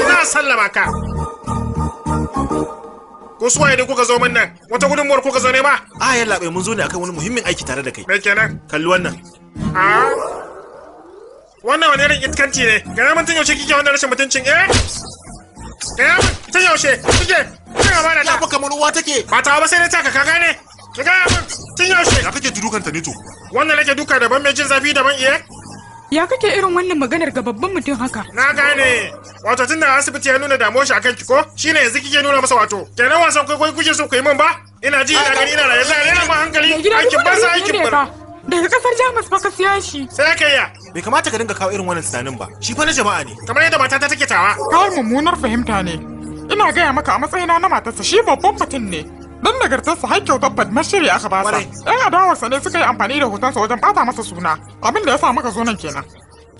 ina sallama ka ko suwaye ne kuka zo min nan wata gudunmuwar kuka zo ne ba? a ya labe mun zo ne akan wani muhimmin aiki tare da kai me kenan kalli wannan a wannan wani irin itkanci ne ga mun tun yaushe kike wannan rashin mutuncin eh eh tun yaushe kike kin da. ta baka mun uwa take ba ta ba sai ne taka ka gane ki ga mun tun yaushe ya kake dukan ta ne to wannan nake duka daban mai jin zafi daban eh Ya kake irin wannan maganar ga babban mutum haka? Na gane. Wato tunda asibiti ya nuna damuwar shi akan ki ko? Shine yanzu kike nuna masa wato. Kenan wasan kwaikwayo kuke so kai yi min ba? Ina ji ina gani ina raye zan rena hankali hankali. Aikin ba sa aikin bar. Daga kasar Jamus ba ka siya shi. Sai ka ya Bai kamata ka dinga kawo irin wannan tunanin ba. Shi fa na jama'a ne. Kamar yadda matata take tawa. Kawai mummunar fahimta ne. Ina gaya maka a matsayina na matarsa shi babban mutum ne. Dan nagartarsa har kyautar Badmar shirya aka basa. Yan adawarsa ne suka yi amfani da hotonsa wajen bata masa suna. Abin da ya sa muka zo nan kenan.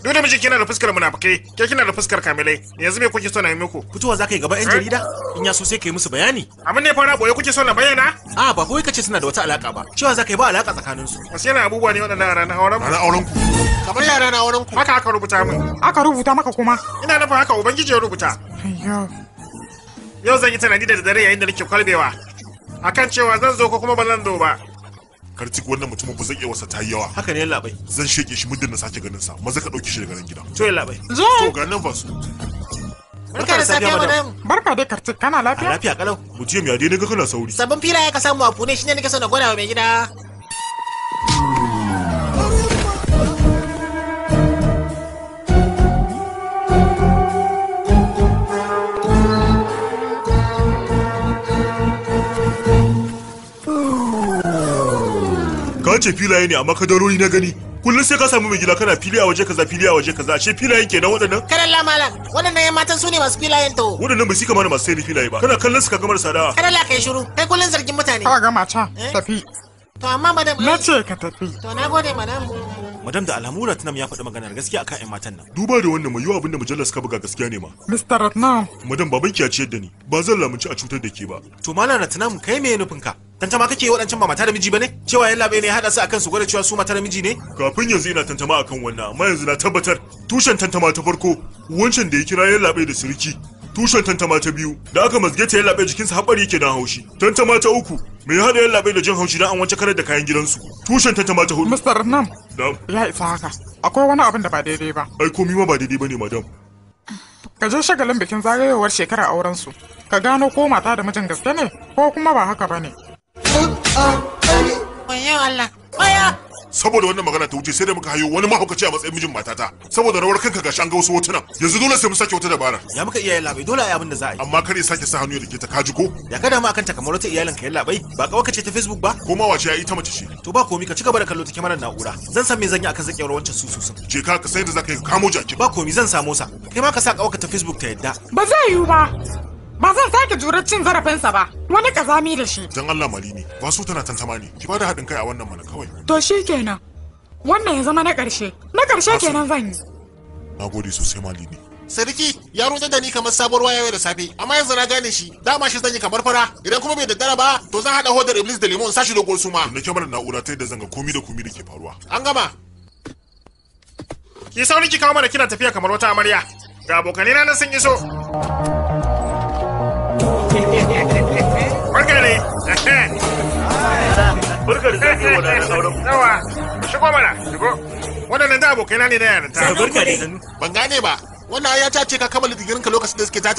Duk da miji kina da fuskar munafukai, ke kina da fuskar kamilai. Yanzu me kuke so na yi muku? Fitowa za ka yi gaba yan eh? jarida? In ya so sai kai musu bayani. Abin ne fara boye kuke so na bayyana? A ba boye kace suna da wata alaka ba. Cewa za ka yi ba alaka tsakanin su. Wasu yana abubuwa ne waɗannan yara na auren ku. auren ku. Kamar yara na auren ku. Haka aka rubuta min. Aka rubuta maka kuma. Ina nufin haka ubangiji ya rubuta. Yau zan yi tunani da dare yayin da nake kwalbewa. akan cewa zan zo ko kuma ba zan zo ba kartik wannan mutumin ba zai iya wasa tayi yawa haka ne labai zan sheke shi muddin na sake ganin sa maza ka dauki shi daga nan gida to labai zo to ga nan su barka da safiya madam barka dai kartik kana lafiya lafiya kalau mutum ya dai ne ga kana sauri sabon ya ka samu a fune shine nake so na gwada wa mai gida ce filaye ne amma kadarori na gani kullum sai ka samu mai gida kana fili a waje kaza fili a waje kaza ashe filayen kenan waɗannan kada la malam waɗannan yan matan su ne masu filayen to waɗannan ba su kama da masu sai filaye ba kana kallon su ka gamar sadawa kada la kai shiru kai kullum zargin mutane ka ga mata eh? tafi To amma madam Na ce ka tafi. To na gode madam. Madam da alhamu Ratnam ya faɗi maganar gaskiya akan 'yan matan nan. Duba da wannan mai yiwu abinda mujallar suka buga gaskiya ne ma. Mr. Ratnam. Madam baban ki ya ciyar da ni. Ba zan lamunci a cutar da ke ba. To malam Ratnam kai me nufin ka? Tantama kake yi waɗancan ba mata da miji ba ne? Cewa yalla bai ne ya haɗa su akan su gwada cewa su mata da miji ne? Kafin yanzu ina tantama akan wannan amma yanzu na tabbatar tushen tantama ta farko wancan da ya kira yan labe da sirki tushen tantama ta biyu da aka mazge ta yallaɓe jikinsa haɓari yake dan haushi tantama ta uku mai hada yallaɓe da jin haushi dan an wance karar da kayan gidansu tushen tantama ta hudu Mr. Nam ya isa haka akwai wani abin da ba daidai ba ai komi ma ba daidai bane madam ka je shagalin bikin zagayowar shekara auren su ka gano ko mata da mijin gaske ne ko kuma ba haka bane oh, oh, saboda wannan magana ta wuce sai da muka hayo wani mahaukaci a matsayin mijin matata saboda rawar kanka gashi an ga wasu hotunan yanzu dole sai mu sake wata dabara ya muka iyayen labai dole ayi abin da za a yi amma kar ya sake sa hannu da ke ta kaji ko ya kada mu akan takamar wata iyalin ka labai ba kawaka ce ta facebook ba ko ma wace ya ita mace ce to ba komi ka cigaba da kallo ta kyamarar na'ura zan san me zan yi akan yawar wancan sususun je ka ka sai da zaka yi kamo jaki ba komi zan samo sa kai ma ka sa kawaka ta facebook ta yadda ba zai yi ba Ba zan sake jurar cin zarafinsa ba, wani kazami da shi. Don Allah Malini, ba su tana tantama ne, ki bada haɗin kai a wannan mana kawai. To shi kenan. Wannan ya zama na ƙarshe, na ƙarshe kenan zan yi. Na gode sosai Malini. Sarki ya rutsa da ni kamar sabuwar waya da safe, amma yanzu na gane shi, dama shi zan yi kamar fara, idan kuma bai daddara ba, to zan haɗa hodar Iblis da lemon sashi da suma. Na kyamar na'ura ta yadda zanga komi da komi da ke faruwa. An gama. Ki sauri ki kawo mana kina tafiya kamar wata amarya. Ga abokanina na sun iso. Barkare. zai da wadannan sauran. Yawa, shigo mana, shigo. Wadannan da abokaina ne na yarinta. Ban gane ba. wannan ya tace ka kammala digirin ka lokacin da suke ta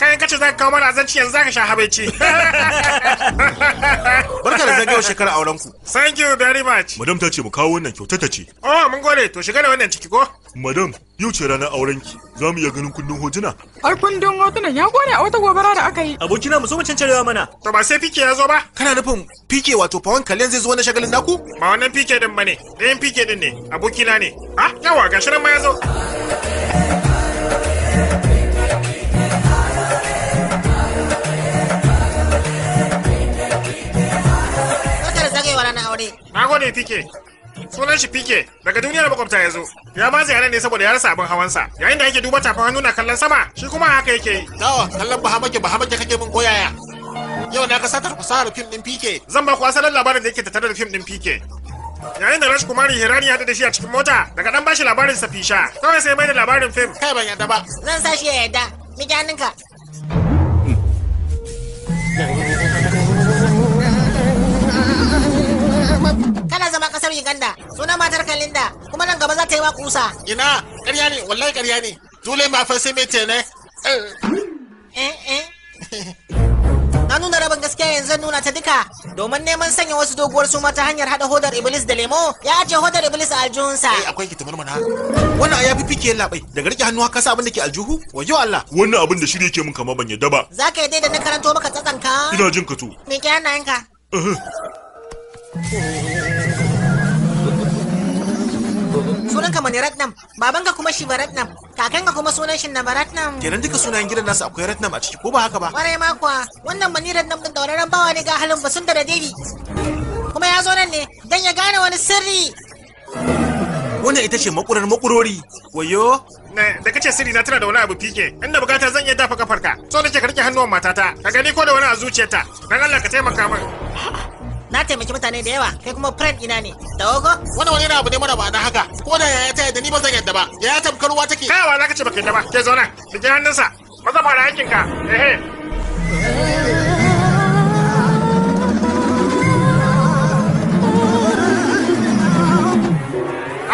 kai ka ce zaka kawo mana azanci yanzu zaka sha habaici barka da zagayowar shekara auren ku thank you very much madam ta ce mu kawo wannan kyauta ta ce oh mun gode to shiga da wannan ciki ko madam yau ce ranar auren ki za mu iya ganin kundin hotuna ai kundin hotunan ya gode a wata gobara da aka yi abokina mu so mu cancarewa mana to ba sai fike ya zo ba kana nufin fike wato pawan kallon zai zo wani shagalin naku ba wannan fike din bane ɗayan fike din ne abokina ne ah yawa gashi ma ya zo na gode pike sunan shi pike daga duniyar makwabta ya zo ya ma ziyarar ne saboda ya rasa abin hawansa yayin da ake duba tafin hannu na kallon sama shi kuma haka yake yi. dawa kallon bahamake bahamake kake min koyaya yau na ka satar fasahar fim din pike zan ba ku asalin labarin da yake tattare da fim din pike yayin da Raj Kumari Hirani ya da shi a cikin mota daga dan bashi labarin sa fisha kawai sai mai da labarin fim kai ban yadda ba zan sa sashi ya yadda mi ka. tana zama kasar Uganda sunan matar Kalinda kuma nan gaba za ta yi wa kusa. Ina ƙarya ne wallahi ƙarya ne dole ma fa sai mai tene. Eh eh. eh. Na nuna rabin gaskiya yanzu nuna ta duka domin neman sanya wasu doguwar suma ta hanyar hada hodar iblis da lemo ya ajiye hodar iblis a aljihunsa. Eh akwai ki tamarmana. Wannan ya fi ke labai daga rike hannu haka sa abin da ke aljihu wajo Allah. Wannan abin da shirye ke min kama ban yadda ba. Za ka yi daidai na karanto maka tsatsanka. Ina jin ka to. Me ke hannayenka? sunan ka mani ratnam baban ka kuma shi ratnam kakan ka kuma sunan shi ba ratnam kenan duka sunayen gidan nasu akwai ratnam a ciki ko ba haka ba kwarai ma kuwa wannan mani ratnam din dauraren bawa ne ga halin basun da devi kuma ya zo nan ne dan ya gane wani sirri wannan ita ce makurar makurori wayo da kace sirri na tana da wani abu fike inda bukata zan iya dafa kafarka so nake ka rike hannuwan matata ka gani ko da wani a zuciyarta dan Allah ka taimaka min na taimaki mutane da yawa kai kuma friend ina ne tawago wani wani abu ne mara ba na haka ko da ya ta yadda ni ba zan yadda ba ya tamkar ruwa take kawa ka ce baka yadda ba ke zauna nan bige hannunsa ah, za fara aikin ka ehe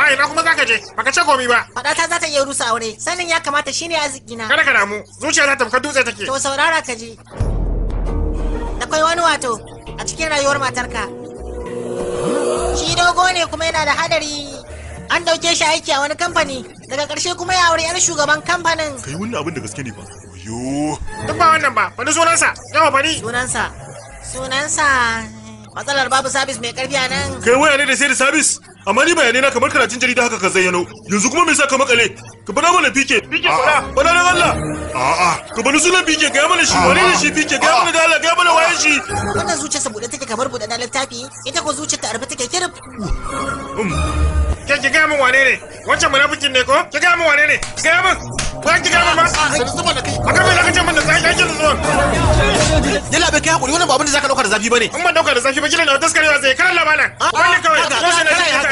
Ai, na kuma zaka je, baka ce komi ba. ta za ta iya rusa aure, sanin ya kamata shine arziki na. Kada ka damu, zuciya ta tamkar dutse take. To saurara ka ji. Da kai wani wato, a cikin rayuwar matarka shi dogo ne kuma yana da hadari an dauke shi aiki a wani kamfani daga karshe kuma ya aure 'yar shugaban kamfanin kai wannan abin da gaske ne ba yo duk ba wannan ba faɗi sunansa yawa faɗi sunansa sunansa matsalar babu sabis mai karfi a nan kai waya ne da sai da sabis amma ni bayanai na kamar karatun jarida haka ka zayyano yanzu kuma me sa ka makale ka bana mana fike fike fara bana dan Allah a'a ka bani sunan fike ga mana shi wani ne shi fike ga mana da Allah ga mana waye shi wannan zuciya saboda take kamar bude na littafi ita ko zuciya ta arba take kirif um. ke ki ga mun wane ne wancan munafikin ne ko ki ga mun wane ne ki ga mun ba ki ga mun ba ah, a zuba da kai ce mun da sai yake da zuwa yalla bai kai hakuri wannan ba abin da zaka dauka da zafi bane in ban dauka da zafi ba kina da taskarewa zai karan labalan ah, wannan kawai ko sai na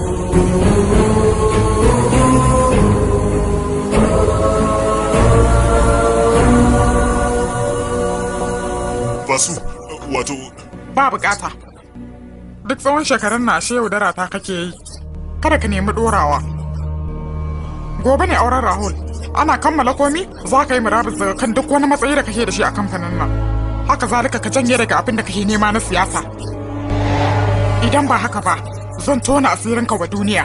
ba bukata duk tsawon shekarun na ashe yaudara ta kake yi kada ka nemi dorawa gobe ne auren rahul ana kammala komi za ka yi murabus daga kan duk wani matsayi da kake da shi a kamfanin nan haka zalika ka janye daga abin da kake nema na siyasa idan ba haka ba zan tona asirinka wa duniya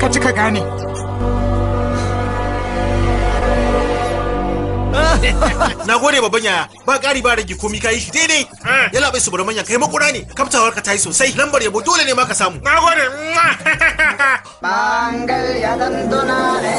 ka ji ka gane na gode babban yaya ba ƙari ba rage komi ka yi shi daidai eh. ya bai su manya kai makura ne kaftawar ka ta yi sosai lambar yabo dole ne ma ka samu na gode bangal ya danduna ne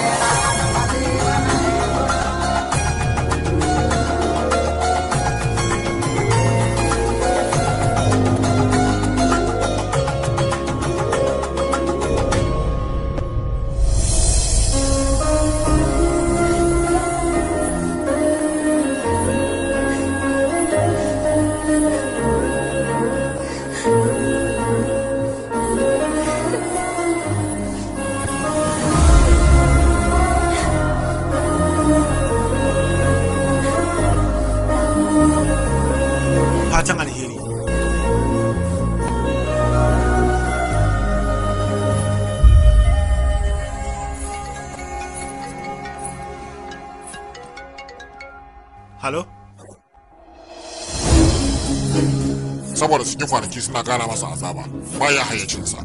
saboda su yi kwanaki suna kara masa azaba ba baya hayyacinsa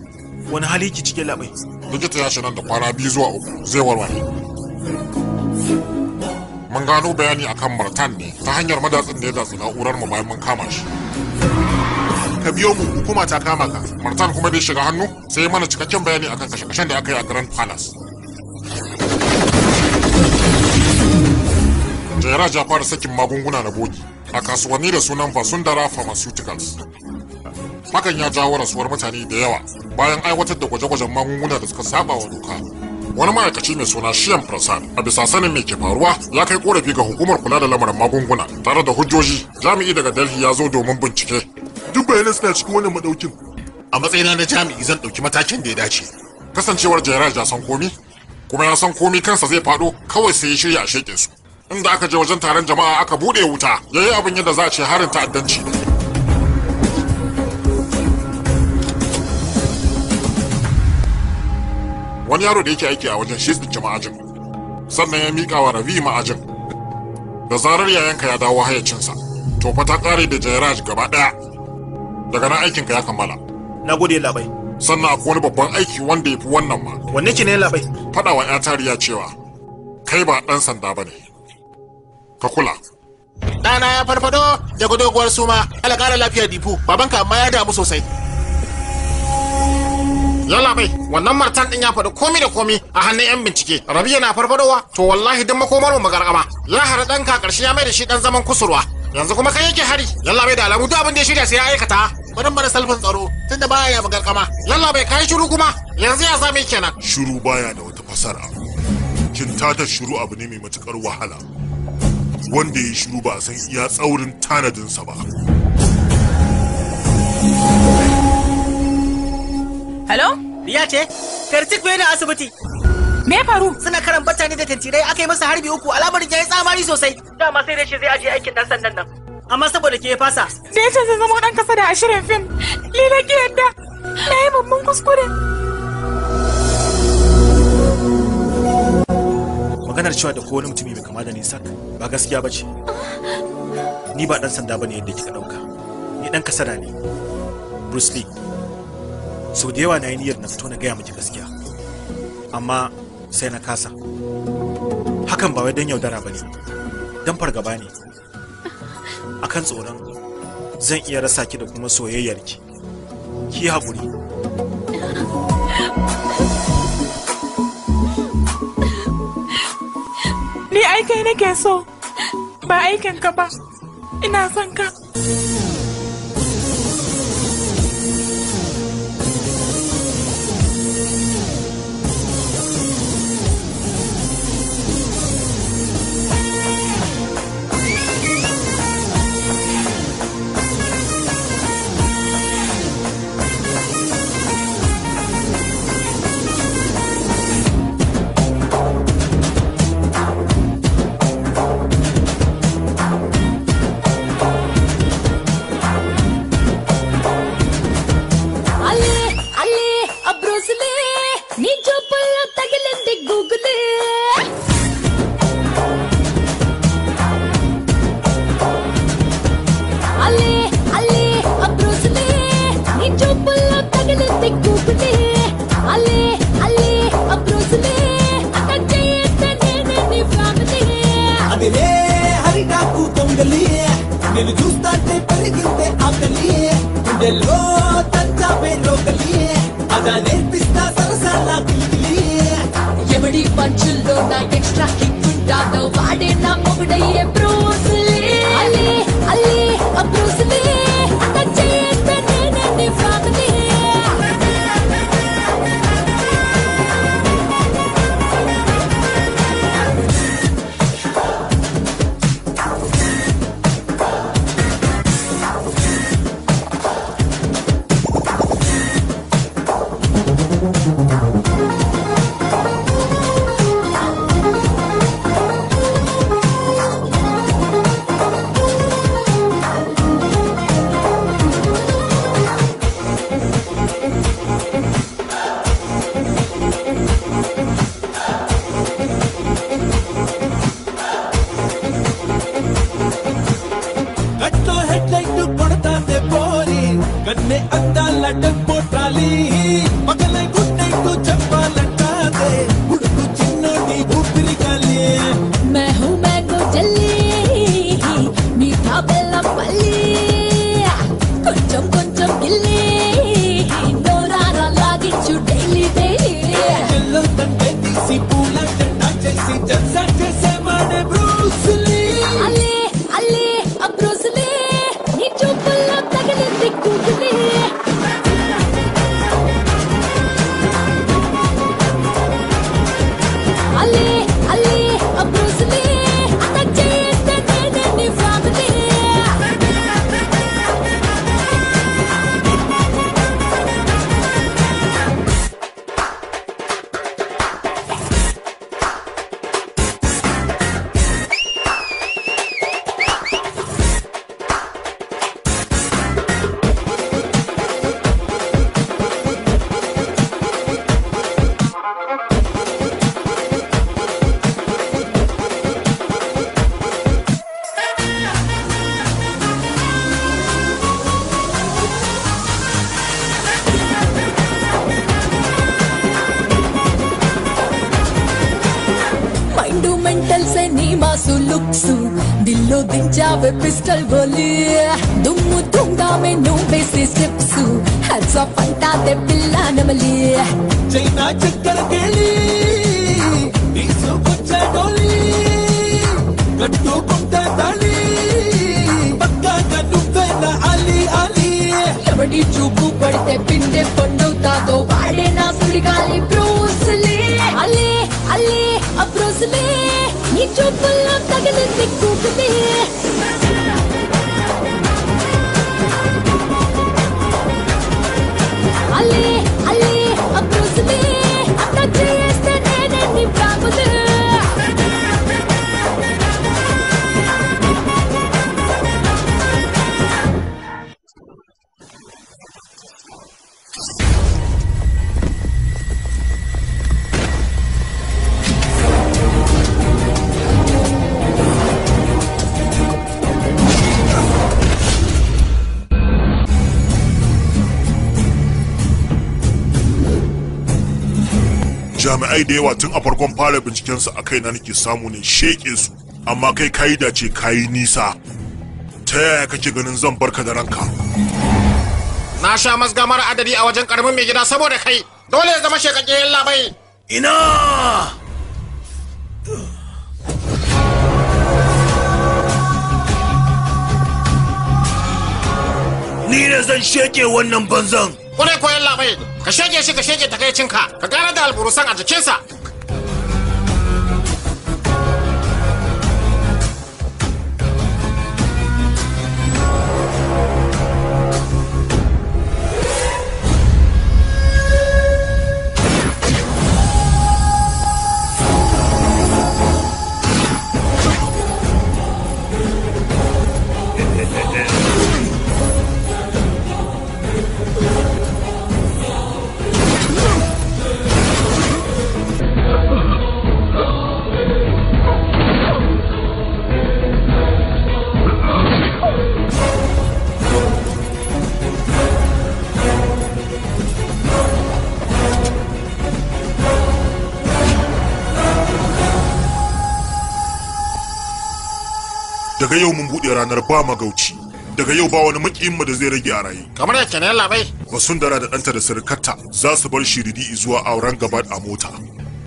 wani hali ki cike labai likita ya nan da kwana biyu zuwa uku zai warware mun gano bayani akan martan ne ta hanyar madatsin da ya datsi na'urar mu bayan mun kama shi ka biyo mu hukuma ta kama ka martan kuma bai shiga hannu sai mana cikakken bayani akan kashe-kashen da aka yi a grand palace jera ja fara sakin magunguna na bogi a kasuwanni da sunan Basundara Pharmaceuticals. Hakan ya jawo rasuwar mutane da yawa bayan aiwatar da gwaje-gwajen magunguna da suka saba wa doka. Wani ma'aikaci mai suna Shiyan Prasad a bisa sanin mai ke faruwa ya kai korafi ga hukumar kula da lamarin magunguna tare da hujjoji jami'i daga Delhi ya zo domin bincike. Duk bayanan suna cikin wannan madaukin. A matsayina na jami'i zan ɗauki matakin da ya dace. Kasancewar Jairaj ya san komi kuma ya san komi kansa zai faɗo kawai sai ya shirya a su. inda aka je wajen taron jama'a aka bude wuta yayi abin yadda za a ce harin ta'addanci wani yaro da yake aiki a wajen shi tsinci ma'ajin sannan ya miƙa wa ravi ma'ajin da zarar yayanka ya dawo hayacinsa to fa ta ƙare da jairaj gaba ɗaya daga nan aikinka ya kammala na gode labai sannan akwai wani babban aiki wanda ya fi wannan ma wanne ki ne labai faɗa wa ya tariya cewa kai ba ɗan sanda ba ne ka kula ɗana ya farfado da doguwar suma ala ƙara lafiya dipu. babanka amma ya damu sosai yalla bai wannan martan din ya faɗi komi da komi a hannun yan bincike rabi yana farfadowa to wallahi duk makomar mu magargama lahar ɗanka ƙarshe ya mai da shi ɗan zaman kusurwa yanzu kuma kai yake hari yalla bai da alamu duk abin da ya shirya sai ya aikata bari mana salfin tsaro tunda baya ya magargama yalla bai kai shiru kuma yanzu ya same kenan shiru baya da wata fasara kintatar shiru abu ne mai matukar wahala wanda ya shiru ba san iya tsaurin tanadinsa ba Hello? Riya ce? Kartik bai na asibiti. Me faru? Suna karan bata da tantirai aka yi masa harbi uku al'amarin yayi yi tsamari sosai. Dama sai dai shi zai aje aikin dan sandan nan. Amma saboda ke fasa. Da ya ce zai zama dan kasa da ashirin fim. Lila ki yadda. Na yi babban kuskure. maganar cewa da ko wani mutumi mai kama da ni ba gaskiya ba ni ba dan sanda ba ne yadda kika ɗauka ni dan kasara ne bruce lee sau da yawa na yi niyyar na fito na gaya miki gaskiya amma sai na kasa hakan ba wai dan yaudara ba ne fargaba ne akan tsoron zan iya rasa ki da kuma soyayyarki ki haƙuri ai kai nake so ba aikin ka ba ina son ka ai da yawa tun a farkon fara binciken a akai na nake samu ne sheke su amma kai kayi dace kayi nisa ta yaya kake ganin zan barka da ranka na sha mazga adadi a wajen karamin mai gida saboda kai dole ya zama shekakken labai ina ni ne zan sheke wannan banzan 我来管了呗！可小姐是可先进打开请客。可刚才那老布罗桑还是轻色。daga yau mun buɗe ranar ba magauci daga yau ba wani makiyin mu da zai rage a raye kamar yake ne labai wasundara da danta da sirkata za su bar shi shiridi zuwa auren gaba a mota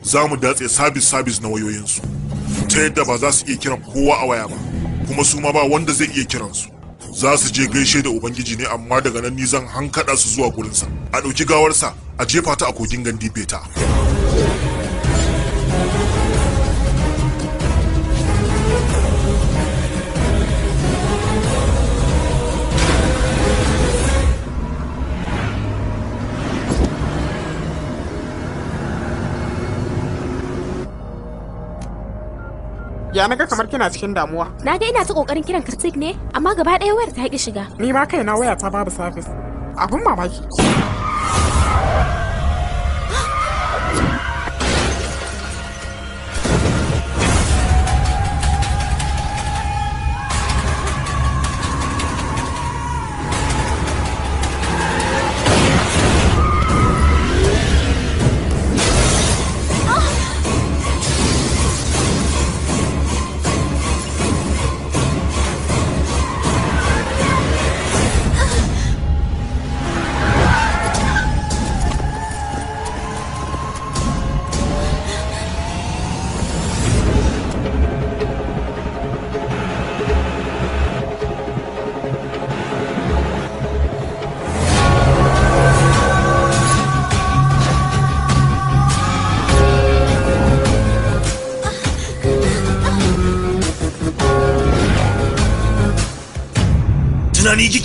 za mu datse sabis sabis na wayoyinsu ta yadda ba za su iya kiran kowa a waya ba kuma su ma ba wanda zai iya kiransu za su je gaishe da ubangiji ne amma daga nan ni zan hankada su zuwa gurinsa a ɗauki gawarsa a jefa ta a kogin gandi beta Ya naga kamar kina cikin damuwa. Na ga ina ta kokarin kiran ka ne, amma gaba ɗaya wayar ta ki shiga. Ni ma kaina waya ta babu sabis. Abun mamaki.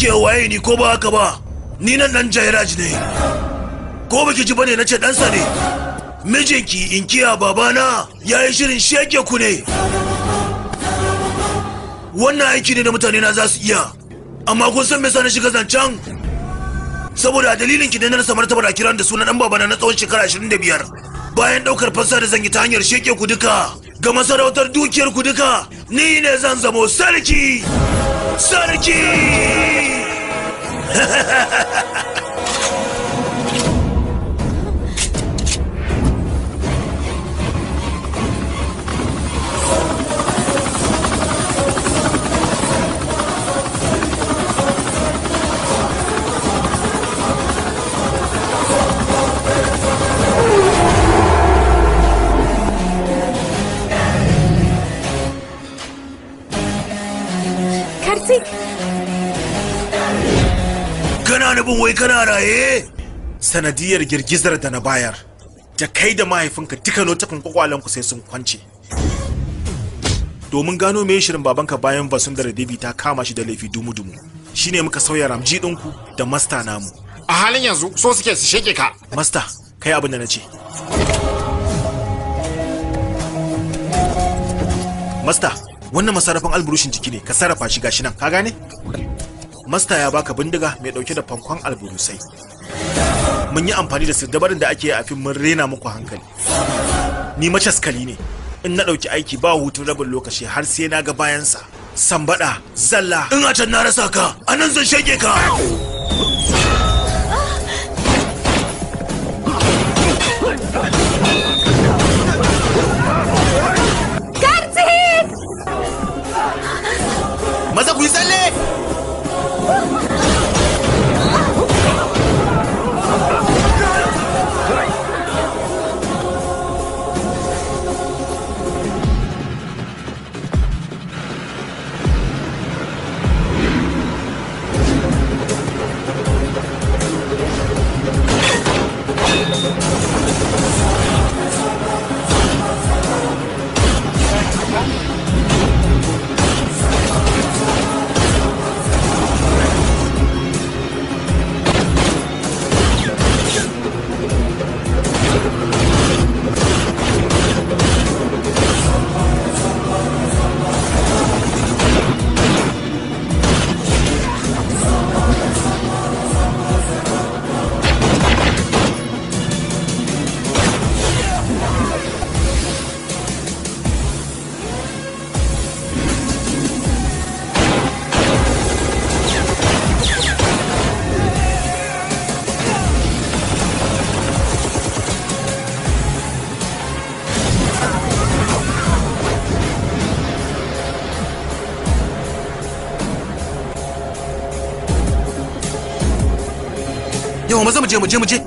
kike waye ni ko ba haka ba ni nan dan jairaj ne ko baki ji bane nace dansa ne mijinki in kiya babana ya yi shirin shege ku ne wannan aiki ne da mutane na za su iya amma kun san me sa na shiga zancen saboda dalilin ki ne na rasa martaba da kiran da sunan dan babana na tsawon shekara 25 bayan daukar fansa da zan yi ta hanyar sheke ku duka ga masarautar dukiyar ku duka ni ne zan zamo sarki Sonic! kana nufin wai kana raye sanadiyar girgizar da na bayar da kai da mahaifinka duka notifin kwakwalenku sai sun kwance domin gano me shirin babanka bayan da devi ta kama shi da laifi dumu-dumu shine muka sauya ramji ɗinku da masta namu a halin yanzu so suke su sheke ka masta kai abin da na ce masta wannan masarafin alburushin jiki ne ka sarrafa shi gashi nan ka gane masta ya baka bindiga mai dauke da fankon alburusai mun yi amfani da sirdabarin da ake afin mun rena muku hankali ni macaskali ne in na dauki aiki ba hutun rabin lokaci har sai na ga bayansa sambada zalla in a can na rasa ka anan zan shege ka 接木接木接。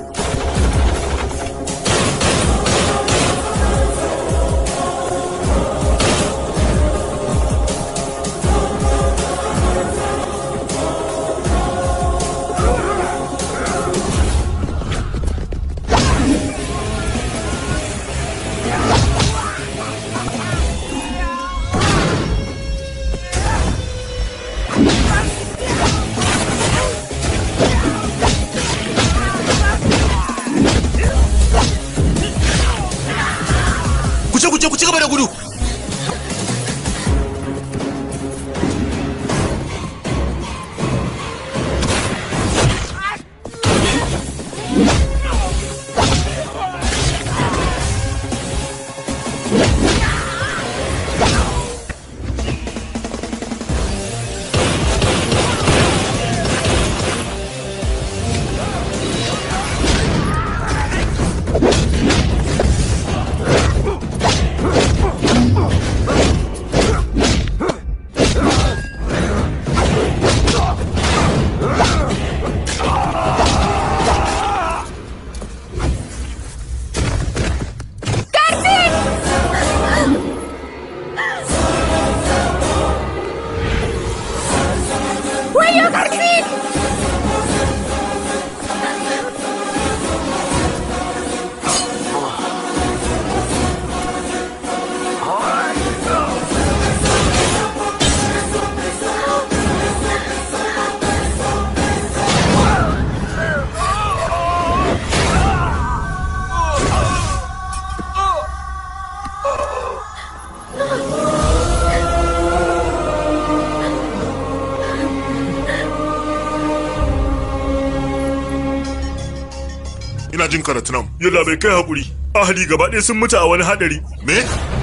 jin karatunam. Yalla bai kai hakuri. Ahli gaba ɗaya sun mutu a wani hadari. Me?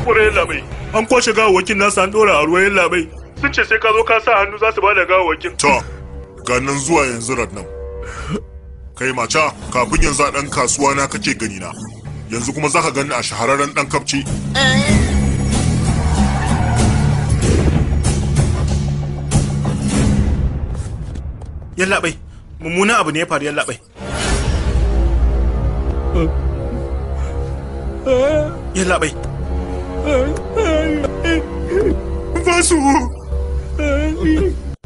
Kure yalla bai. An kwashe gawawakin nasa an ɗora a ruwa yalla bai. Sun ce sai ka zo ka sa hannu za su ba da wakin. To, ga nan zuwa yanzu nan. Kai maca, kafin yanzu a ɗan kasuwa na kake gani na. Yanzu kuma za ka gani a shahararren ɗan kafci. Yalla bai, abu ne ya faru yalla yalla bai za su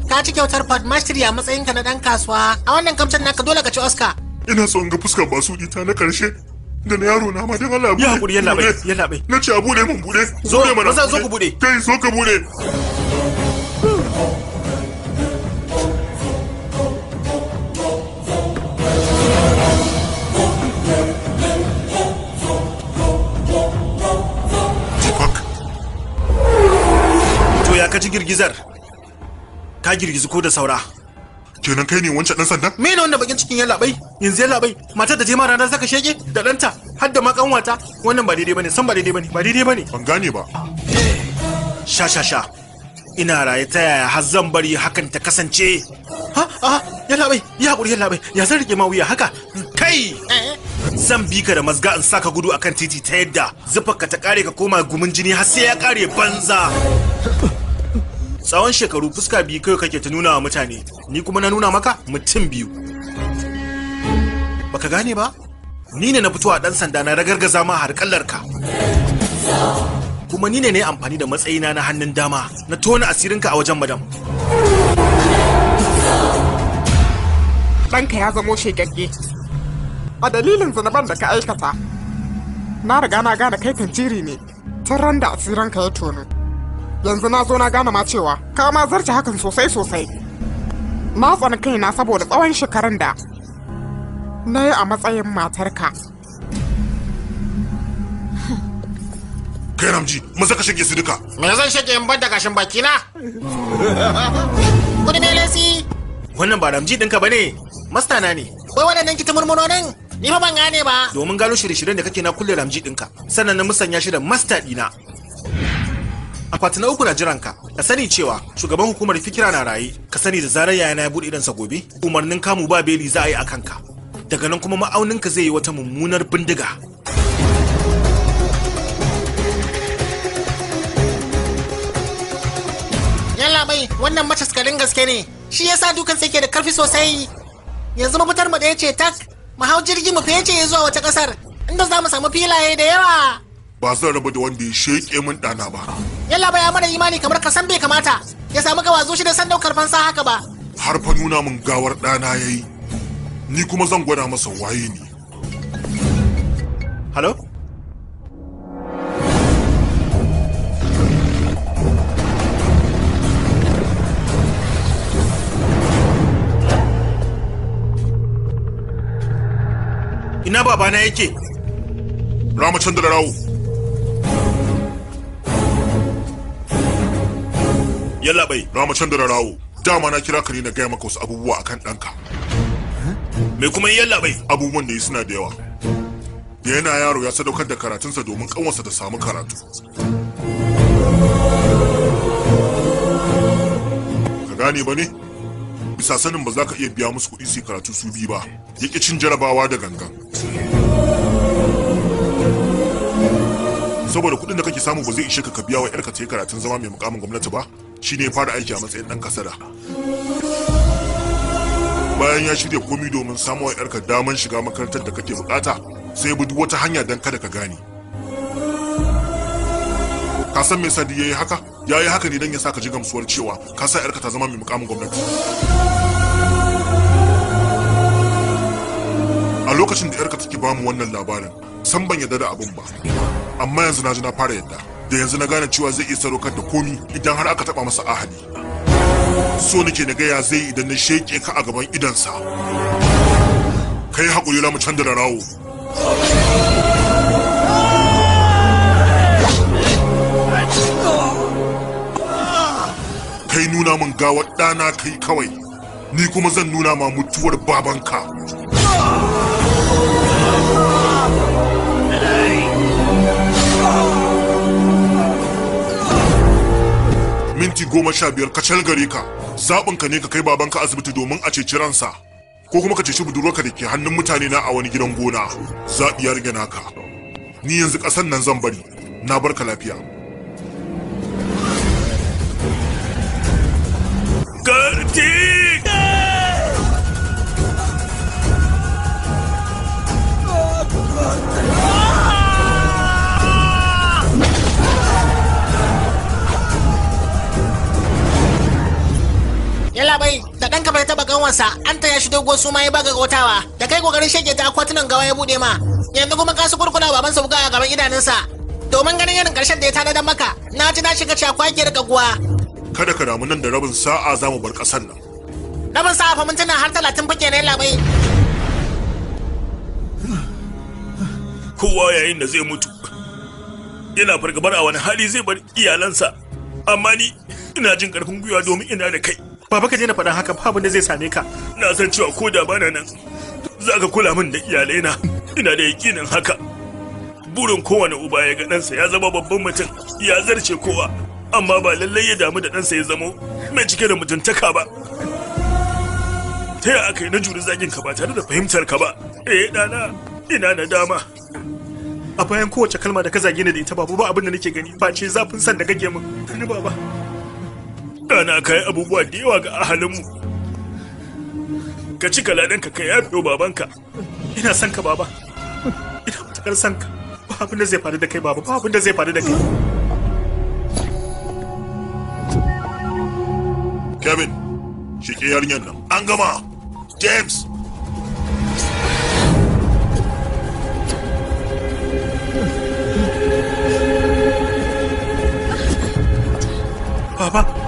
ka ci kyautar Mastery a matsayinka na dan kasuwa a wannan kamcin naka dole ka ci oscar ina son ga fuskar masu ita na karshe da na yaro na ma don Allah ya bude ya bai ya bai na ce abu bude mun bude zo ne mana zo ku bude kai zo ka bude girgizar ka girgizi ko da saura kenan kai ne wancan dan sandan me ne wanda bakin cikin ya labai yanzu ya labai matar da je ma rana zaka sheke da danta har da ma kanwata wannan ba daidai bane san ba daidai bane ba daidai bane ban gane ba sha sha sha ina raye ta yaya har zan bari hakan ta kasance ha ha ya labai ya hakuri ya labai ya san rike ma wuya haka kai zan bi ka da mazga in saka gudu akan titi ta yadda zufarka ta kare ka koma gumin jini har sai ya kare banza tsawon shekaru fuska biyu kai kake ta nuna wa mutane ni kuma na nuna maka mutum biyu baka gane ba ni ne na fito a dan sanda na ragargaza ma har ka kuma ni ne na amfani da matsayina na hannun dama na tona asirinka a wajen madam ɗanka ya zamo shegagge a dalilin zanaban da ka aikata na riga na gane kai kan jiri ne tun ran da asirinka ya tono yanzu na zo na gane ma cewa ka ma zarce hakan sosai sosai na tsani kaina saboda tsawon shekarun da na yi a matsayin matarka kai ramji maza ka shige su duka me zan shige in bar da gashin baki na kudi ne lesi wannan ba ramji dinka ba ne masta na ne wai waɗannan kita murmuro nan ni fa ban gane ba domin gano shirye-shiryen da kake na kulle ramji dinka, sannan na musanya shi da masta dina. akwati na uku na jiran ka ka sani cewa shugaban hukumar fikira na raye ka sani da zarar yayana ya buɗe idansa gobe umarnin kamu ba beli za a yi a ka. daga nan kuma ma'aunin ka zai yi wata mummunar bindiga yalla bai wannan mataskarin gaske ne shi yasa dukan sai ke da karfi sosai yanzu mafitar mu da yace tak mu hau jirgi mu fece ya zuwa wata kasar inda za mu samu filaye da yawa ba zan raba da wanda ya sheƙe min ɗana ba yalla baya mana imani kamar ka san bai kamata ya samu gawazo shi da san daukar fansa haka ba har fa nuna min gawar ɗana yayi ni kuma zan gwada masa waye ne halo ina babana yake ramacin da rawo yalla bai na macen da rawo dama na kira ka ne na gaya maka wasu abubuwa akan ɗanka me kuma yalla bai abubuwan da yi suna da yawa da yana yaro ya sadaukar da sa domin kanwarsa ta samu karatu ka gane ba ne bisa sanin ba za ka iya biya musu kuɗi su karatu su bi ba ya cin jarabawa da gangan saboda kuɗin da kake samu ba zai ishe ka ka biya wa 'yarka ta yi karatun zama mai mukamin gwamnati ba shi ne fara aiki a matsayin ɗan kasada bayan ya shirya komi domin wa yarka damar shiga makarantar da kake bukata sai bi duk wata hanya don kada ka gane ka san me sadi yayi haka Ya yi haka ne don ya saka ji gamsuwar cewa ka sa yarka ta zama mai mukamin gwamnati a lokacin da yarka take bamu wannan labarin san ban yadda da abin ba amma yanzu na ji na fara yadda da yanzu na gane cewa zai iya sadaukar da komi idan har aka taba masa ahali so nake na gaya zai idan na sheke ka a gaban idansa kai haƙuri lamu canza da rawo kai nuna min gawar ɗana kai kawai ni kuma zan nuna ma mutuwar babanka minti goma sha biyar ka gare ka zaɓinka ne ka kai babanka asibiti domin a ceci ransa ko kuma ka ceci budurwarka da ke hannun mutane na a wani gidan gona zaɓi ya rage naka ni yanzu ƙasan nan zan bari na bar ka lafiya yalla bai da ɗan kamar taɓa ganwansa an taya shi doguwar suma ya baga gotawa da kai kokarin shege ta akwatunan gawa ya buɗe ma yanzu kuma kasu kurkuna babansa buga a gaban idanunsa domin ganin irin ƙarshen da ya tanadar maka na ji na shiga daga guwa. kada ka damu nan da rabin sa'a za mu bar ƙasar nan. rabin sa'a fa mintuna har talatin fake ne labai. kowa yayin da zai mutu yana fargabar a wani hali zai bar iyalansa amma ni ina jin karfin gwiwa domin ina da kai baba ka je na haka babu da zai same ka na san cewa ko da bana nan za ka kula min da iyalaina ina da yakinin haka burin kowane uba ya ga ɗansa ya zama babban mutum ya zarce kowa amma ba lallai ya damu da ɗansa ya zamo mai cike da mutuntaka ba ta yaya aka yi na juri zagin ka ba tare da fahimtar ka ba eh ɗana ina na dama a bayan kowace kalma da ka zage ni da ita babu ba abin da nake gani face zafin san da kake min ni baba Dana ka yi abubuwa da yawa ga ahalinmu. Ka ci kaladanka ka yafe wa babanka. Ina son ka baba. Ina matakar son ka. Ba abinda da zai faru da kai baba, ba abinda zai faru da kai. Kevin, shi ke yarinyar nan. An gama. James, Baba.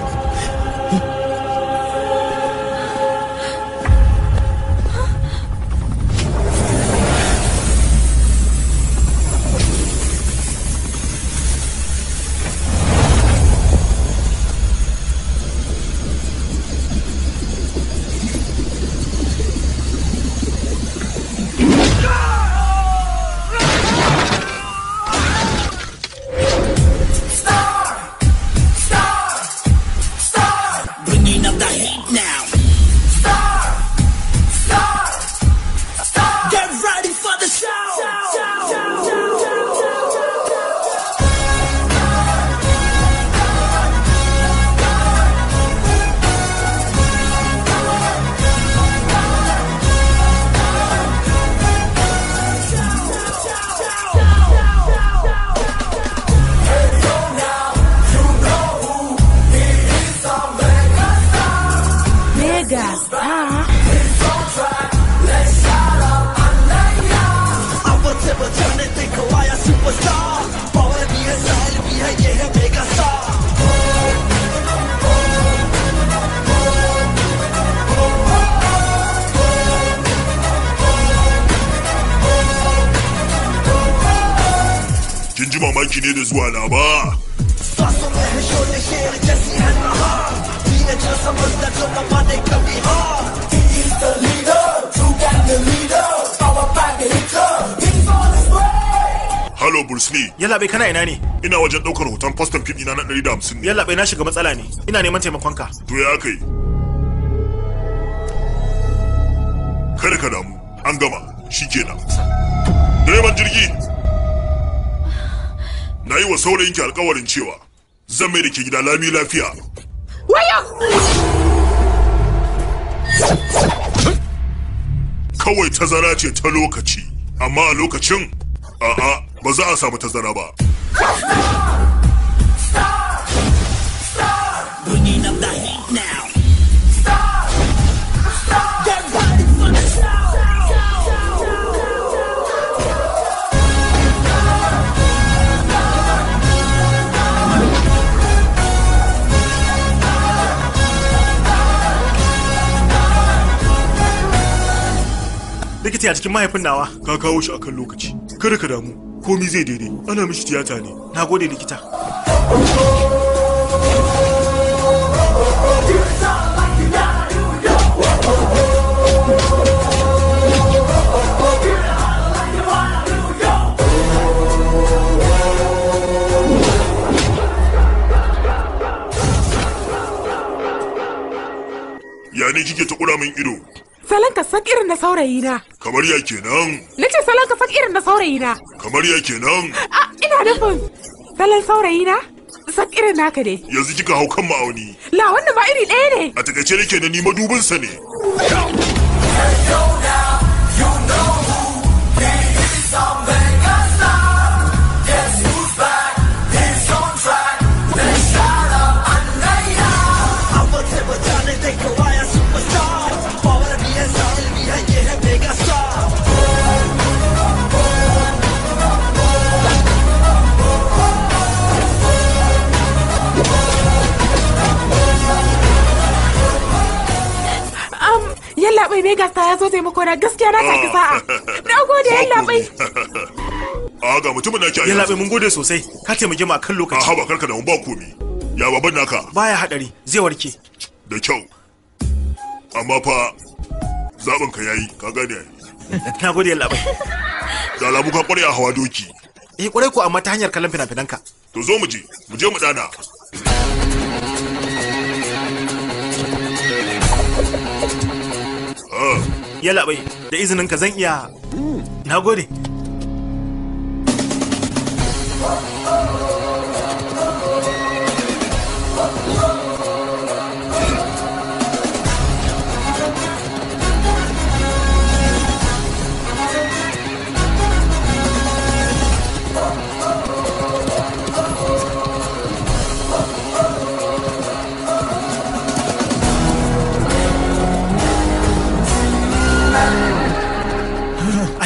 ina ne ina wajen ɗaukar hoton faston fim ina na ɗari da hamsin ne yalla na shiga matsala ne ina neman taimakon ka to ya kai kada ka damu an gama shikenan direban jirgi na yi wa saurayinki alkawarin cewa zan mai da ke gida lami lafiya waya kawai tazara ce ta lokaci amma a lokacin a'a ba za a samu tazara ba rikice a cikin mahaifin nawa ka kawo shi akan lokaci kada ka damu komi zai daidai ana mishi tiyata ne na gode likita Ya ne kike ta kura min ido? Salon ka san irin na saurayi na. kamar ya kenan ce salon ka san irin na saurayi na kamar ya kenan ina nufin salon saurayi na san irin naka ne yanzu kika hau kan ma'auni la wannan ma iri ɗaya ne a takaice nake na ni madubinsa ne Agas ta ya zo muku na gaskiya na saki sa'a. Na gode ya labai. A ga mutumin naki a yanzu. Ya mun gode sosai. Ka taimake mu akan lokaci. A haba karka da mun ba komi. Ya baban naka. Baya hadari zai warke. Da kyau. Amma fa zaɓin ka yayi ka gane yayi. Na gode ya labai. Da alamu ka kware a hawa doki. Eh kwarai ko amma ta hanyar kallon fina-finanka. To zo mu je, mu je mu dana. yalla da izinin ka zan iya hmm. na gode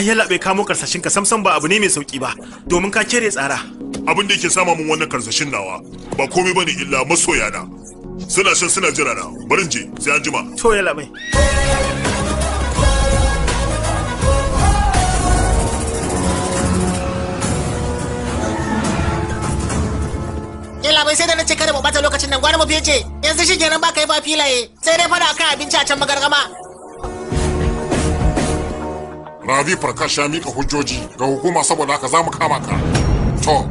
ai yalla bai kamo karsashin ka samsan ba abu ne mai sauki ba domin ka kere tsara abin da yake sama mun wannan karsashin nawa ba komai bane illa masoya na suna shan suna jira na barin je sai an jima to yalla bai sai da na ce kada mu bata lokacin nan gwara mu fice yanzu shi kenan ba kai ba filaye sai dai a kan abinci a can magargama rabi prakash ya mika hujjoji ga hukuma saboda haka za kama ka to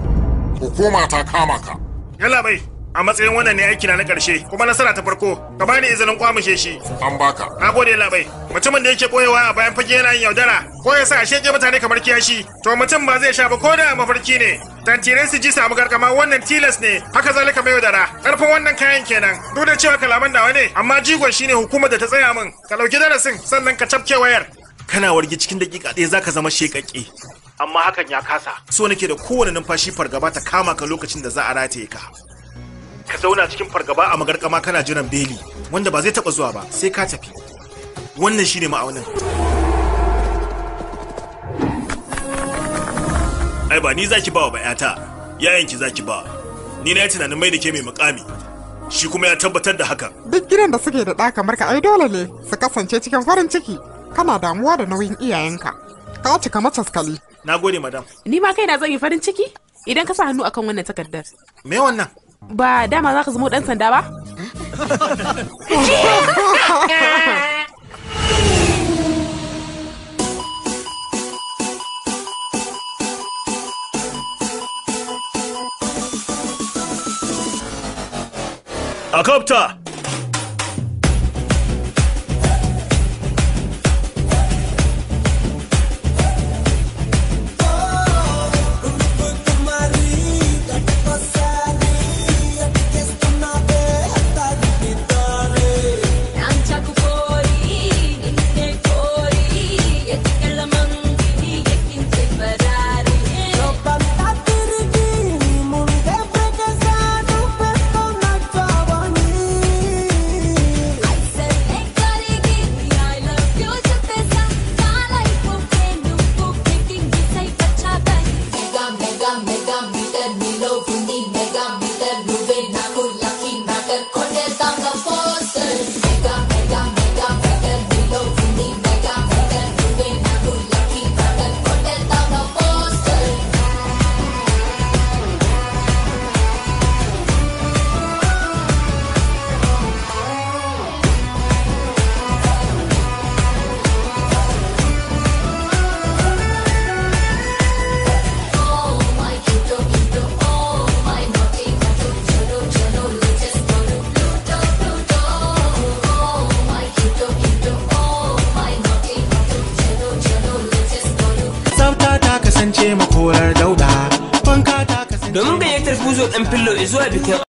hukuma ta kama ka yalla bai a matsayin wannan ne aiki na na karshe kuma nasara ta farko ka bani izinin kwamishe shi an baka na gode labai mutumin da yake koyewa a bayan fage yana yin yaudara ko ya sa a sheke mutane kamar kiyashi to mutum ba zai sha ba ko da mafarki ne tantirai su ji samu gargama wannan tilas ne haka zalika mai yaudara karfin wannan kayan kenan duk da cewa kalaman nawa ne amma jigon shine hukumar da ta tsaya min ka dauki darasin sannan ka cafke wayar kana warge cikin dakika ɗaya zaka zama shekakke amma hakan ya kasa so nake da kowane numfashi fargaba ta kama ka lokacin da za a rataye ka ka zauna cikin fargaba a magarkama kana jiran beli wanda ba zai taba zuwa ba sai ka tafi wannan shine ma'aunin ai ba ni zaki wa ba yata ki zaki ba ni na tunanin mai da ke mai mukami shi kuma ya tabbatar da haka duk gidan da suke da ɗa kamar ka ai dole ne su kasance cikin farin ciki kana damuwa da nauyin iyayenka ka cika macaskali na gode madam ni ma kaina zan yi farin ciki idan ka sa hannu akan wannan takardar me wannan ba dama za ka zama dan sanda ba A